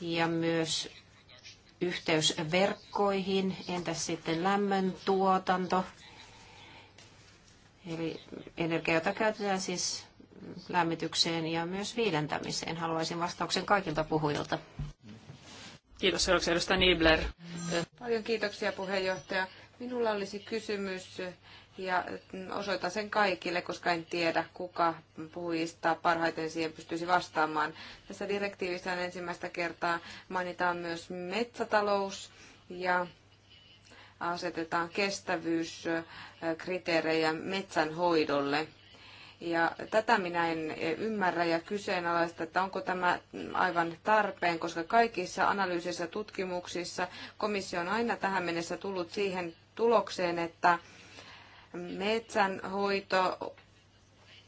C: ja myös yhteys verkkoihin, entäs sitten lämmön tuotanto, eli energia, jota käytetään siis lämmitykseen ja myös viilentämiseen. Haluaisin vastauksen kaikilta puhujilta.
B: Kiitos, seuraavaksi edustaja
A: Niebler. Paljon kiitoksia puheenjohtaja. Minulla olisi kysymys ja mm, osoitan sen kaikille, koska en tiedä, kuka puhujista parhaiten siihen pystyisi vastaamaan. Tässä direktiivissä on ensimmäistä kertaa mainitaan myös metsätalous ja asetetaan kestävyyskriteerejä metsänhoidolle. Ja tätä minä en e, ymmärrä ja kyseenalaista, että onko tämä aivan tarpeen, koska kaikissa analyysissä ja tutkimuksissa komissio on aina tähän mennessä tullut siihen tulokseen, että Metsänhoito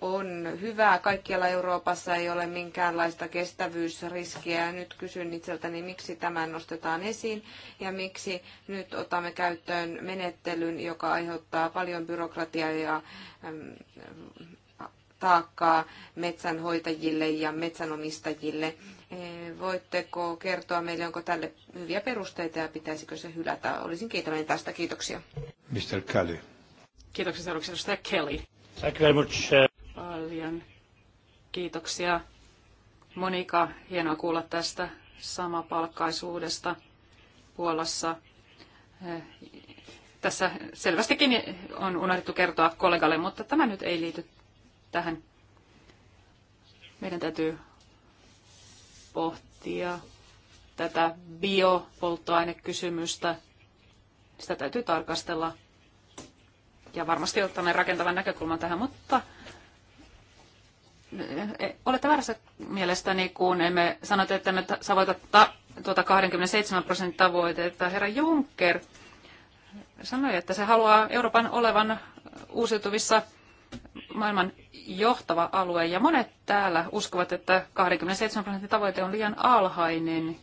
A: on hyvää kaikkialla Euroopassa, ei ole minkäänlaista kestävyysriskiä. Ja nyt kysyn itseltäni, miksi tämä nostetaan esiin ja miksi nyt otamme käyttöön menettelyn, joka aiheuttaa paljon byrokratiaa ja taakkaa metsänhoitajille ja metsänomistajille. E, voitteko kertoa meille, onko tälle hyviä perusteita ja pitäisikö se hylätä? Olisin kiitollinen tästä. Kiitoksia. Mr. Kelly. Kiitoksia
B: seuraavaksi edustaja Kelly. Thank you very much. Uh, Paljon kiitoksia. Monika, hienoa kuulla tästä samapalkkaisuudesta Puolassa. Eh, tässä selvästikin on unohdettu kertoa kollegalle, mutta tämä nyt ei liity tähän. Meidän täytyy pohtia tätä biopolttoainekysymystä. Sitä täytyy tarkastella ja varmasti ottaneet rakentavan näkökulman tähän, mutta eh, eh, olette väärässä mielestäni, kun emme sano, että emme savoita tuota 27 prosentin että Herra Juncker sanoi, että se haluaa Euroopan olevan uusiutuvissa maailman johtava alue, ja monet täällä uskovat, että 27 prosentin tavoite on liian alhainen.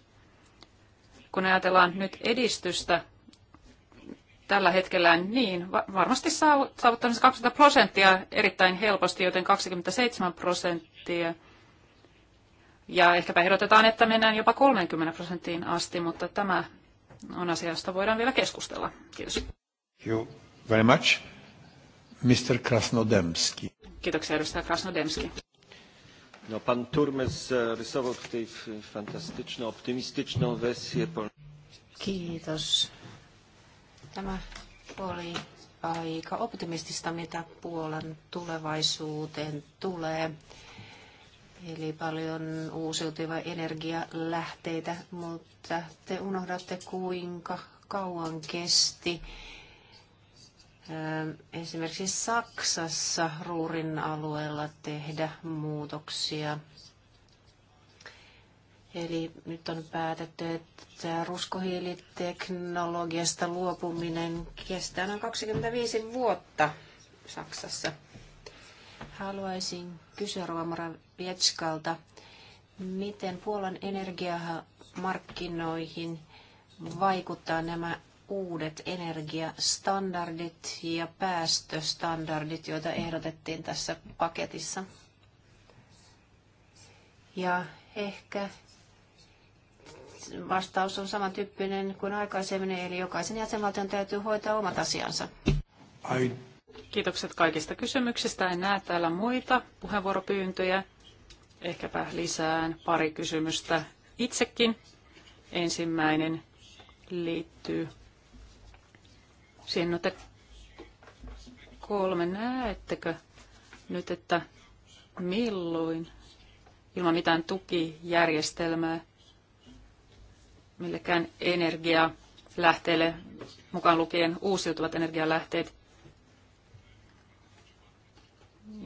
B: Kun ajatellaan nyt edistystä tällä hetkellä niin varmasti saavuttanut 20 prosenttia erittäin helposti, joten 27 prosenttia. Ja ehkäpä ehdotetaan, että mennään jopa 30 prosenttiin asti, mutta tämä on asia, josta voidaan vielä keskustella. Kiitos. Thank you very much. Mr. Krasnodemski. Kiitoksia, edustaja Krasnodemski. No, pan
A: Turmes e, rysował tutaj fantastyczną, optymistyczną wersję.
C: Kiitos. Tämä oli aika optimistista, mitä Puolan tulevaisuuteen tulee. Eli paljon uusiutuvia energialähteitä, mutta te unohdatte kuinka kauan kesti öö, esimerkiksi Saksassa Ruurin alueella tehdä muutoksia Eli nyt on päätetty, että ruskohiiliteknologiasta luopuminen kestää noin 25 vuotta
B: Saksassa.
C: Haluaisin kysyä Ruomara Vietskalta, miten Puolan energiamarkkinoihin vaikuttaa nämä uudet energiastandardit ja päästöstandardit, joita ehdotettiin tässä paketissa. Ja ehkä vastaus on samantyyppinen kuin aikaisemmin, eli jokaisen jäsenvaltion täytyy hoitaa omat asiansa.
A: Ai.
B: Kiitokset kaikista kysymyksistä. En näe täällä muita puheenvuoropyyntöjä. Ehkäpä lisään pari kysymystä itsekin. Ensimmäinen liittyy siihen, että kolme näettekö nyt, että milloin ilman mitään tukijärjestelmää millekään energialähteelle, mukaan lukien uusiutuvat energialähteet.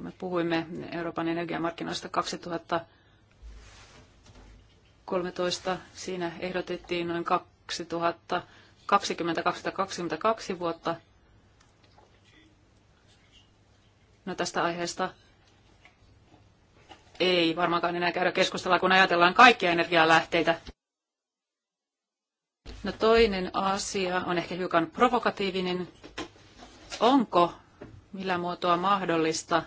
B: Me puhuimme Euroopan energiamarkkinoista 2013. Siinä ehdotettiin noin 2020-2022 vuotta. No tästä aiheesta ei varmaankaan enää käydä keskustelua, kun ajatellaan kaikkia energialähteitä. No toinen asia on ehkä hiukan provokatiivinen. Onko millä muotoa mahdollista,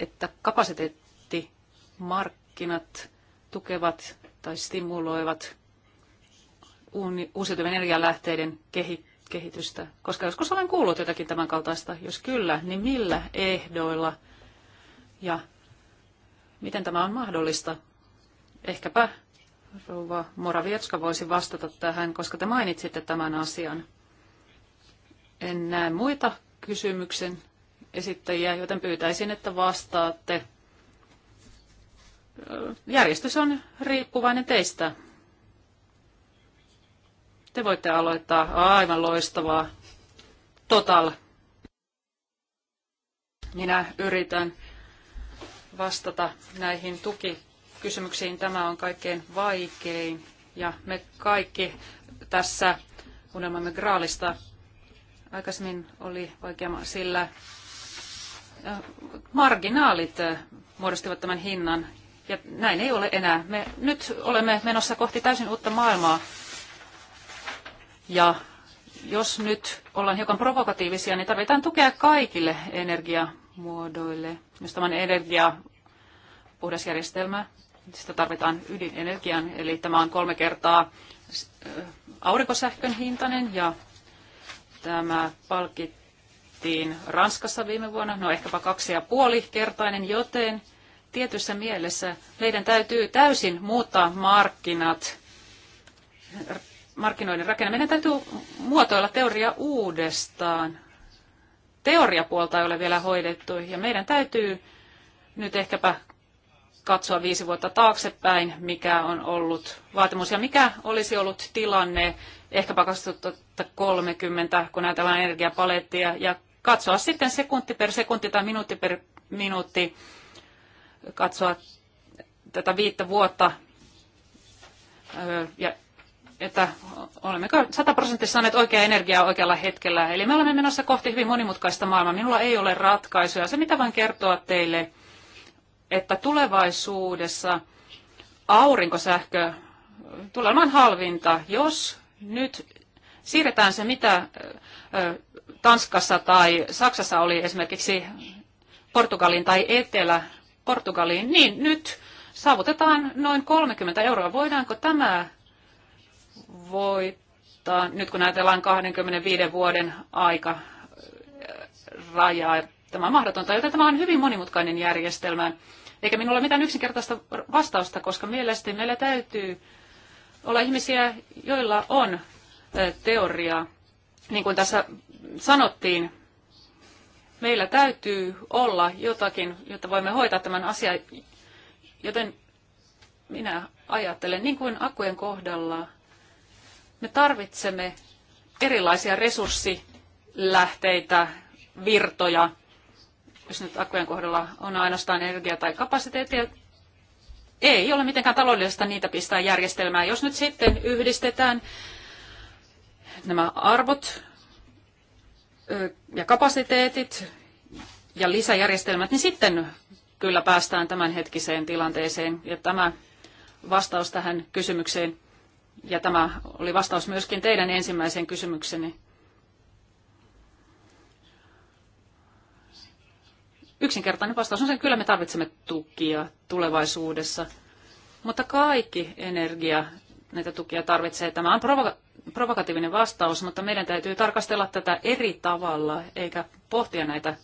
B: että kapasiteettimarkkinat tukevat tai stimuloivat uusiutuvien energialähteiden kehitystä? Koska joskus olen kuullut jotakin tämän kaltaista. Jos kyllä, niin millä ehdoilla ja miten tämä on mahdollista? Ehkäpä rouva Moravietska voisi vastata tähän, koska te mainitsitte tämän asian. En näe muita kysymyksen esittäjiä, joten pyytäisin, että vastaatte. Järjestys on riippuvainen teistä. Te voitte aloittaa aivan loistavaa. Total. Minä yritän vastata näihin tuki kysymyksiin tämä on kaikkein vaikein. Ja me kaikki tässä unelmamme graalista aikaisemmin oli vaikea sillä marginaalit äh, muodostivat tämän hinnan. Ja näin ei ole enää. Me nyt olemme menossa kohti täysin uutta maailmaa. Ja jos nyt ollaan hiukan provokatiivisia, niin tarvitaan tukea kaikille energiamuodoille. Myös tämän energia puhdas järjestelmä sitä tarvitaan ydinenergian, eli tämä on kolme kertaa aurinkosähkön hintainen ja tämä palkittiin Ranskassa viime vuonna, no ehkäpä kaksi ja puoli kertainen, joten tietyssä mielessä meidän täytyy täysin muuttaa markkinat, markkinoiden rakenne. Meidän täytyy muotoilla teoria uudestaan. Teoriapuolta ei ole vielä hoidettu ja meidän täytyy nyt ehkäpä katsoa viisi vuotta taaksepäin, mikä on ollut vaatimus ja mikä olisi ollut tilanne ehkäpä 2030, kun ajatellaan energiapalettia ja katsoa sitten sekunti per sekunti tai minuutti per minuutti, katsoa tätä viittä vuotta ja että olemmeko prosenttia saaneet oikeaa energiaa oikealla hetkellä. Eli me olemme menossa kohti hyvin monimutkaista maailmaa. Minulla ei ole ratkaisuja. Se, mitä voin kertoa teille, että tulevaisuudessa aurinkosähkö tulee olemaan halvinta, jos nyt siirretään se, mitä Tanskassa tai Saksassa oli esimerkiksi Portugaliin tai Etelä-Portugaliin, niin nyt saavutetaan noin 30 euroa. Voidaanko tämä voittaa, nyt kun ajatellaan 25 vuoden aika rajaa Tämä on mahdotonta, joten tämä on hyvin monimutkainen järjestelmä. Eikä minulla ole mitään yksinkertaista vastausta, koska mielestäni meillä täytyy olla ihmisiä, joilla on teoriaa. Niin kuin tässä sanottiin, meillä täytyy olla jotakin, jotta voimme hoitaa tämän asian. Joten minä ajattelen, niin kuin akkujen kohdalla, me tarvitsemme erilaisia resurssilähteitä, virtoja, jos nyt akkujen kohdalla on ainoastaan energia tai kapasiteettia, ei ole mitenkään taloudellista niitä pistää järjestelmään. Jos nyt sitten yhdistetään nämä arvot ja kapasiteetit ja lisäjärjestelmät, niin sitten kyllä päästään tämänhetkiseen tilanteeseen. Ja tämä vastaus tähän kysymykseen, ja tämä oli vastaus myöskin teidän ensimmäiseen kysymykseen, yksinkertainen vastaus on se, että kyllä me tarvitsemme tukia tulevaisuudessa, mutta kaikki energia näitä tukia tarvitsee. Tämä on provoka- provokatiivinen vastaus, mutta meidän täytyy tarkastella tätä eri tavalla, eikä pohtia näitä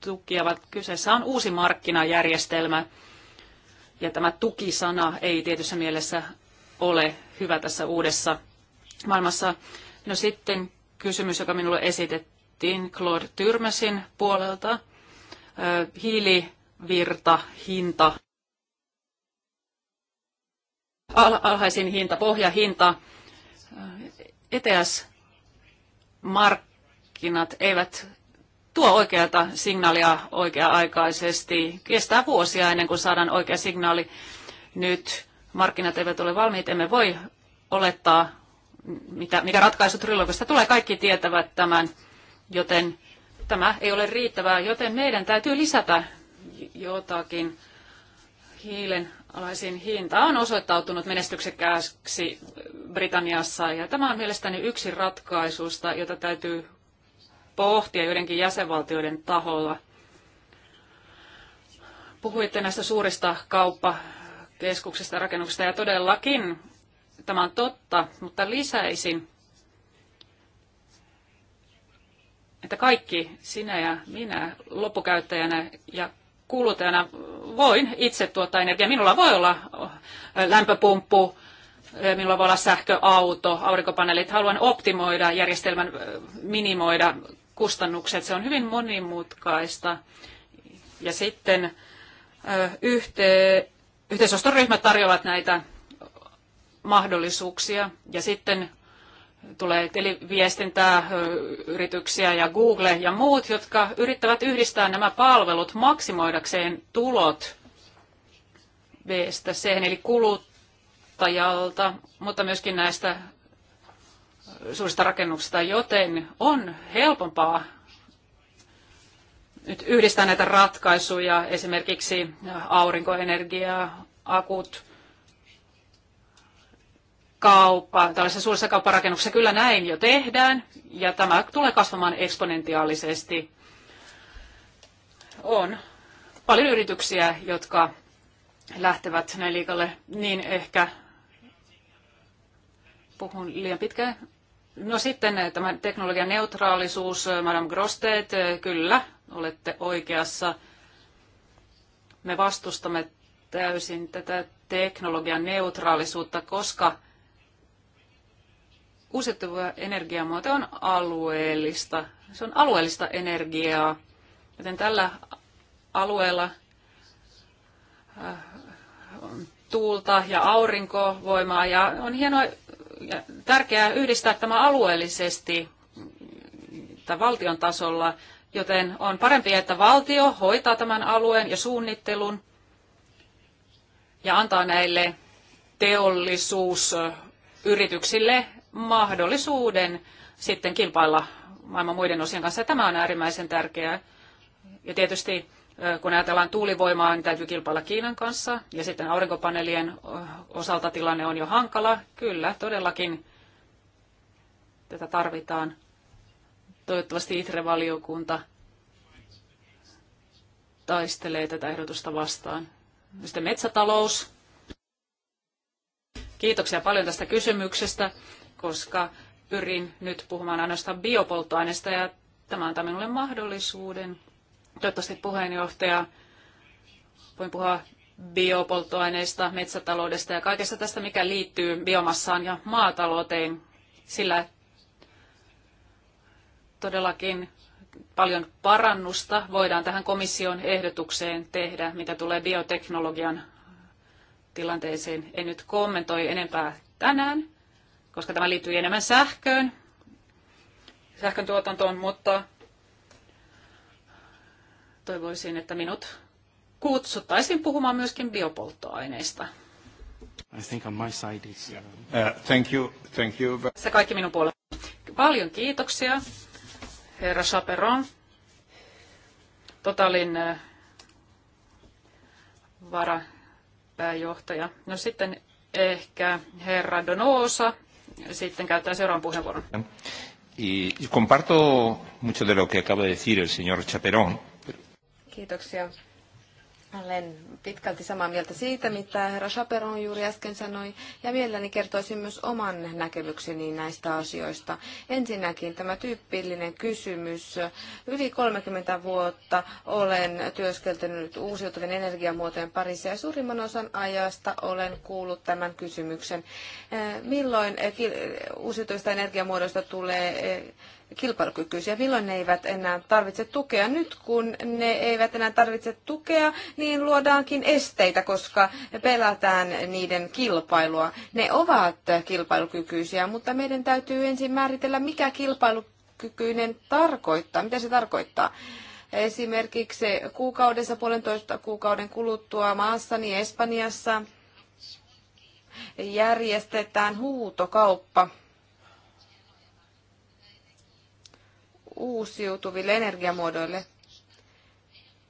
B: tukia, vaan kyseessä on uusi markkinajärjestelmä. Ja tämä tukisana ei tietyssä mielessä ole hyvä tässä uudessa maailmassa. No sitten kysymys, joka minulle esitettiin Claude Tyrmäsin puolelta hiilivirta, hinta, alhaisin hinta, pohjahinta, ETS-markkinat eivät tuo oikeata signaalia oikea-aikaisesti. Kestää vuosia ennen kuin saadaan oikea signaali. Nyt markkinat eivät ole valmiit, emme voi olettaa, mitä, mikä ratkaisu trilogista tulee. Kaikki tietävät tämän, joten tämä ei ole riittävää, joten meidän täytyy lisätä jotakin hiilen alaisin hinta on osoittautunut menestyksekkääksi Britanniassa ja tämä on mielestäni yksi ratkaisusta, jota täytyy pohtia joidenkin jäsenvaltioiden taholla. Puhuitte näistä suurista kauppakeskuksista ja rakennuksista ja todellakin tämä on totta, mutta lisäisin että kaikki sinä ja minä loppukäyttäjänä ja kulutajana voin itse tuottaa energiaa. Minulla voi olla lämpöpumppu, minulla voi olla sähköauto, aurinkopaneelit. Haluan optimoida järjestelmän, minimoida kustannukset. Se on hyvin monimutkaista. Ja sitten yhte, yhteisostoryhmät tarjoavat näitä mahdollisuuksia. Ja sitten tulee televiestintää, yrityksiä ja Google ja muut, jotka yrittävät yhdistää nämä palvelut maksimoidakseen tulot b C, eli kuluttajalta, mutta myöskin näistä suurista rakennuksista, joten on helpompaa nyt yhdistää näitä ratkaisuja, esimerkiksi aurinkoenergiaa, akut, kauppa, tällaisessa suurissa kaupparakennuksessa kyllä näin jo tehdään, ja tämä tulee kasvamaan eksponentiaalisesti. On paljon yrityksiä, jotka lähtevät näin liikalle, niin ehkä puhun liian pitkään. No sitten eh, tämä teknologian neutraalisuus, eh, Madame Grosteet, eh, kyllä, olette oikeassa. Me vastustamme täysin tätä teknologian neutraalisuutta, koska uusiutuva energiamuoto on alueellista. Se on alueellista energiaa, joten tällä alueella äh, tuulta ja aurinkovoimaa ja on hienoa ja tärkeää yhdistää tämä alueellisesti äh, valtion tasolla, joten on parempi, että valtio hoitaa tämän alueen ja suunnittelun ja antaa näille teollisuusyrityksille mahdollisuuden sitten kilpailla maailman muiden osien kanssa. Ja tämä on äärimmäisen tärkeää. Ja tietysti kun ajatellaan tuulivoimaa, niin täytyy kilpailla Kiinan kanssa. Ja sitten aurinkopaneelien osalta tilanne on jo hankala. Kyllä, todellakin tätä tarvitaan. Toivottavasti ITRE-valiokunta taistelee tätä ehdotusta vastaan. Sitten metsätalous. Kiitoksia paljon tästä kysymyksestä koska pyrin nyt puhumaan ainoastaan biopolttoaineista ja tämä antaa minulle mahdollisuuden. Toivottavasti puheenjohtaja, voin puhua biopolttoaineista, metsätaloudesta ja kaikesta tästä, mikä liittyy biomassaan ja maatalouteen, sillä todellakin paljon parannusta voidaan tähän komission ehdotukseen tehdä, mitä tulee bioteknologian tilanteeseen. En nyt kommentoi enempää tänään koska tämä liittyy enemmän sähköön, sähkön tuotantoon, mutta toivoisin, että minut kutsuttaisiin puhumaan myöskin biopolttoaineista.
A: I think on my side is, uh, uh, thank you, thank you. Se kaikki
B: minun puolella. Paljon kiitoksia, herra Chaperon. Totalin uh, varapääjohtaja. No sitten ehkä herra Donosa sitten käyttää seuraavan puheenvuoron. Y comparto mucho de lo que acaba de
C: decir el señor Chaperón.
A: Kiitoksia olen pitkälti samaa mieltä siitä, mitä herra Chaperon juuri äsken sanoi, ja mielelläni kertoisin myös oman näkemykseni näistä asioista. Ensinnäkin tämä tyypillinen kysymys. Yli 30 vuotta olen työskentelynyt uusiutuvien energiamuotojen parissa, ja suurimman osan ajasta olen kuullut tämän kysymyksen. Eh, milloin eh, uusiutuvista energiamuodoista tulee eh, kilpailukykyisiä. Milloin ne eivät enää tarvitse tukea? Nyt kun ne eivät enää tarvitse tukea, niin luodaankin esteitä, koska pelätään niiden kilpailua. Ne ovat kilpailukykyisiä, mutta meidän täytyy ensin määritellä, mikä kilpailukykyinen tarkoittaa, mitä se tarkoittaa. Esimerkiksi kuukaudessa puolentoista kuukauden kuluttua maassani Espanjassa järjestetään huutokauppa uusiutuville energiamuodoille.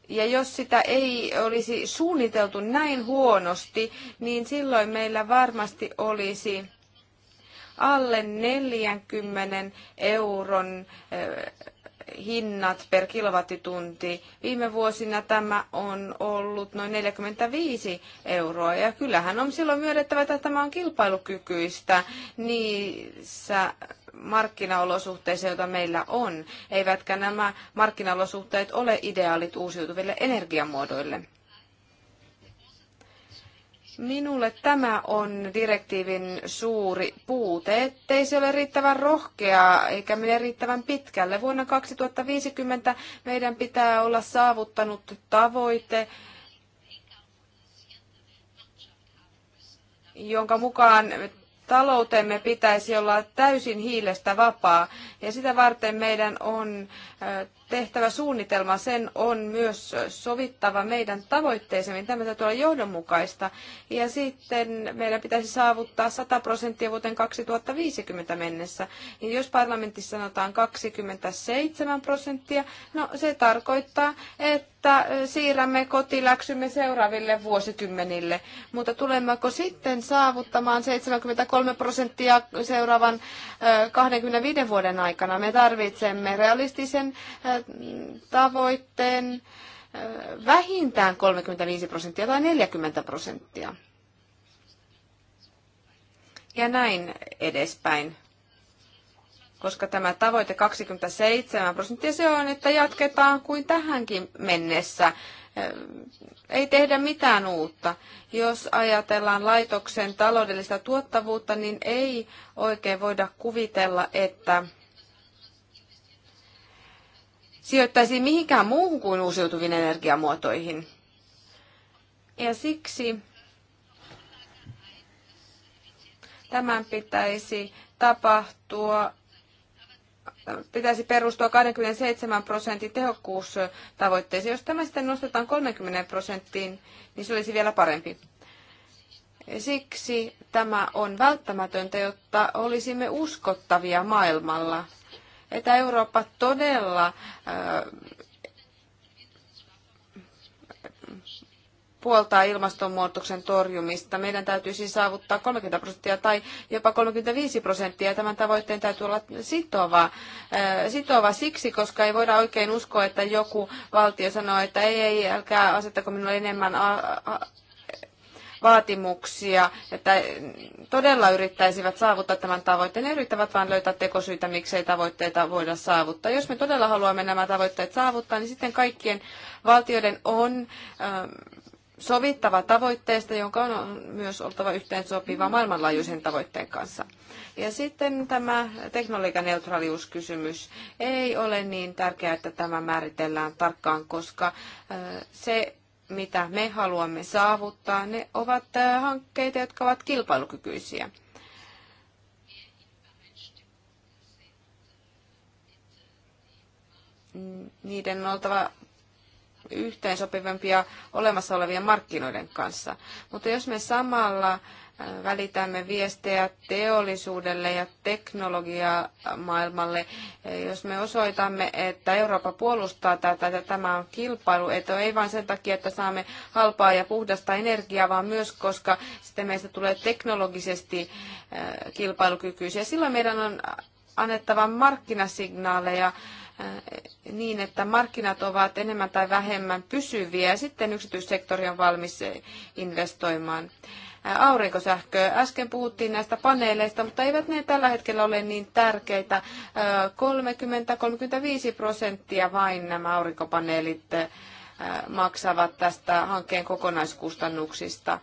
A: Ja jos sitä ei olisi suunniteltu näin huonosti, niin silloin meillä varmasti olisi alle 40 euron eh, hinnat per kilowattitunti. Viime vuosina tämä on ollut noin 45 euroa ja kyllähän on silloin myönnettävä, että tämä on kilpailukykyistä niissä markkinaolosuhteissa, joita meillä on. Eivätkä nämä markkinaolosuhteet ole ideaalit uusiutuville energiamuodoille. Minulle tämä on direktiivin suuri puute, ettei se ole riittävän rohkeaa eikä mene riittävän pitkälle. Vuonna 2050 meidän pitää olla saavuttanut tavoite, jonka mukaan taloutemme pitäisi olla täysin hiilestä vapaa. Ja sitä varten meidän on tehtävä suunnitelma, sen on myös sovittava meidän tavoitteeseen. Tämä täytyy olla johdonmukaista. Ja sitten meidän pitäisi saavuttaa 100 prosenttia vuoteen 2050 mennessä. jos parlamentissa sanotaan 27 prosenttia, no se tarkoittaa, että siirrämme kotiläksymme seuraaville vuosikymmenille. Mutta tulemmeko sitten saavuttamaan 73 prosenttia seuraavan 25 vuoden aikana? Me tarvitsemme realistisen tavoitteen vähintään 35 prosenttia tai 40 prosenttia. Ja näin edespäin. Koska tämä tavoite 27 prosenttia se on, että jatketaan kuin tähänkin mennessä. Ei tehdä mitään uutta. Jos ajatellaan laitoksen taloudellista tuottavuutta, niin ei oikein voida kuvitella, että sijoittaisi mihinkään muuhun kuin uusiutuviin energiamuotoihin. Ja siksi tämän pitäisi tapahtua pitäisi perustua 27 prosentin tehokkuustavoitteeseen. Jos tämä sitten nostetaan 30 prosenttiin, niin se olisi vielä parempi. Siksi tämä on välttämätöntä, jotta olisimme uskottavia maailmalla että Eurooppa todella äh, puoltaa ilmastonmuutoksen torjumista. Meidän täytyisi siis saavuttaa 30 prosenttia tai jopa 35 prosenttia. Tämän tavoitteen täytyy olla sitova, äh, sitova siksi, koska ei voida oikein uskoa, että joku valtio sanoo, että ei, ei älkää asettako minulle enemmän vaatimuksia, että todella yrittäisivät saavuttaa tämän tavoitteen. Ne yrittävät vain löytää tekosyitä, miksei tavoitteita voida saavuttaa. Jos me todella haluamme nämä tavoitteet saavuttaa, niin sitten kaikkien valtioiden on ähm, sovittava tavoitteesta, jonka on myös oltava yhteen sopiva maailmanlaajuisen tavoitteen kanssa. Ja sitten tämä teknologianeutraaliuskysymys ei ole niin tärkeää, että tämä määritellään tarkkaan, koska äh, se mitä me haluamme saavuttaa, ne ovat äh, hankkeita, jotka ovat kilpailukykyisiä. Niiden on oltava yhteensopivampia olemassa olevien markkinoiden kanssa. Mutta jos me samalla välitämme viestejä teollisuudelle ja teknologiamaailmalle. Jos me osoitamme, että Eurooppa puolustaa tätä, että tämä on kilpailuetu, ei vain sen takia, että saamme halpaa ja puhdasta energiaa, vaan myös koska sitten meistä tulee teknologisesti äh, kilpailukykyisiä. Silloin meidän on annettava markkinasignaaleja äh, niin, että markkinat ovat enemmän tai vähemmän pysyviä ja sitten yksityissektori on valmis investoimaan aurinkosähköä. Äsken puhuttiin näistä paneeleista, mutta eivät ne tällä hetkellä ole niin tärkeitä. 30-35 prosenttia vain nämä aurinkopaneelit maksavat tästä hankkeen kokonaiskustannuksista.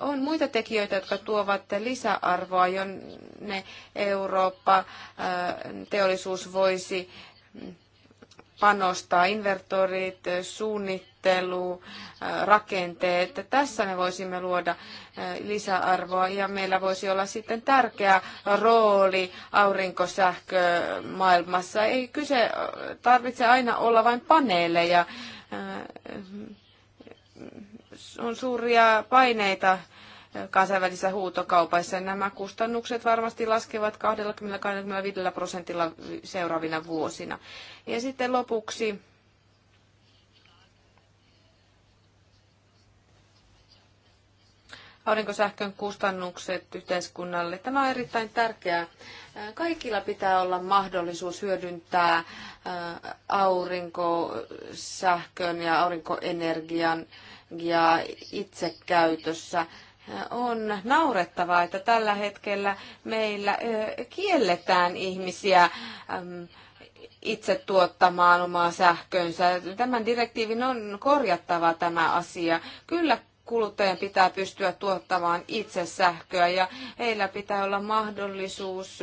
A: On muita tekijöitä, jotka tuovat lisäarvoa, jonne Eurooppa teollisuus voisi panostaa, invertorit, suunnit, suunnittelu, äh, rakenteet. Tässä me voisimme luoda äh, lisäarvoa ja meillä voisi olla sitten tärkeä rooli aurinkosähkömaailmassa. Ei kyse äh, tarvitse aina olla vain paneeleja. On suuria paineita kansainvälisissä huutokaupassa. Nämä kustannukset varmasti laskevat 20-25 prosentilla seuraavina vuosina. Ja sitten lopuksi aurinkosähkön kustannukset yhteiskunnalle. Tämä on erittäin tärkeää. Kaikilla pitää olla mahdollisuus hyödyntää aurinkosähkön ja aurinkoenergian ja itsekäytössä. On naurettavaa, että tällä hetkellä meillä kielletään ihmisiä itse tuottamaan omaa sähkönsä. Tämän direktiivin on korjattava tämä asia. Kyllä kuluttajan pitää pystyä tuottamaan itse sähköä ja heillä pitää olla mahdollisuus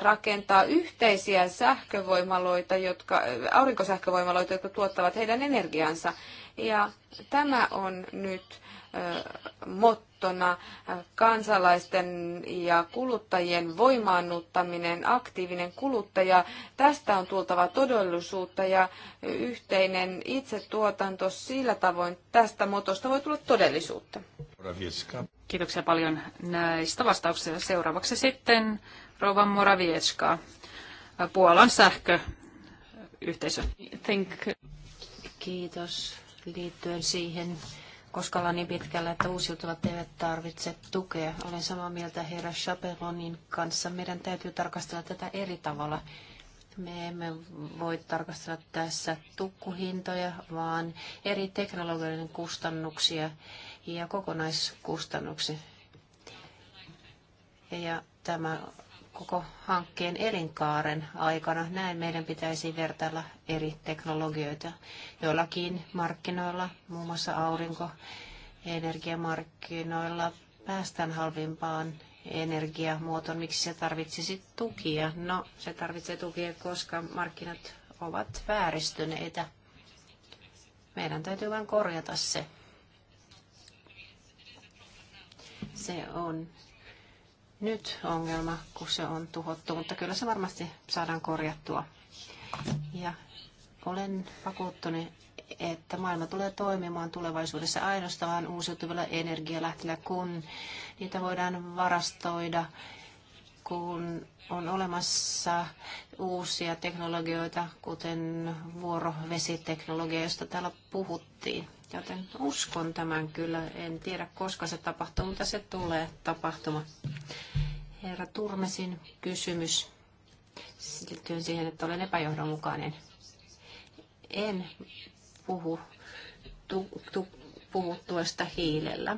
A: rakentaa yhteisiä sähkövoimaloita, jotka, aurinkosähkövoimaloita, jotka tuottavat heidän energiansa. Ja tämä on nyt motto verrattuna kansalaisten ja kuluttajien voimaannuttaminen, aktiivinen kuluttaja, tästä on tultava todellisuutta ja yhteinen itsetuotanto sillä tavoin tästä motosta voi tulla todellisuutta.
B: Kiitoksia paljon näistä vastauksista. Seuraavaksi sitten Rova Moravieska, Puolan sähköyhteisö. Kiitos liittyen siihen, koska
C: ollaan niin pitkällä, että uusiutuvat eivät tarvitse tukea. Olen samaa mieltä herra Chaperonin kanssa. Meidän täytyy tarkastella tätä eri tavalla. Me emme voi tarkastella tässä tukkuhintoja, vaan eri teknologioiden kustannuksia ja kokonaiskustannuksia. Ja tämä koko hankkeen elinkaaren aikana. Näin meidän pitäisi vertailla eri teknologioita. Joillakin markkinoilla, muun muassa aurinkoenergiamarkkinoilla, päästään halvimpaan energiamuotoon. Miksi se tarvitsisi tukia? No, se tarvitsee tukia, koska markkinat ovat vääristyneitä. Meidän täytyy vain korjata se. Se on nyt ongelma, kun se on tuhottu, mutta kyllä se varmasti saadaan korjattua. Ja olen vakuuttunut, että maailma tulee toimimaan tulevaisuudessa ainoastaan uusiutuvilla energialähteillä, kun niitä voidaan varastoida, kun on olemassa uusia teknologioita, kuten vuorovesiteknologia, josta täällä puhuttiin joten uskon tämän kyllä. En tiedä, koska se tapahtuu, mutta se tulee tapahtuma. Herra Turmesin kysymys liittyen siihen, että olen epäjohdonmukainen. En puhu tu, tu, puhu tuosta hiilellä.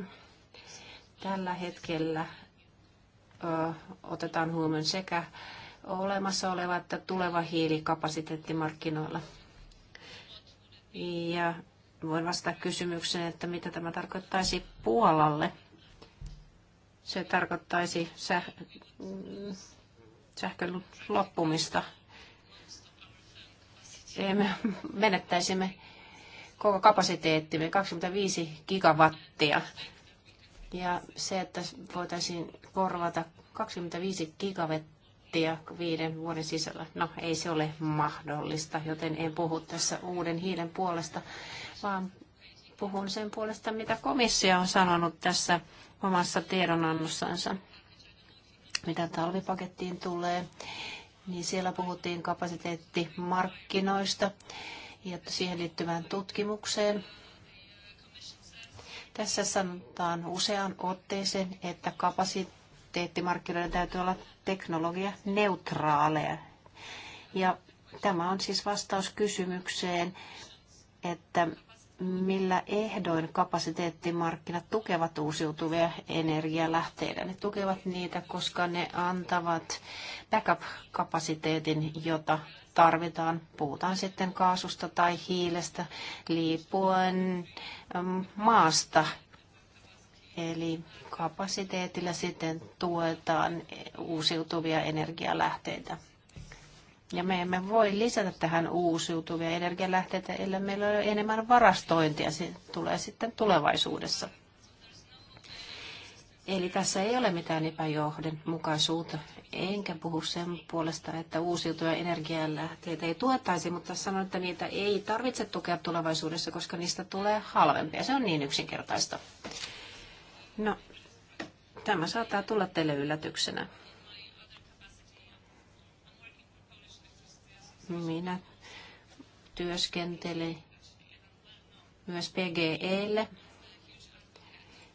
C: Tällä hetkellä ö, otetaan huomioon sekä olemassa oleva että tuleva hiilikapasiteetti markkinoilla. Ja voin vastata kysymykseen, että mitä tämä tarkoittaisi Puolalle. Se tarkoittaisi säh- sähkön loppumista. Me menettäisimme koko kapasiteettimme 25 gigawattia. Ja se, että voitaisiin korvata 25 gigawattia viiden vuoden sisällä, no ei se ole mahdollista, joten en puhu tässä uuden hiilen puolesta, vaan puhun sen puolesta, mitä komissio on sanonut tässä omassa tiedonannossansa. Mitä talvipakettiin tulee, niin siellä puhuttiin kapasiteettimarkkinoista ja siihen liittyvään tutkimukseen. Tässä sanotaan useaan otteeseen, että kapasiteettimarkkinoiden täytyy olla teknologia neutraaleja. Ja tämä on siis vastaus kysymykseen, että millä ehdoin kapasiteettimarkkinat tukevat uusiutuvia energialähteitä. Ne tukevat niitä, koska ne antavat backup-kapasiteetin, jota tarvitaan. Puhutaan sitten kaasusta tai hiilestä liippuen mm, maasta. Eli kapasiteetilla sitten tuetaan uusiutuvia energialähteitä. Ja me emme voi lisätä tähän uusiutuvia energialähteitä, ellei meillä ole enemmän varastointia. Se tulee sitten tulevaisuudessa. Eli tässä ei ole mitään epäjohdonmukaisuutta, enkä puhu sen puolesta, että uusiutuvia energialähteitä ei tuettaisi, mutta sanon, että niitä ei tarvitse tukea tulevaisuudessa, koska niistä tulee halvempia. Se on niin yksinkertaista. No, tämä saattaa tulla teille yllätyksenä. Minä työskentelen myös PGElle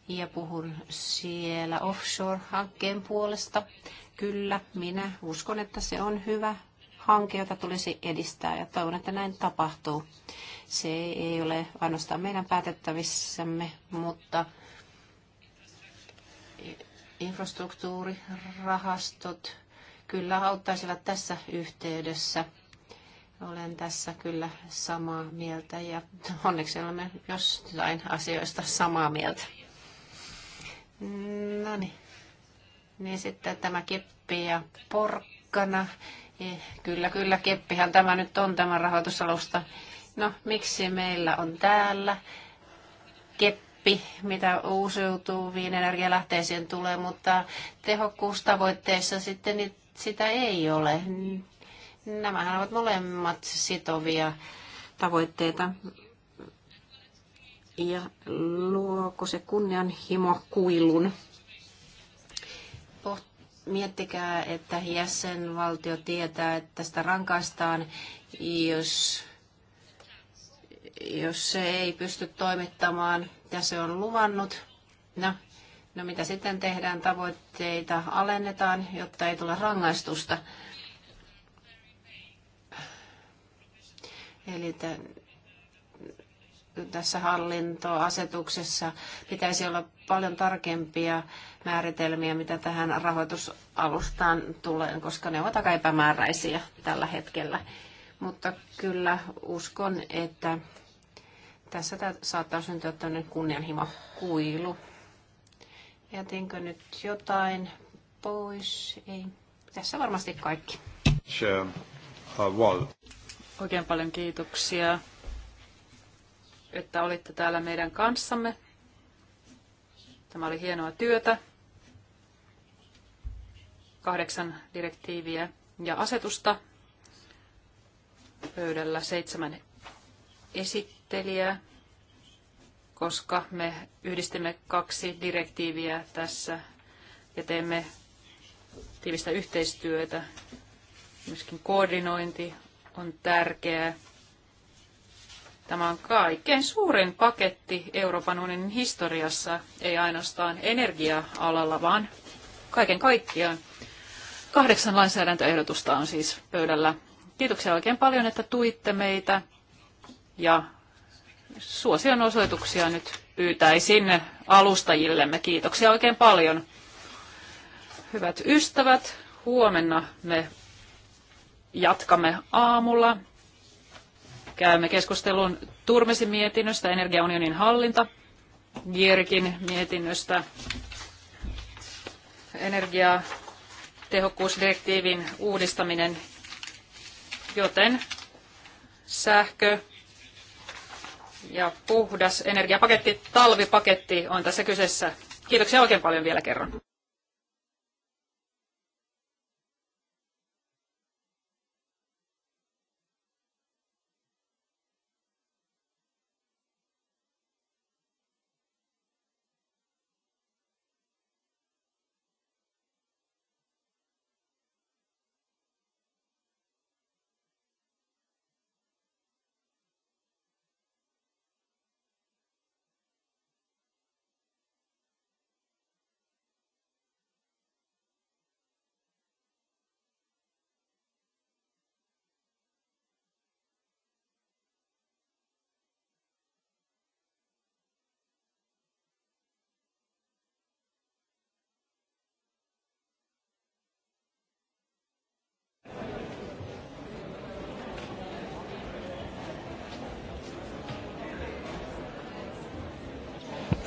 C: ja puhun siellä offshore-hankkeen puolesta. Kyllä, minä uskon, että se on hyvä hanke, jota tulisi edistää ja toivon, että näin tapahtuu. Se ei ole ainoastaan meidän päätettävissämme, mutta infrastruktuurirahastot kyllä auttaisivat tässä yhteydessä – olen tässä kyllä samaa mieltä ja onneksi olemme jostain asioista samaa mieltä. No niin. Niin sitten tämä keppi ja porkkana. Eh, kyllä, kyllä, keppihän tämä nyt on tämä rahoitusalusta. No, miksi meillä on täällä keppi, mitä uusiutuviin energialähteisiin tulee, mutta tehokkuustavoitteessa sitten sitä ei ole. Nämähän ovat molemmat sitovia tavoitteita. Ja
A: luoko
C: se kunnianhimo kuilun? miettikää, että jäsenvaltio tietää, että sitä rankaistaan, jos, jos se ei pysty toimittamaan, mitä se on luvannut. No, no mitä sitten tehdään? Tavoitteita alennetaan, jotta ei tule rangaistusta. Eli tämän, tässä hallintoasetuksessa pitäisi olla paljon tarkempia määritelmiä, mitä tähän rahoitusalustaan tulee, koska ne ovat aika epämääräisiä tällä hetkellä. Mutta kyllä uskon, että tässä saattaa syntyä tämmöinen kunnianhimo kuilu. Jätinkö nyt jotain pois? Ei.
B: Tässä varmasti kaikki. Sure. Uh, well. Oikein paljon kiitoksia, että olitte täällä meidän kanssamme. Tämä oli hienoa työtä. Kahdeksan direktiiviä ja asetusta. Pöydällä seitsemän esittelijää, koska me yhdistimme kaksi direktiiviä tässä ja teemme tiivistä yhteistyötä. Myöskin koordinointi on tärkeää. Tämä on kaikkein suurin paketti Euroopan unionin historiassa, ei ainoastaan energia-alalla, vaan kaiken kaikkiaan. Kahdeksan lainsäädäntöehdotusta on siis pöydällä. Kiitoksia oikein paljon, että tuitte meitä ja suosion osoituksia nyt pyytäisin alustajillemme. Kiitoksia oikein paljon. Hyvät ystävät, huomenna me Jatkamme aamulla. Käymme keskustelun Turmesin mietinnöstä, energiaunionin hallinta, Jerkin mietinnöstä, energiatehokkuusdirektiivin uudistaminen, joten sähkö ja puhdas energiapaketti, talvipaketti on tässä kyseessä. Kiitoksia oikein paljon vielä kerran.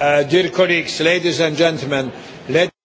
A: Uh, dear colleagues, ladies and gentlemen, let